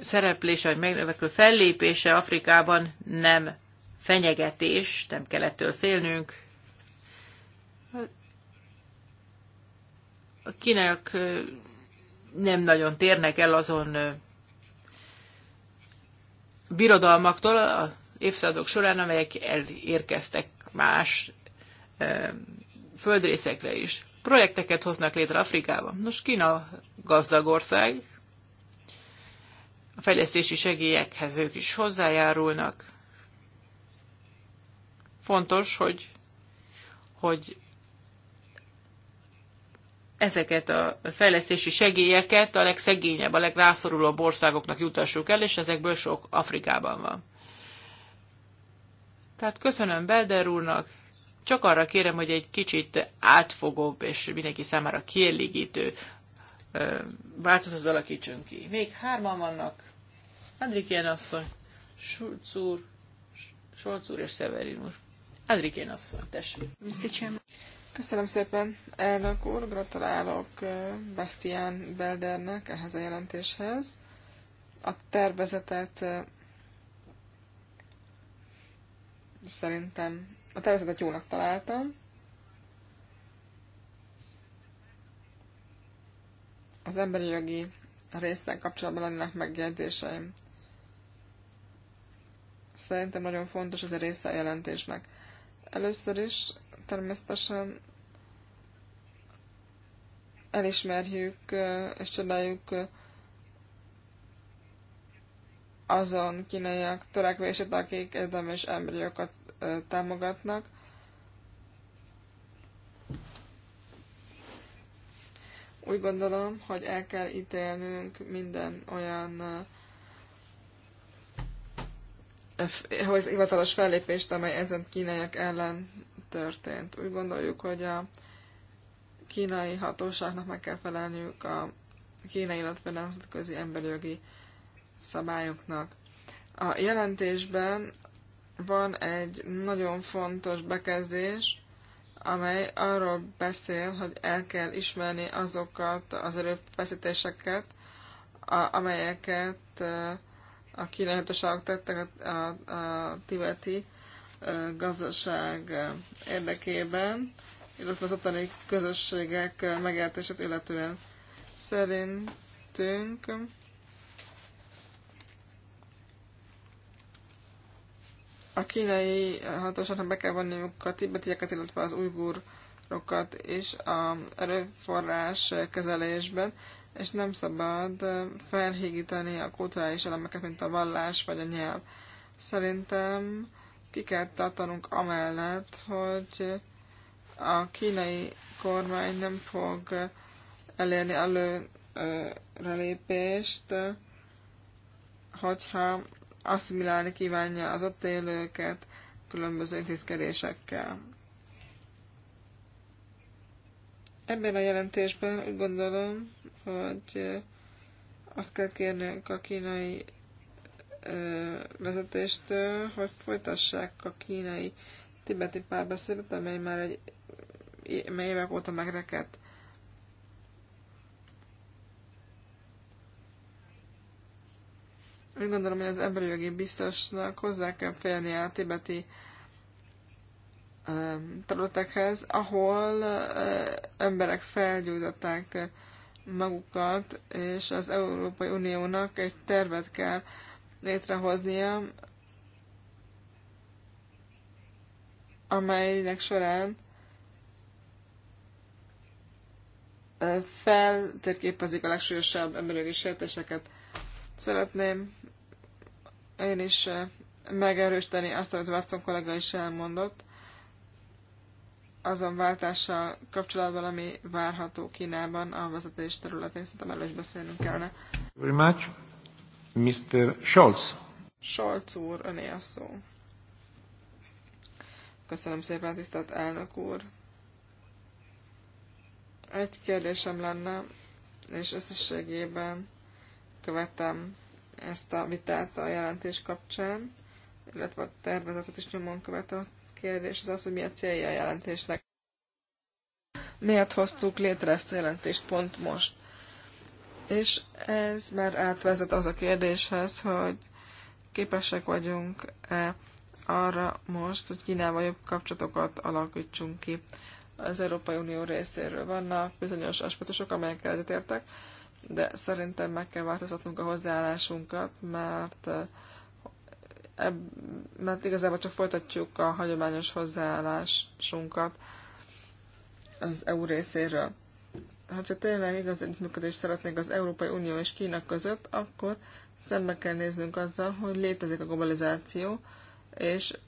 Speaker 3: szereplése, vagy megnövekvő fellépése Afrikában nem fenyegetés, nem kell ettől félnünk. A kínaiak nem nagyon térnek el azon birodalmaktól, évszázadok során, amelyek elérkeztek más földrészekre is. Projekteket hoznak létre Afrikában. Nos, Kína gazdag ország, a fejlesztési segélyekhez ők is hozzájárulnak. Fontos, hogy, hogy ezeket a fejlesztési segélyeket a legszegényebb, a legrászorulóbb országoknak jutassuk el, és ezekből sok Afrikában van. Tehát köszönöm Belder úrnak, csak arra kérem, hogy egy kicsit átfogóbb és mindenki számára kielégítő változat alakítsunk ki. Még hárman vannak. Andrikén asszony, Schulz úr, Scholz úr és Severin úr. Andrikén asszony, tessék. Köszönöm
Speaker 4: szépen, elnök úr, gratulálok Bastian Beldernek ehhez a jelentéshez. A tervezetet szerintem a tervezetet jónak találtam. Az emberi jogi részen kapcsolatban lennének megjegyzéseim. Szerintem nagyon fontos ez a része a jelentésnek. Először is természetesen elismerjük és csodáljuk azon kínaiak törekvését, akik érdemes embriókat támogatnak. Úgy gondolom, hogy el kell ítélnünk minden olyan hivatalos fellépést, amely ezen kínaiak ellen történt. Úgy gondoljuk, hogy a kínai hatóságnak meg kell felelniük a kínai, illetve nemzetközi emberjogi szabályoknak. A jelentésben van egy nagyon fontos bekezdés, amely arról beszél, hogy el kell ismerni azokat az erőfeszítéseket, amelyeket a kínai hatóságok tettek a, a, a tibeti gazdaság érdekében, illetve az ottani közösségek megértését illetően. Szerintünk A kínai hatóságnak be kell vonniuk a tibetieket, illetve az ujgurokat és a erőforrás kezelésben, és nem szabad felhígítani a kulturális elemeket, mint a vallás vagy a nyelv. Szerintem ki kell tartanunk amellett, hogy a kínai kormány nem fog elérni előrelépést, hogyha asszimilálni kívánja az ott élőket különböző intézkedésekkel. Ebben a jelentésben úgy gondolom, hogy azt kell kérnünk a kínai vezetéstől, hogy folytassák a kínai tibeti párbeszédet, amely már egy mely évek óta megrekedt. Úgy gondolom, hogy az emberi jogi biztosnak hozzá kell férni a tibeti területekhez, ahol emberek felgyújtották magukat, és az Európai Uniónak egy tervet kell létrehoznia, amelynek során feltérképezik a legsúlyosabb emberi sérteseket. Szeretném én is eh, megerősíteni azt, amit Watson kollega is elmondott, azon váltással kapcsolatban, ami várható Kínában a vezetés területén, szerintem erről is beszélnünk kellene.
Speaker 2: Very much. Mr. Scholz.
Speaker 4: Scholz úr, öné a szó. Köszönöm szépen, tisztelt elnök úr. Egy kérdésem lenne, és összességében követem ezt a vitát a jelentés kapcsán, illetve a tervezetet is nyomon követő kérdés az az, hogy mi a célja a jelentésnek. Miért hoztuk létre ezt a jelentést pont most? És ez már átvezet az a kérdéshez, hogy képesek vagyunk-e arra most, hogy Kínával jobb kapcsolatokat alakítsunk ki. Az Európai Unió részéről vannak bizonyos aspektusok, amelyekkel egyetértek, de szerintem meg kell változtatnunk a hozzáállásunkat, mert, eh, eb, mert igazából csak folytatjuk a hagyományos hozzáállásunkat az EU részéről. Ha csak tényleg igaz együttműködést szeretnék az Európai Unió és Kína között, akkor szembe kell néznünk azzal, hogy létezik a globalizáció, és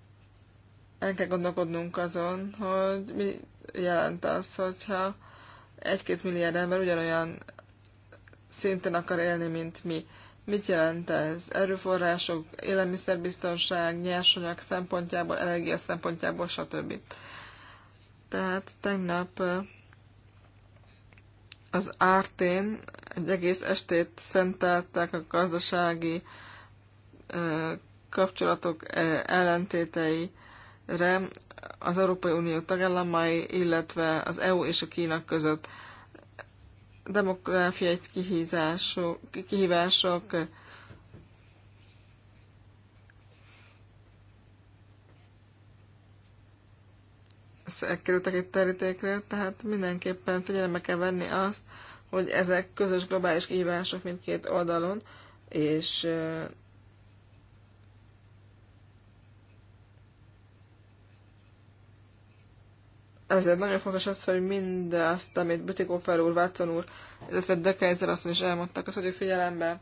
Speaker 4: el kell gondolkodnunk azon, hogy mi jelent az, hogyha egy-két milliárd ember ugyanolyan szinten akar élni, mint mi. Mit jelent ez? Erőforrások, élelmiszerbiztonság, nyersanyag szempontjából, energia szempontjából, stb. Tehát tegnap az Ártén egy egész estét szenteltek a gazdasági kapcsolatok ellentéteire az Európai Unió tagállamai, illetve az EU és a Kína között demográfiai kihízások, kihívások, kerültek egy terítékre, tehát mindenképpen figyelembe kell venni azt, hogy ezek közös globális kihívások mindkét oldalon, és ezért nagyon fontos az, hogy mindazt, amit Bütikófer úr, Watson úr, illetve De Kaiser azt is elmondtak, azt hogy figyelembe.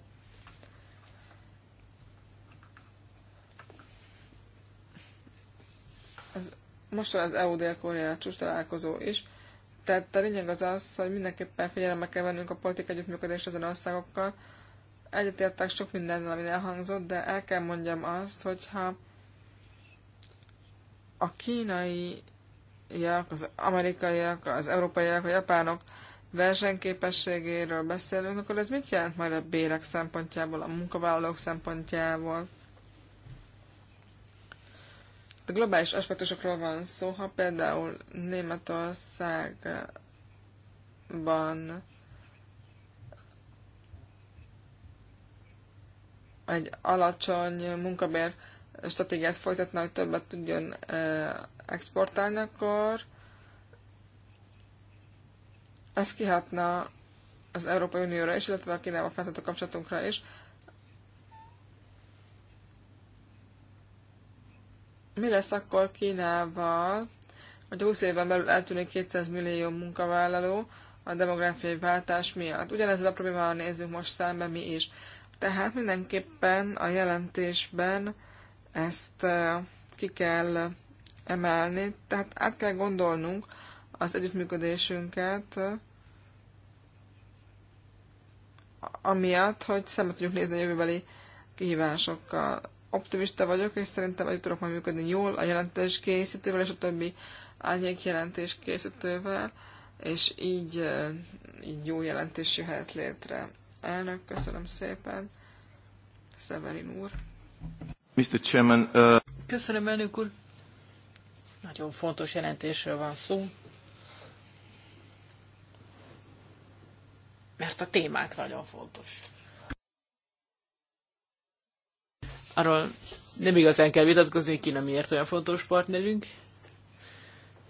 Speaker 4: Ez, most van az EU dél-korea csúcs találkozó is, tehát a lényeg az az, hogy mindenképpen figyelembe kell vennünk a politikai együttműködést ezen országokkal. Egyetértek sok mindennel, ami elhangzott, de el kell mondjam azt, hogyha a kínai az amerikaiak, az európaiak, a japánok versenyképességéről beszélünk, akkor ez mit jelent majd a bérek szempontjából, a munkavállalók szempontjából? A globális aspektusokról van szó, ha például Németországban egy alacsony munkabér stratégiát folytatna, hogy többet tudjon eh, exportálni, akkor ez kihatna az Európai Unióra is, illetve a Kínával fenntartó kapcsolatunkra is. Mi lesz akkor Kínával, hogy 20 éven belül eltűnik 200 millió munkavállaló a demográfiai váltás miatt? Ugyanezzel a problémával nézzük most szembe mi is. Tehát mindenképpen a jelentésben ezt eh, ki kell emelni, tehát át kell gondolnunk az együttműködésünket, amiatt, hogy szembe tudjuk nézni a jövőbeli kihívásokkal. Optimista vagyok, és szerintem együtt tudok majd működni jól a jelentés készítővel és a többi árnyék jelentés készítővel, és így, eh, így jó jelentés jöhet létre. Elnök, köszönöm szépen. Severin úr.
Speaker 3: Mr. Chairman, uh... Köszönöm, elnök úr. Nagyon fontos jelentésről van szó, mert a témák nagyon fontos. Arról nem igazán kell vitatkozni, hogy nem miért olyan fontos partnerünk.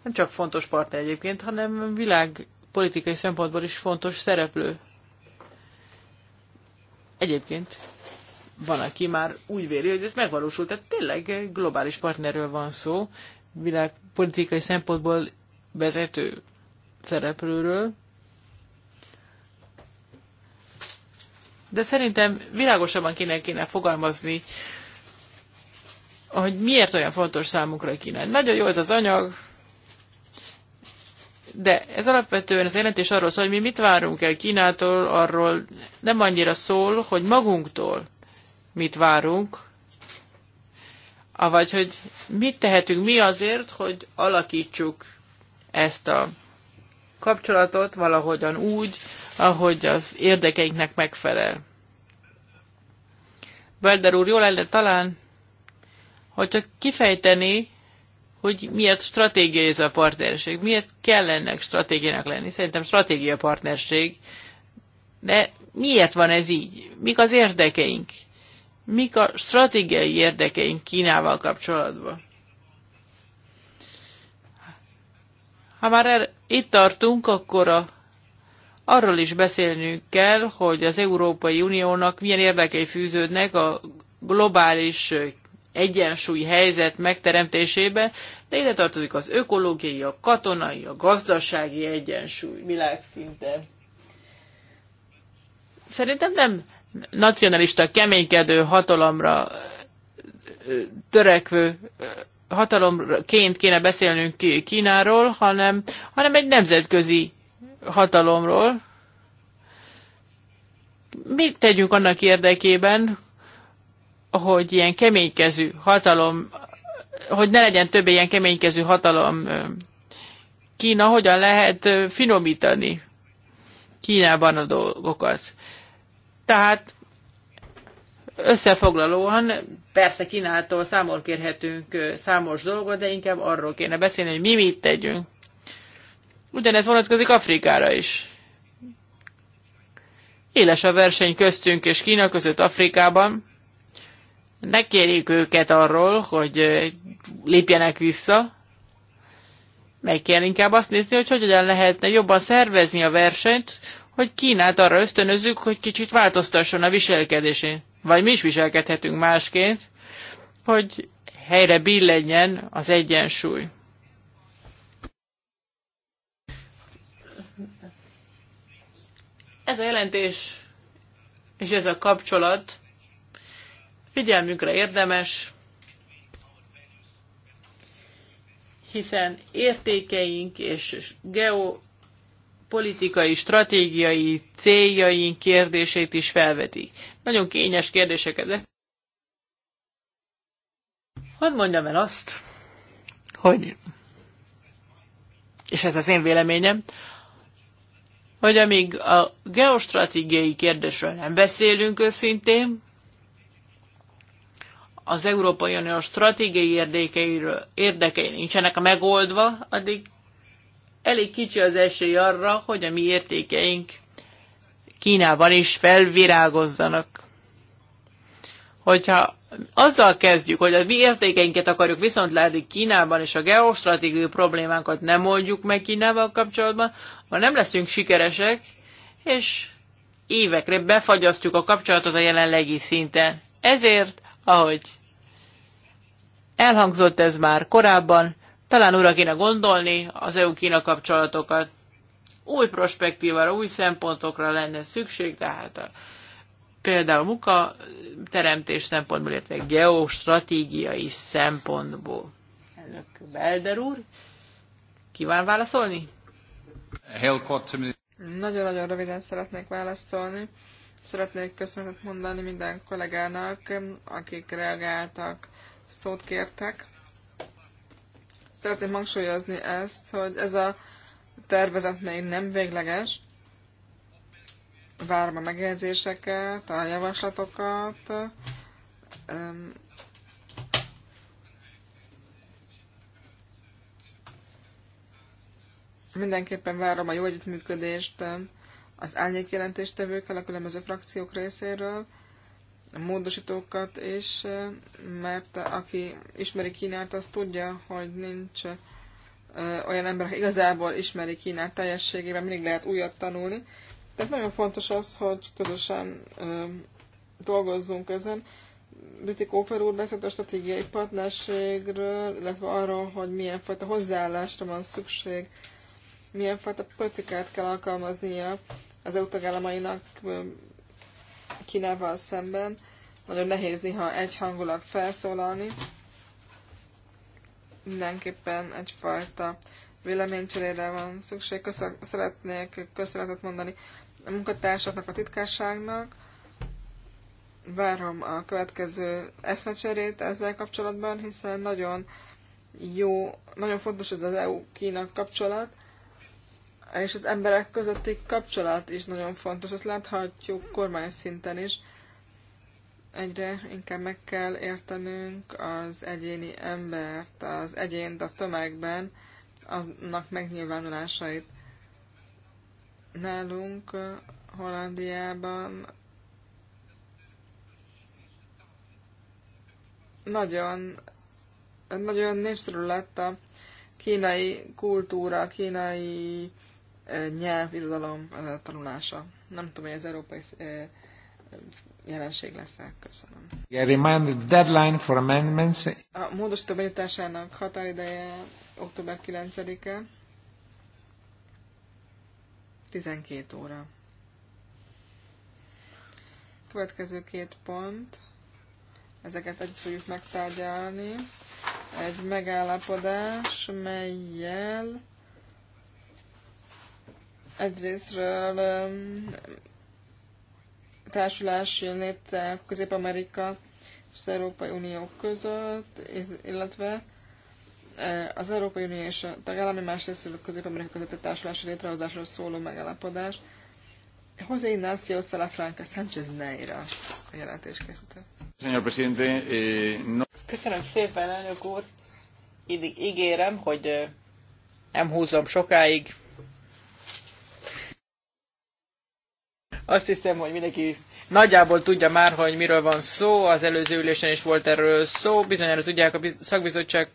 Speaker 3: Nem csak fontos partner egyébként, hanem világ politikai szempontból is fontos szereplő. Egyébként van, aki már úgy véli, hogy ez megvalósult, tehát tényleg globális partnerről van szó, világpolitikai szempontból vezető szereplőről. De szerintem világosabban kéne, kéne fogalmazni, hogy miért olyan fontos számukra Kína. Nagyon jó ez az anyag, de ez alapvetően az jelentés arról szól, hogy mi mit várunk el Kínától, arról nem annyira szól, hogy magunktól mit várunk, avagy hogy mit tehetünk mi azért, hogy alakítsuk ezt a kapcsolatot valahogyan úgy, ahogy az érdekeinknek megfelel. Belder úr, jól lenne talán, hogyha kifejteni, hogy miért stratégiai ez a partnerség, miért kell ennek stratégiának lenni. Szerintem stratégia partnerség, de miért van ez így? Mik az érdekeink? mik a stratégiai érdekeink Kínával kapcsolatban. Ha már el, itt tartunk, akkor a, arról is beszélnünk kell, hogy az Európai Uniónak milyen érdekei fűződnek a globális egyensúly helyzet megteremtésében, de ide tartozik az ökológiai, a katonai, a gazdasági egyensúly világszinten. Szerintem nem nacionalista, keménykedő hatalomra törekvő hatalomként kéne beszélnünk Kínáról, hanem, hanem egy nemzetközi hatalomról. Mit tegyünk annak érdekében, hogy ilyen keménykezű hatalom, hogy ne legyen több ilyen keménykezű hatalom Kína, hogyan lehet finomítani Kínában a dolgokat. Tehát összefoglalóan persze Kínától számol kérhetünk számos dolgot, de inkább arról kéne beszélni, hogy mi mit tegyünk. Ugyanez vonatkozik Afrikára is. Éles a verseny köztünk és Kína között Afrikában. Ne kérjük őket arról, hogy lépjenek vissza. Meg kell inkább azt nézni, hogy hogyan lehetne jobban szervezni a versenyt, hogy Kínát arra ösztönözzük, hogy kicsit változtasson a viselkedésén. Vagy mi is viselkedhetünk másként, hogy helyre billenjen az egyensúly. Ez a jelentés és ez a kapcsolat figyelmünkre érdemes, hiszen értékeink és geo politikai, stratégiai céljaink kérdését is felveti. Nagyon kényes kérdések ezek. Hadd mondjam el azt, hogy, és ez az én véleményem, hogy amíg a geostratégiai kérdésről nem beszélünk őszintén, az Európai Unió stratégiai érdekeiről, érdekei nincsenek megoldva, addig elég kicsi az esély arra, hogy a mi értékeink Kínában is felvirágozzanak. Hogyha azzal kezdjük, hogy a mi értékeinket akarjuk viszont látni Kínában, és a geostratégiai problémánkat nem oldjuk meg Kínával kapcsolatban, ha nem leszünk sikeresek, és évekre befagyasztjuk a kapcsolatot a jelenlegi szinten. Ezért, ahogy elhangzott ez már korábban, talán újra kéne gondolni az EU-Kína kapcsolatokat. Új perspektívára, új szempontokra lenne szükség, tehát a, például munka teremtés szempontból, illetve geostratégiai szempontból. Elnök Belder úr, kíván válaszolni? Nagyon-nagyon röviden szeretnék válaszolni. Szeretnék
Speaker 4: köszönetet mondani minden kollégának, akik reagáltak, szót kértek. Szeretném hangsúlyozni ezt, hogy ez a tervezet még nem végleges. Várom a megjegyzéseket, a javaslatokat. Mindenképpen várom a jó együttműködést az jelentéstevőkkel a különböző frakciók részéről módosítókat és mert aki ismeri Kínát, az tudja, hogy nincs olyan ember, aki igazából ismeri Kínát teljességében, mindig lehet újat tanulni. Tehát nagyon fontos az, hogy közösen dolgozzunk ezen. Britik Kófer úr beszélt a stratégiai partnerségről, illetve arról, hogy milyen fajta hozzáállásra van szükség, milyen fajta politikát kell alkalmaznia az EU tagállamainak Kínával szemben. Nagyon nehéz néha egyhangulag felszólalni. Mindenképpen egyfajta véleménycserére van szükség. Köszön, szeretnék köszönetet mondani a munkatársaknak, a titkárságnak. Várom a következő eszmecserét ezzel kapcsolatban, hiszen nagyon jó, nagyon fontos ez az EU-Kína kapcsolat, és az emberek közötti kapcsolat is nagyon fontos. Ezt láthatjuk kormány szinten is. Egyre inkább meg kell értenünk az egyéni embert, az egyént a tömegben, aznak megnyilvánulásait. Nálunk Hollandiában nagyon, nagyon népszerű lett a kínai kultúra, a kínai nyelvirodalom tanulása. Nem tudom, hogy az európai jelenség lesz el. Köszönöm.
Speaker 2: A deadline for amendments.
Speaker 4: A módosító benyújtásának határideje október 9-e. 12 óra. Következő két pont. Ezeket együtt fogjuk megtárgyalni. Egy megállapodás, melyel egyrésztről társulás jön létre Közép-Amerika és az Európai Unió között, illetve az Európai Unió és a tagállami másrészt a Közép-Amerika a társulás létrehozásról szóló megállapodás. José Ignacio Salafranca Sánchez
Speaker 3: Neira a jelentéskészítő. Eh, Köszönöm szépen, elnök úr! Ígérem, hogy nem húzom sokáig, Azt hiszem, hogy mindenki nagyjából tudja már, hogy miről van szó, az előző ülésen is volt erről szó, bizonyára tudják a szakbizottság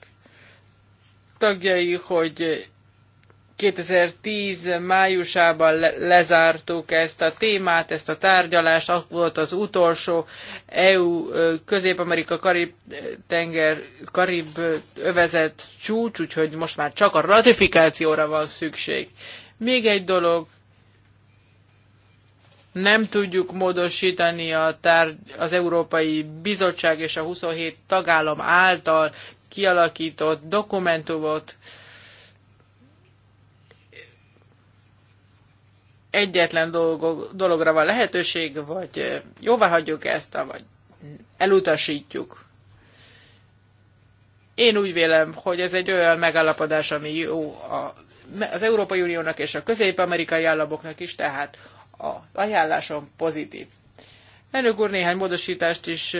Speaker 3: tagjai, hogy 2010 májusában le- lezártuk ezt a témát, ezt a tárgyalást, akkor volt az utolsó EU Közép-Amerika Karib tenger, Karib övezet csúcs, úgyhogy most már csak a ratifikációra van szükség. Még egy dolog, nem tudjuk módosítani a tár- az Európai Bizottság és a 27 tagállam által kialakított dokumentumot. Egyetlen dolog dologra van lehetőség, vagy jóvá hagyjuk ezt, vagy elutasítjuk. Én úgy vélem, hogy ez egy olyan megállapodás, ami jó a, az Európai Uniónak és a közép-amerikai államoknak is, tehát az ajánlásom pozitív. Elnök úr, néhány módosítást is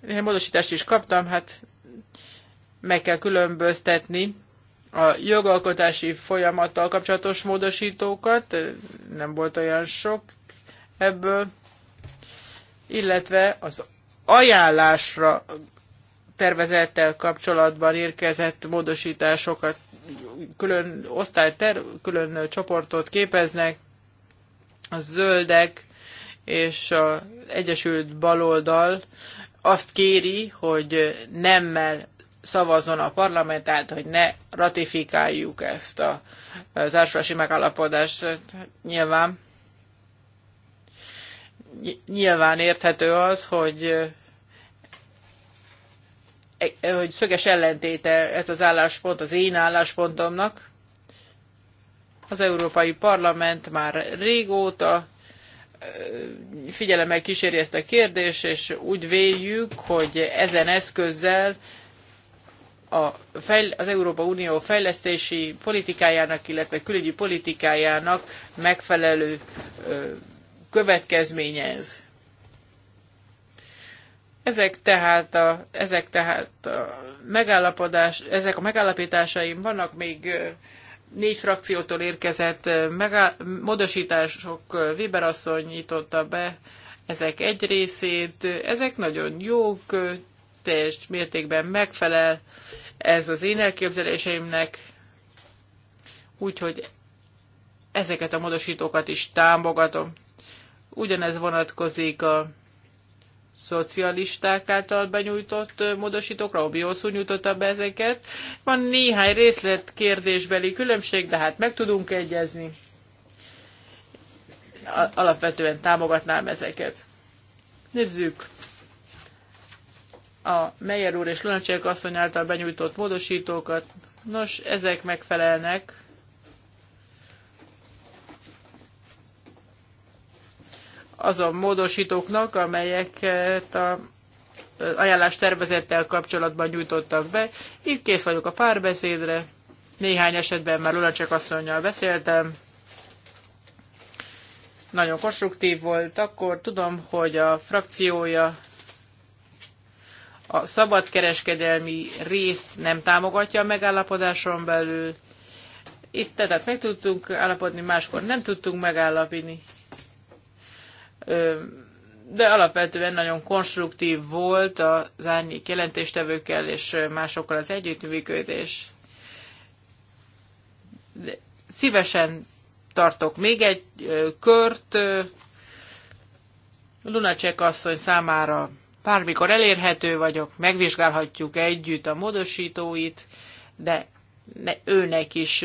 Speaker 3: néhány módosítást is kaptam, hát meg kell különböztetni a jogalkotási folyamattal kapcsolatos módosítókat, nem volt olyan sok ebből, illetve az ajánlásra tervezettel kapcsolatban érkezett módosításokat külön osztályter, külön csoportot képeznek, a zöldek és az Egyesült Baloldal azt kéri, hogy nemmel szavazzon a parlament, tehát hogy ne ratifikáljuk ezt a társulási megállapodást. Nyilván, nyilván érthető az, hogy hogy szöges ellentéte ez az álláspont az én álláspontomnak. Az Európai Parlament már régóta figyelemmel kíséri ezt a kérdést, és úgy véljük, hogy ezen eszközzel a fejl- az Európa Unió fejlesztési politikájának, illetve külügyi politikájának megfelelő következménye ez. Ezek tehát a, ezek tehát a megállapodás, ezek a megállapításaim vannak még négy frakciótól érkezett megáll, módosítások, Weber asszony nyitotta be ezek egy részét, ezek nagyon jók, teljes mértékben megfelel ez az én elképzeléseimnek, úgyhogy ezeket a módosítókat is támogatom. Ugyanez vonatkozik a szocialisták által benyújtott módosítókra, Obiosz úgy nyújtotta be ezeket. Van néhány részlet kérdésbeli különbség, de hát meg tudunk egyezni. Alapvetően támogatnám ezeket. Nézzük a Meyer úr és Lunacsek asszony által benyújtott módosítókat. Nos, ezek megfelelnek azon módosítóknak, amelyeket a ajánlás tervezettel kapcsolatban nyújtottak be. így kész vagyok a párbeszédre. Néhány esetben már Lulacsek asszonynal beszéltem. Nagyon konstruktív volt. Akkor tudom, hogy a frakciója a szabadkereskedelmi részt nem támogatja a megállapodáson belül. Itt tehát meg tudtunk állapodni, máskor nem tudtunk megállapodni de alapvetően nagyon konstruktív volt az árnyék jelentéstevőkkel és másokkal az együttműködés. De szívesen tartok még egy kört. Lunacek asszony számára bármikor elérhető vagyok, megvizsgálhatjuk együtt a módosítóit, de ne, őnek is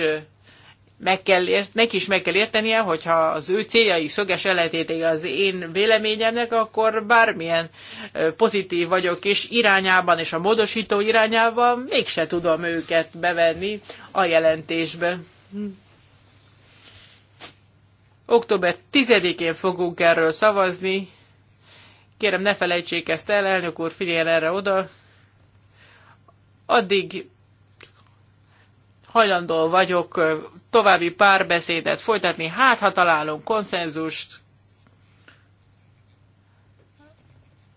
Speaker 3: meg kell ért, neki is meg kell értenie, hogyha az ő céljai szöges ellentétége az én véleményemnek, akkor bármilyen pozitív vagyok és irányában és a módosító irányában mégse tudom őket bevenni a jelentésbe. Hm. Október 10-én fogunk erről szavazni. Kérem, ne felejtsék ezt el, elnök úr, figyeljen erre oda. Addig hajlandó vagyok további párbeszédet folytatni, hát ha találunk konszenzust,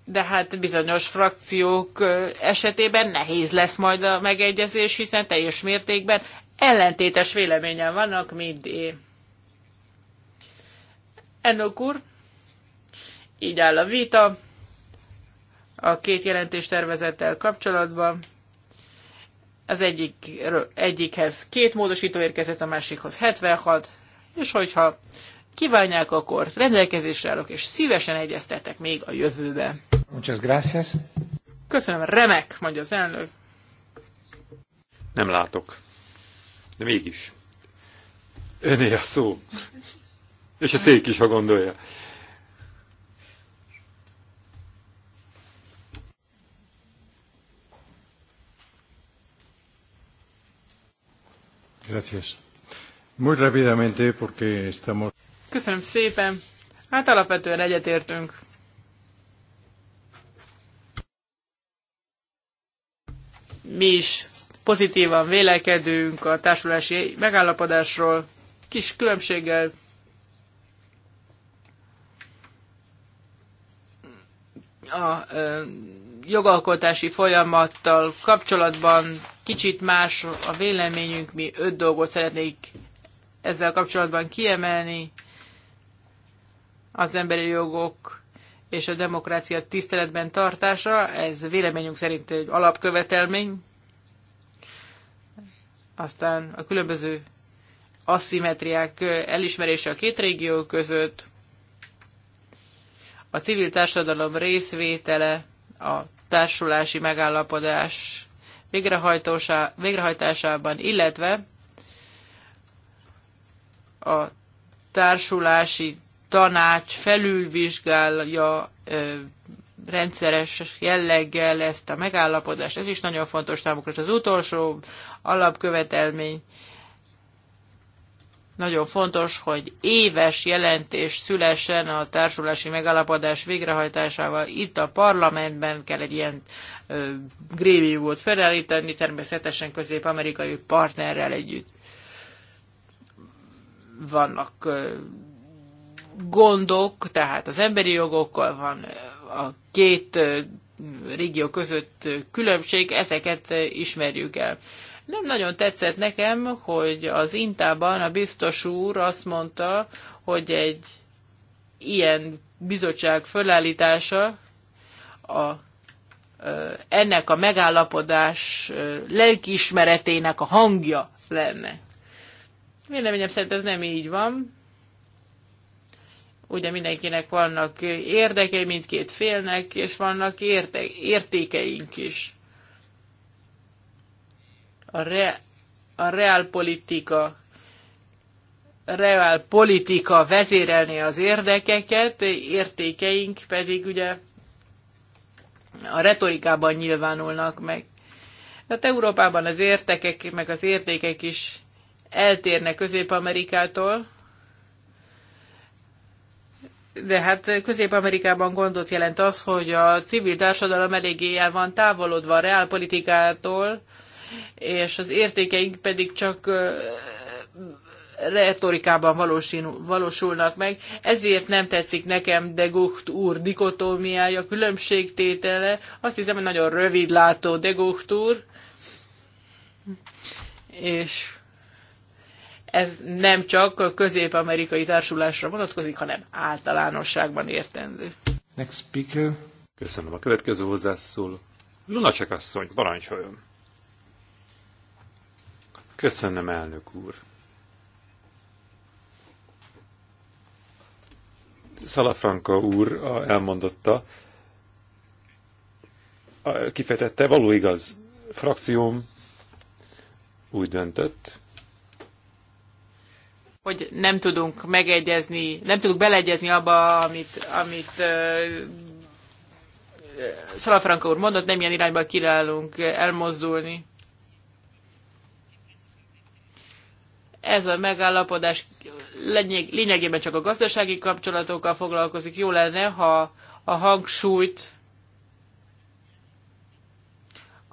Speaker 3: de hát bizonyos frakciók esetében nehéz lesz majd a megegyezés, hiszen teljes mértékben ellentétes véleményen vannak, mint én. Ennök úr, így áll a vita a két jelentéstervezettel kapcsolatban az egyik, egyikhez két módosító érkezett, a másikhoz 76, és hogyha kívánják, akkor rendelkezésre állok, és szívesen egyeztetek még a jövőbe.
Speaker 1: Muchas gracias.
Speaker 3: Köszönöm, remek, mondja az elnök.
Speaker 1: Nem látok. De mégis. Öné a szó. És a szék is, ha gondolja.
Speaker 2: Gracias. Muy rápidamente, porque estamos...
Speaker 3: Köszönöm szépen. Hát alapvetően egyetértünk. Mi is pozitívan vélekedünk a társulási megállapodásról, kis különbséggel a jogalkotási folyamattal kapcsolatban kicsit más a véleményünk, mi öt dolgot szeretnék ezzel kapcsolatban kiemelni. Az emberi jogok és a demokrácia tiszteletben tartása, ez véleményünk szerint egy alapkövetelmény. Aztán a különböző asszimetriák elismerése a két régió között, a civil társadalom részvétele a társulási megállapodás végrehajtásában, illetve a társulási tanács felülvizsgálja rendszeres jelleggel ezt a megállapodást. Ez is nagyon fontos számukra. Az utolsó alapkövetelmény nagyon fontos, hogy éves jelentés szülessen a társulási megállapodás végrehajtásával. Itt a parlamentben kell egy ilyen grémiumot felállítani, természetesen közép-amerikai partnerrel együtt. Vannak gondok, tehát az emberi jogokkal van a két régió között különbség, ezeket ismerjük el. Nem nagyon tetszett nekem, hogy az Intában a biztos úr azt mondta, hogy egy ilyen bizottság fölállítása a ennek a megállapodás lelkiismeretének a hangja lenne. Véleményem szerint ez nem így van. Ugye mindenkinek vannak érdekei mindkét félnek, és vannak érte- értékeink is a, re, a real politika vezérelni az érdekeket, értékeink pedig ugye a retorikában nyilvánulnak meg. Tehát Európában az értekek, meg az értékek is eltérnek Közép-Amerikától, de hát Közép-Amerikában gondot jelent az, hogy a civil társadalom eléggé el van távolodva a reálpolitikától, és az értékeink pedig csak retorikában valósulnak meg. Ezért nem tetszik nekem de Gucht úr dikotómiája, különbségtétele. Azt hiszem, hogy nagyon látó. de Gucht úr, és ez nem csak a közép-amerikai társulásra vonatkozik, hanem általánosságban értendő.
Speaker 1: Next speaker. Köszönöm a következő hozzászól. Lunacek asszony, parancsoljon. Köszönöm, elnök úr. Szalafranka úr elmondotta, kifejtette, való igaz, frakcióm úgy döntött,
Speaker 3: hogy nem tudunk megegyezni, nem tudunk beleegyezni abba, amit, amit uh, Szalafranka úr mondott, nem ilyen irányba királunk elmozdulni. ez a megállapodás lényegében csak a gazdasági kapcsolatokkal foglalkozik. Jó lenne, ha a hangsúlyt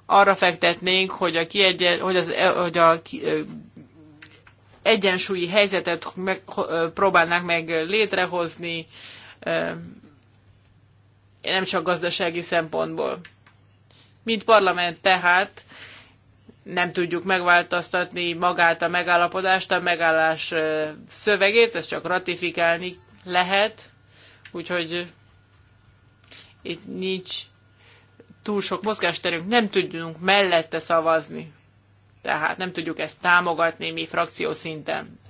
Speaker 3: arra fektetnénk, hogy a, kiegyen, hogy az, hogy a egyensúlyi helyzetet meg, próbálnánk meg létrehozni, nem csak gazdasági szempontból. Mint parlament tehát nem tudjuk megváltoztatni magát a megállapodást, a megállás szövegét, ezt csak ratifikálni lehet, úgyhogy itt nincs túl sok mozgásterünk, nem tudjunk mellette szavazni. Tehát nem tudjuk ezt támogatni mi frakció szinten.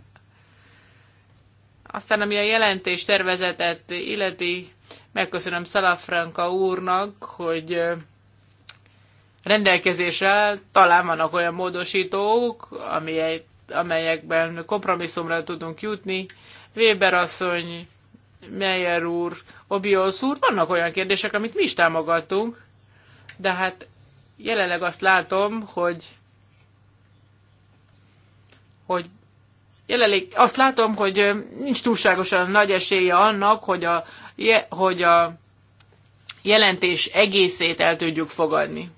Speaker 3: Aztán, ami a jelentés tervezetet illeti, megköszönöm Szalafranka úrnak, hogy rendelkezésre talán vannak olyan módosítók, amelyekben kompromisszumra tudunk jutni. Weber asszony, Meyer úr, Obiosz úr, vannak olyan kérdések, amit mi is támogattunk, de hát jelenleg azt látom, hogy hogy jelenleg azt látom, hogy nincs túlságosan nagy esélye annak, hogy a, hogy a jelentés egészét el tudjuk fogadni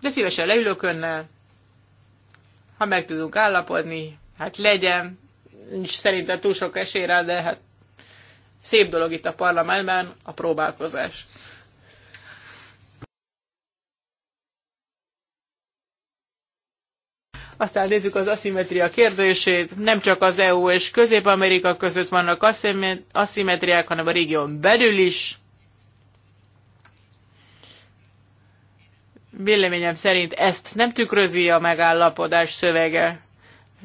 Speaker 3: de szívesen leülök önnel, ha meg tudunk állapodni, hát legyen, nincs szerintem túl sok esély rá, de hát szép dolog itt a parlamentben a próbálkozás. Aztán nézzük az aszimetria kérdését. Nem csak az EU és Közép-Amerika között vannak aszimetriák, hanem a régión belül is. Véleményem szerint ezt nem tükrözi a megállapodás szövege,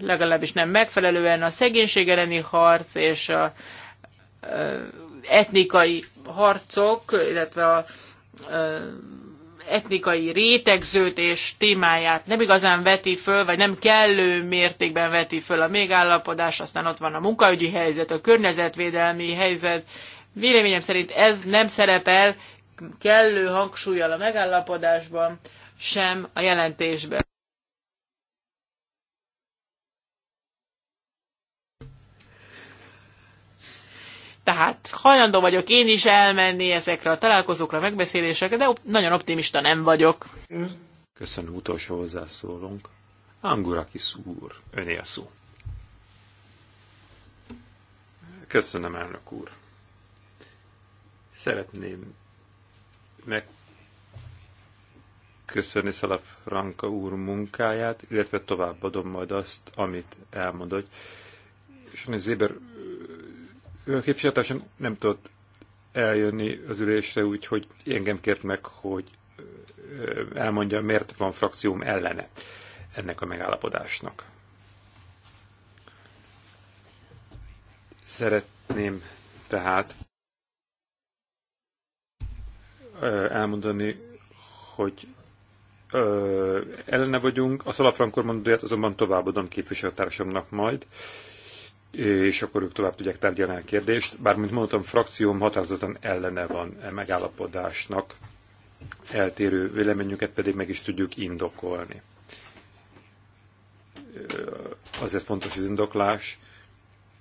Speaker 3: legalábbis nem megfelelően a szegénység elleni harc és a etnikai harcok, illetve a etnikai rétegződés témáját nem igazán veti föl, vagy nem kellő mértékben veti föl a megállapodás, aztán ott van a munkaügyi helyzet, a környezetvédelmi helyzet. Véleményem szerint ez nem szerepel kellő hangsúlyjal a megállapodásban, sem a jelentésben. Tehát hajlandó vagyok én is elmenni ezekre a találkozókra, megbeszélésekre, de nagyon optimista nem vagyok.
Speaker 1: Köszönöm, utolsó hozzászólunk. Angurakis úr, öné a szó. Köszönöm, elnök úr. Szeretném megköszönni Szalap Franka úr munkáját, illetve továbbadom majd azt, amit elmondott. És a Zéber képviselőtársan nem tudott eljönni az ülésre, úgyhogy engem kért meg, hogy elmondja, miért van frakcióm ellene ennek a megállapodásnak. Szeretném tehát elmondani, hogy ö, ellene vagyunk, a szalafrankor mondóját azonban továbbadom képviselőtársamnak majd, és akkor ők tovább tudják tárgyalni a kérdést. Bár, mint mondtam, frakcióm határozottan ellene van e megállapodásnak, eltérő véleményüket pedig meg is tudjuk indokolni. Azért fontos az indoklás,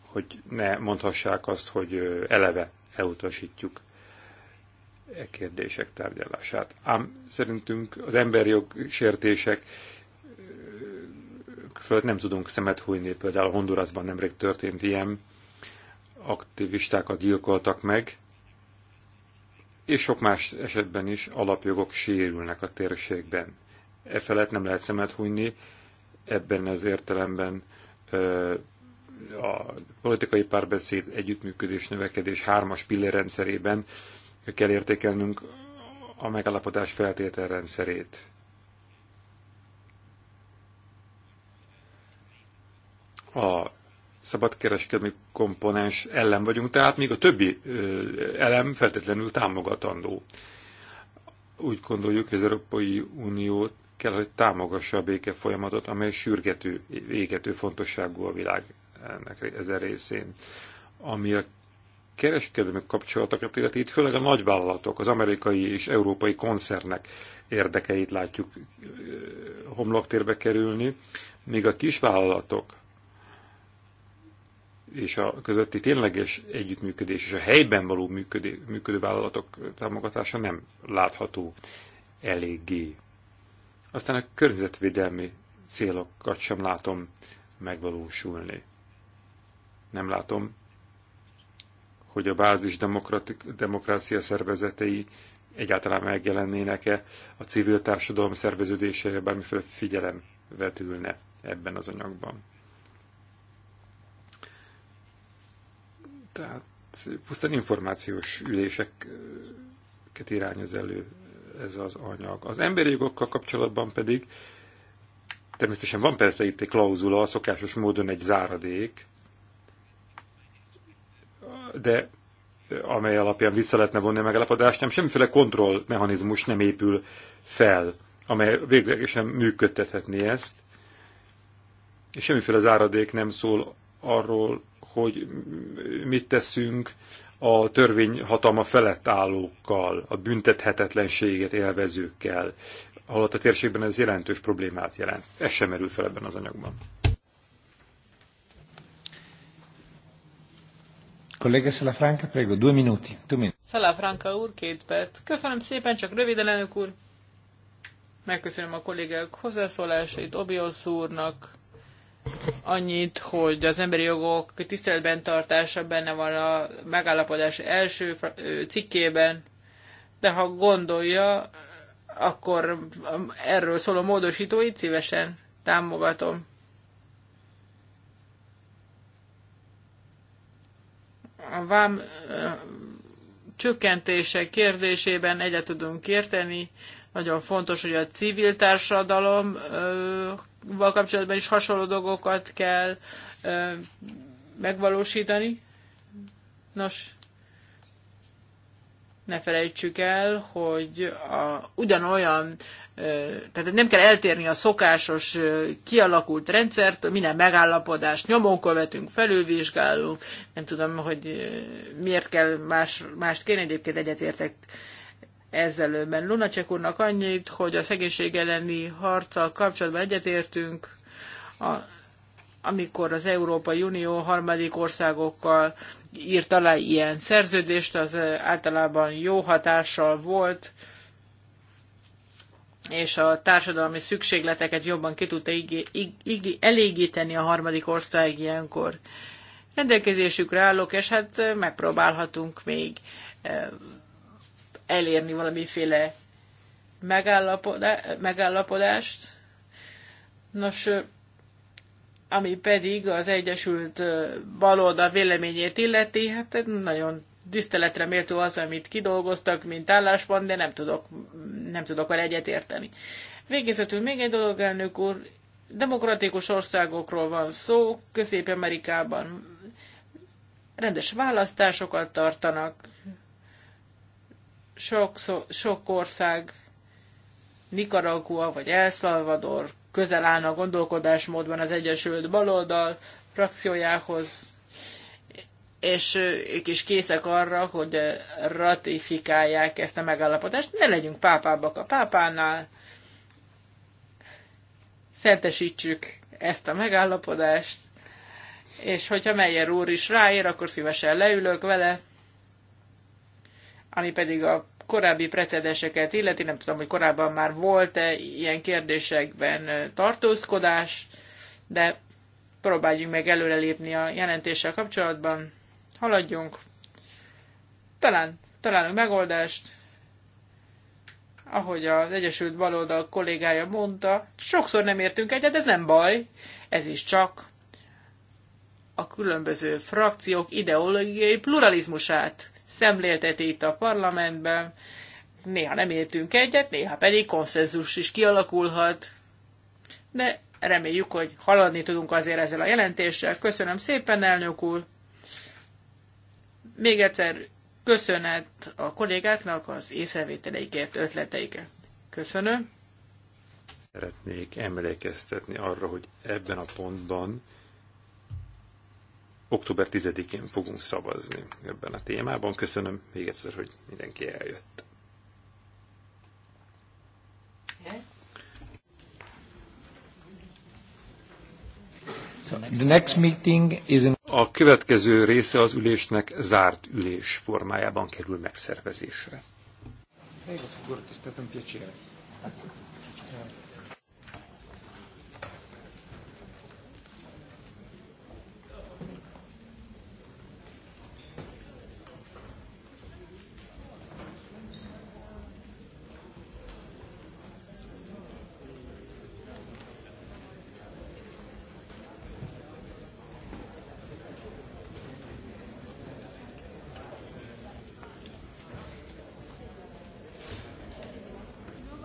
Speaker 1: hogy ne mondhassák azt, hogy eleve elutasítjuk e kérdések tárgyalását. Ám szerintünk az emberjog sértések fölött nem tudunk szemet hújni. Például Hondurasban nemrég történt ilyen, aktivistákat gyilkoltak meg, és sok más esetben is alapjogok sérülnek a térségben. E felett nem lehet szemet hújni, ebben az értelemben a politikai párbeszéd, együttműködés, növekedés hármas pillérrendszerében kell értékelnünk a megállapodás feltételrendszerét. A szabadkereskedelmi komponens ellen vagyunk, tehát még a többi elem feltétlenül támogatandó. Úgy gondoljuk, hogy az Európai Unió kell, hogy támogassa a béke folyamatot, amely sürgető, égető fontosságú a világ ennek ezen részén. Ami a kereskedelmi kapcsolatokat illeti, itt főleg a nagyvállalatok, az amerikai és európai koncernek érdekeit látjuk homloktérbe kerülni, míg a kisvállalatok és a közötti tényleges együttműködés és a helyben való működő, működő vállalatok támogatása nem látható eléggé. Aztán a környezetvédelmi célokat sem látom megvalósulni. Nem látom hogy a bázis demokrácia szervezetei egyáltalán megjelennének-e, a civil társadalom szerveződésére bármiféle figyelem vetülne ebben az anyagban. Tehát pusztán információs üléseket irányoz elő ez az anyag. Az emberi jogokkal kapcsolatban pedig természetesen van persze itt egy klauzula, szokásos módon egy záradék, de amely alapján vissza lehetne vonni a megállapodást, nem semmiféle kontrollmechanizmus nem épül fel, amely véglegesen működtethetné ezt, és semmiféle záradék nem szól arról, hogy mit teszünk a törvény hatalma felett állókkal, a büntethetetlenséget élvezőkkel, ahol a térségben ez jelentős problémát jelent. Ez sem merül fel ebben az anyagban. Kollega Salafranca, prego, due minuti.
Speaker 2: Due
Speaker 3: úr, két perc. Köszönöm szépen, csak röviden, elnök úr. Megköszönöm a kollégák hozzászólásait, Obiosz úrnak annyit, hogy az emberi jogok tiszteletben tartása benne van a megállapodás első cikkében, de ha gondolja, akkor erről szóló módosítóit szívesen támogatom. a vám csökkentése kérdésében egyet tudunk érteni. Nagyon fontos, hogy a civil társadalom kapcsolatban is hasonló dolgokat kell megvalósítani. Nos, ne felejtsük el, hogy a, ugyanolyan, tehát nem kell eltérni a szokásos kialakult rendszertől, minden megállapodást nyomon követünk, felülvizsgálunk, nem tudom, hogy miért kell más, mást kérni, egyébként egyetértek ezzel önben. Lunacek úrnak annyit, hogy a szegénység elleni harccal kapcsolatban egyetértünk, a amikor az Európai Unió harmadik országokkal írt alá ilyen szerződést, az általában jó hatással volt, és a társadalmi szükségleteket jobban ki tudta elégíteni a harmadik ország ilyenkor. Rendelkezésükre állok, és hát megpróbálhatunk még elérni valamiféle megállapodást. Nos, ami pedig az Egyesült Baloldal véleményét illeti, hát nagyon tiszteletre méltó az, amit kidolgoztak, mint állásban, de nem tudok, nem tudok vele egyetérteni. Végezetül még egy dolog, elnök úr, demokratikus országokról van szó, Közép-Amerikában rendes választásokat tartanak, sok, sok ország, Nicaragua vagy El Salvador közel állna a gondolkodásmódban az Egyesült Baloldal frakciójához, és ők is készek arra, hogy ratifikálják ezt a megállapodást. Ne legyünk pápábbak a pápánál, szentesítsük ezt a megállapodást, és hogyha Meyer úr is ráér, akkor szívesen leülök vele, ami pedig a korábbi precedenseket illeti, nem tudom, hogy korábban már volt-e ilyen kérdésekben tartózkodás, de próbáljunk meg előrelépni a jelentéssel kapcsolatban, haladjunk, talán találunk megoldást, ahogy az Egyesült Baloldal kollégája mondta, sokszor nem értünk egyet, ez nem baj, ez is csak a különböző frakciók ideológiai pluralizmusát szemlélteti itt a parlamentben. Néha nem értünk egyet, néha pedig konszenzus is kialakulhat. De reméljük, hogy haladni tudunk azért ezzel a jelentéssel. Köszönöm szépen, elnök úr! Még egyszer köszönet a kollégáknak az észrevételeikért, ötleteikért. Köszönöm!
Speaker 1: Szeretnék emlékeztetni arra, hogy ebben a pontban október 10-én fogunk szavazni ebben a témában. Köszönöm még egyszer, hogy mindenki eljött.
Speaker 2: The next meeting
Speaker 1: is in... A következő része az ülésnek zárt ülés formájában kerül megszervezésre. Prego,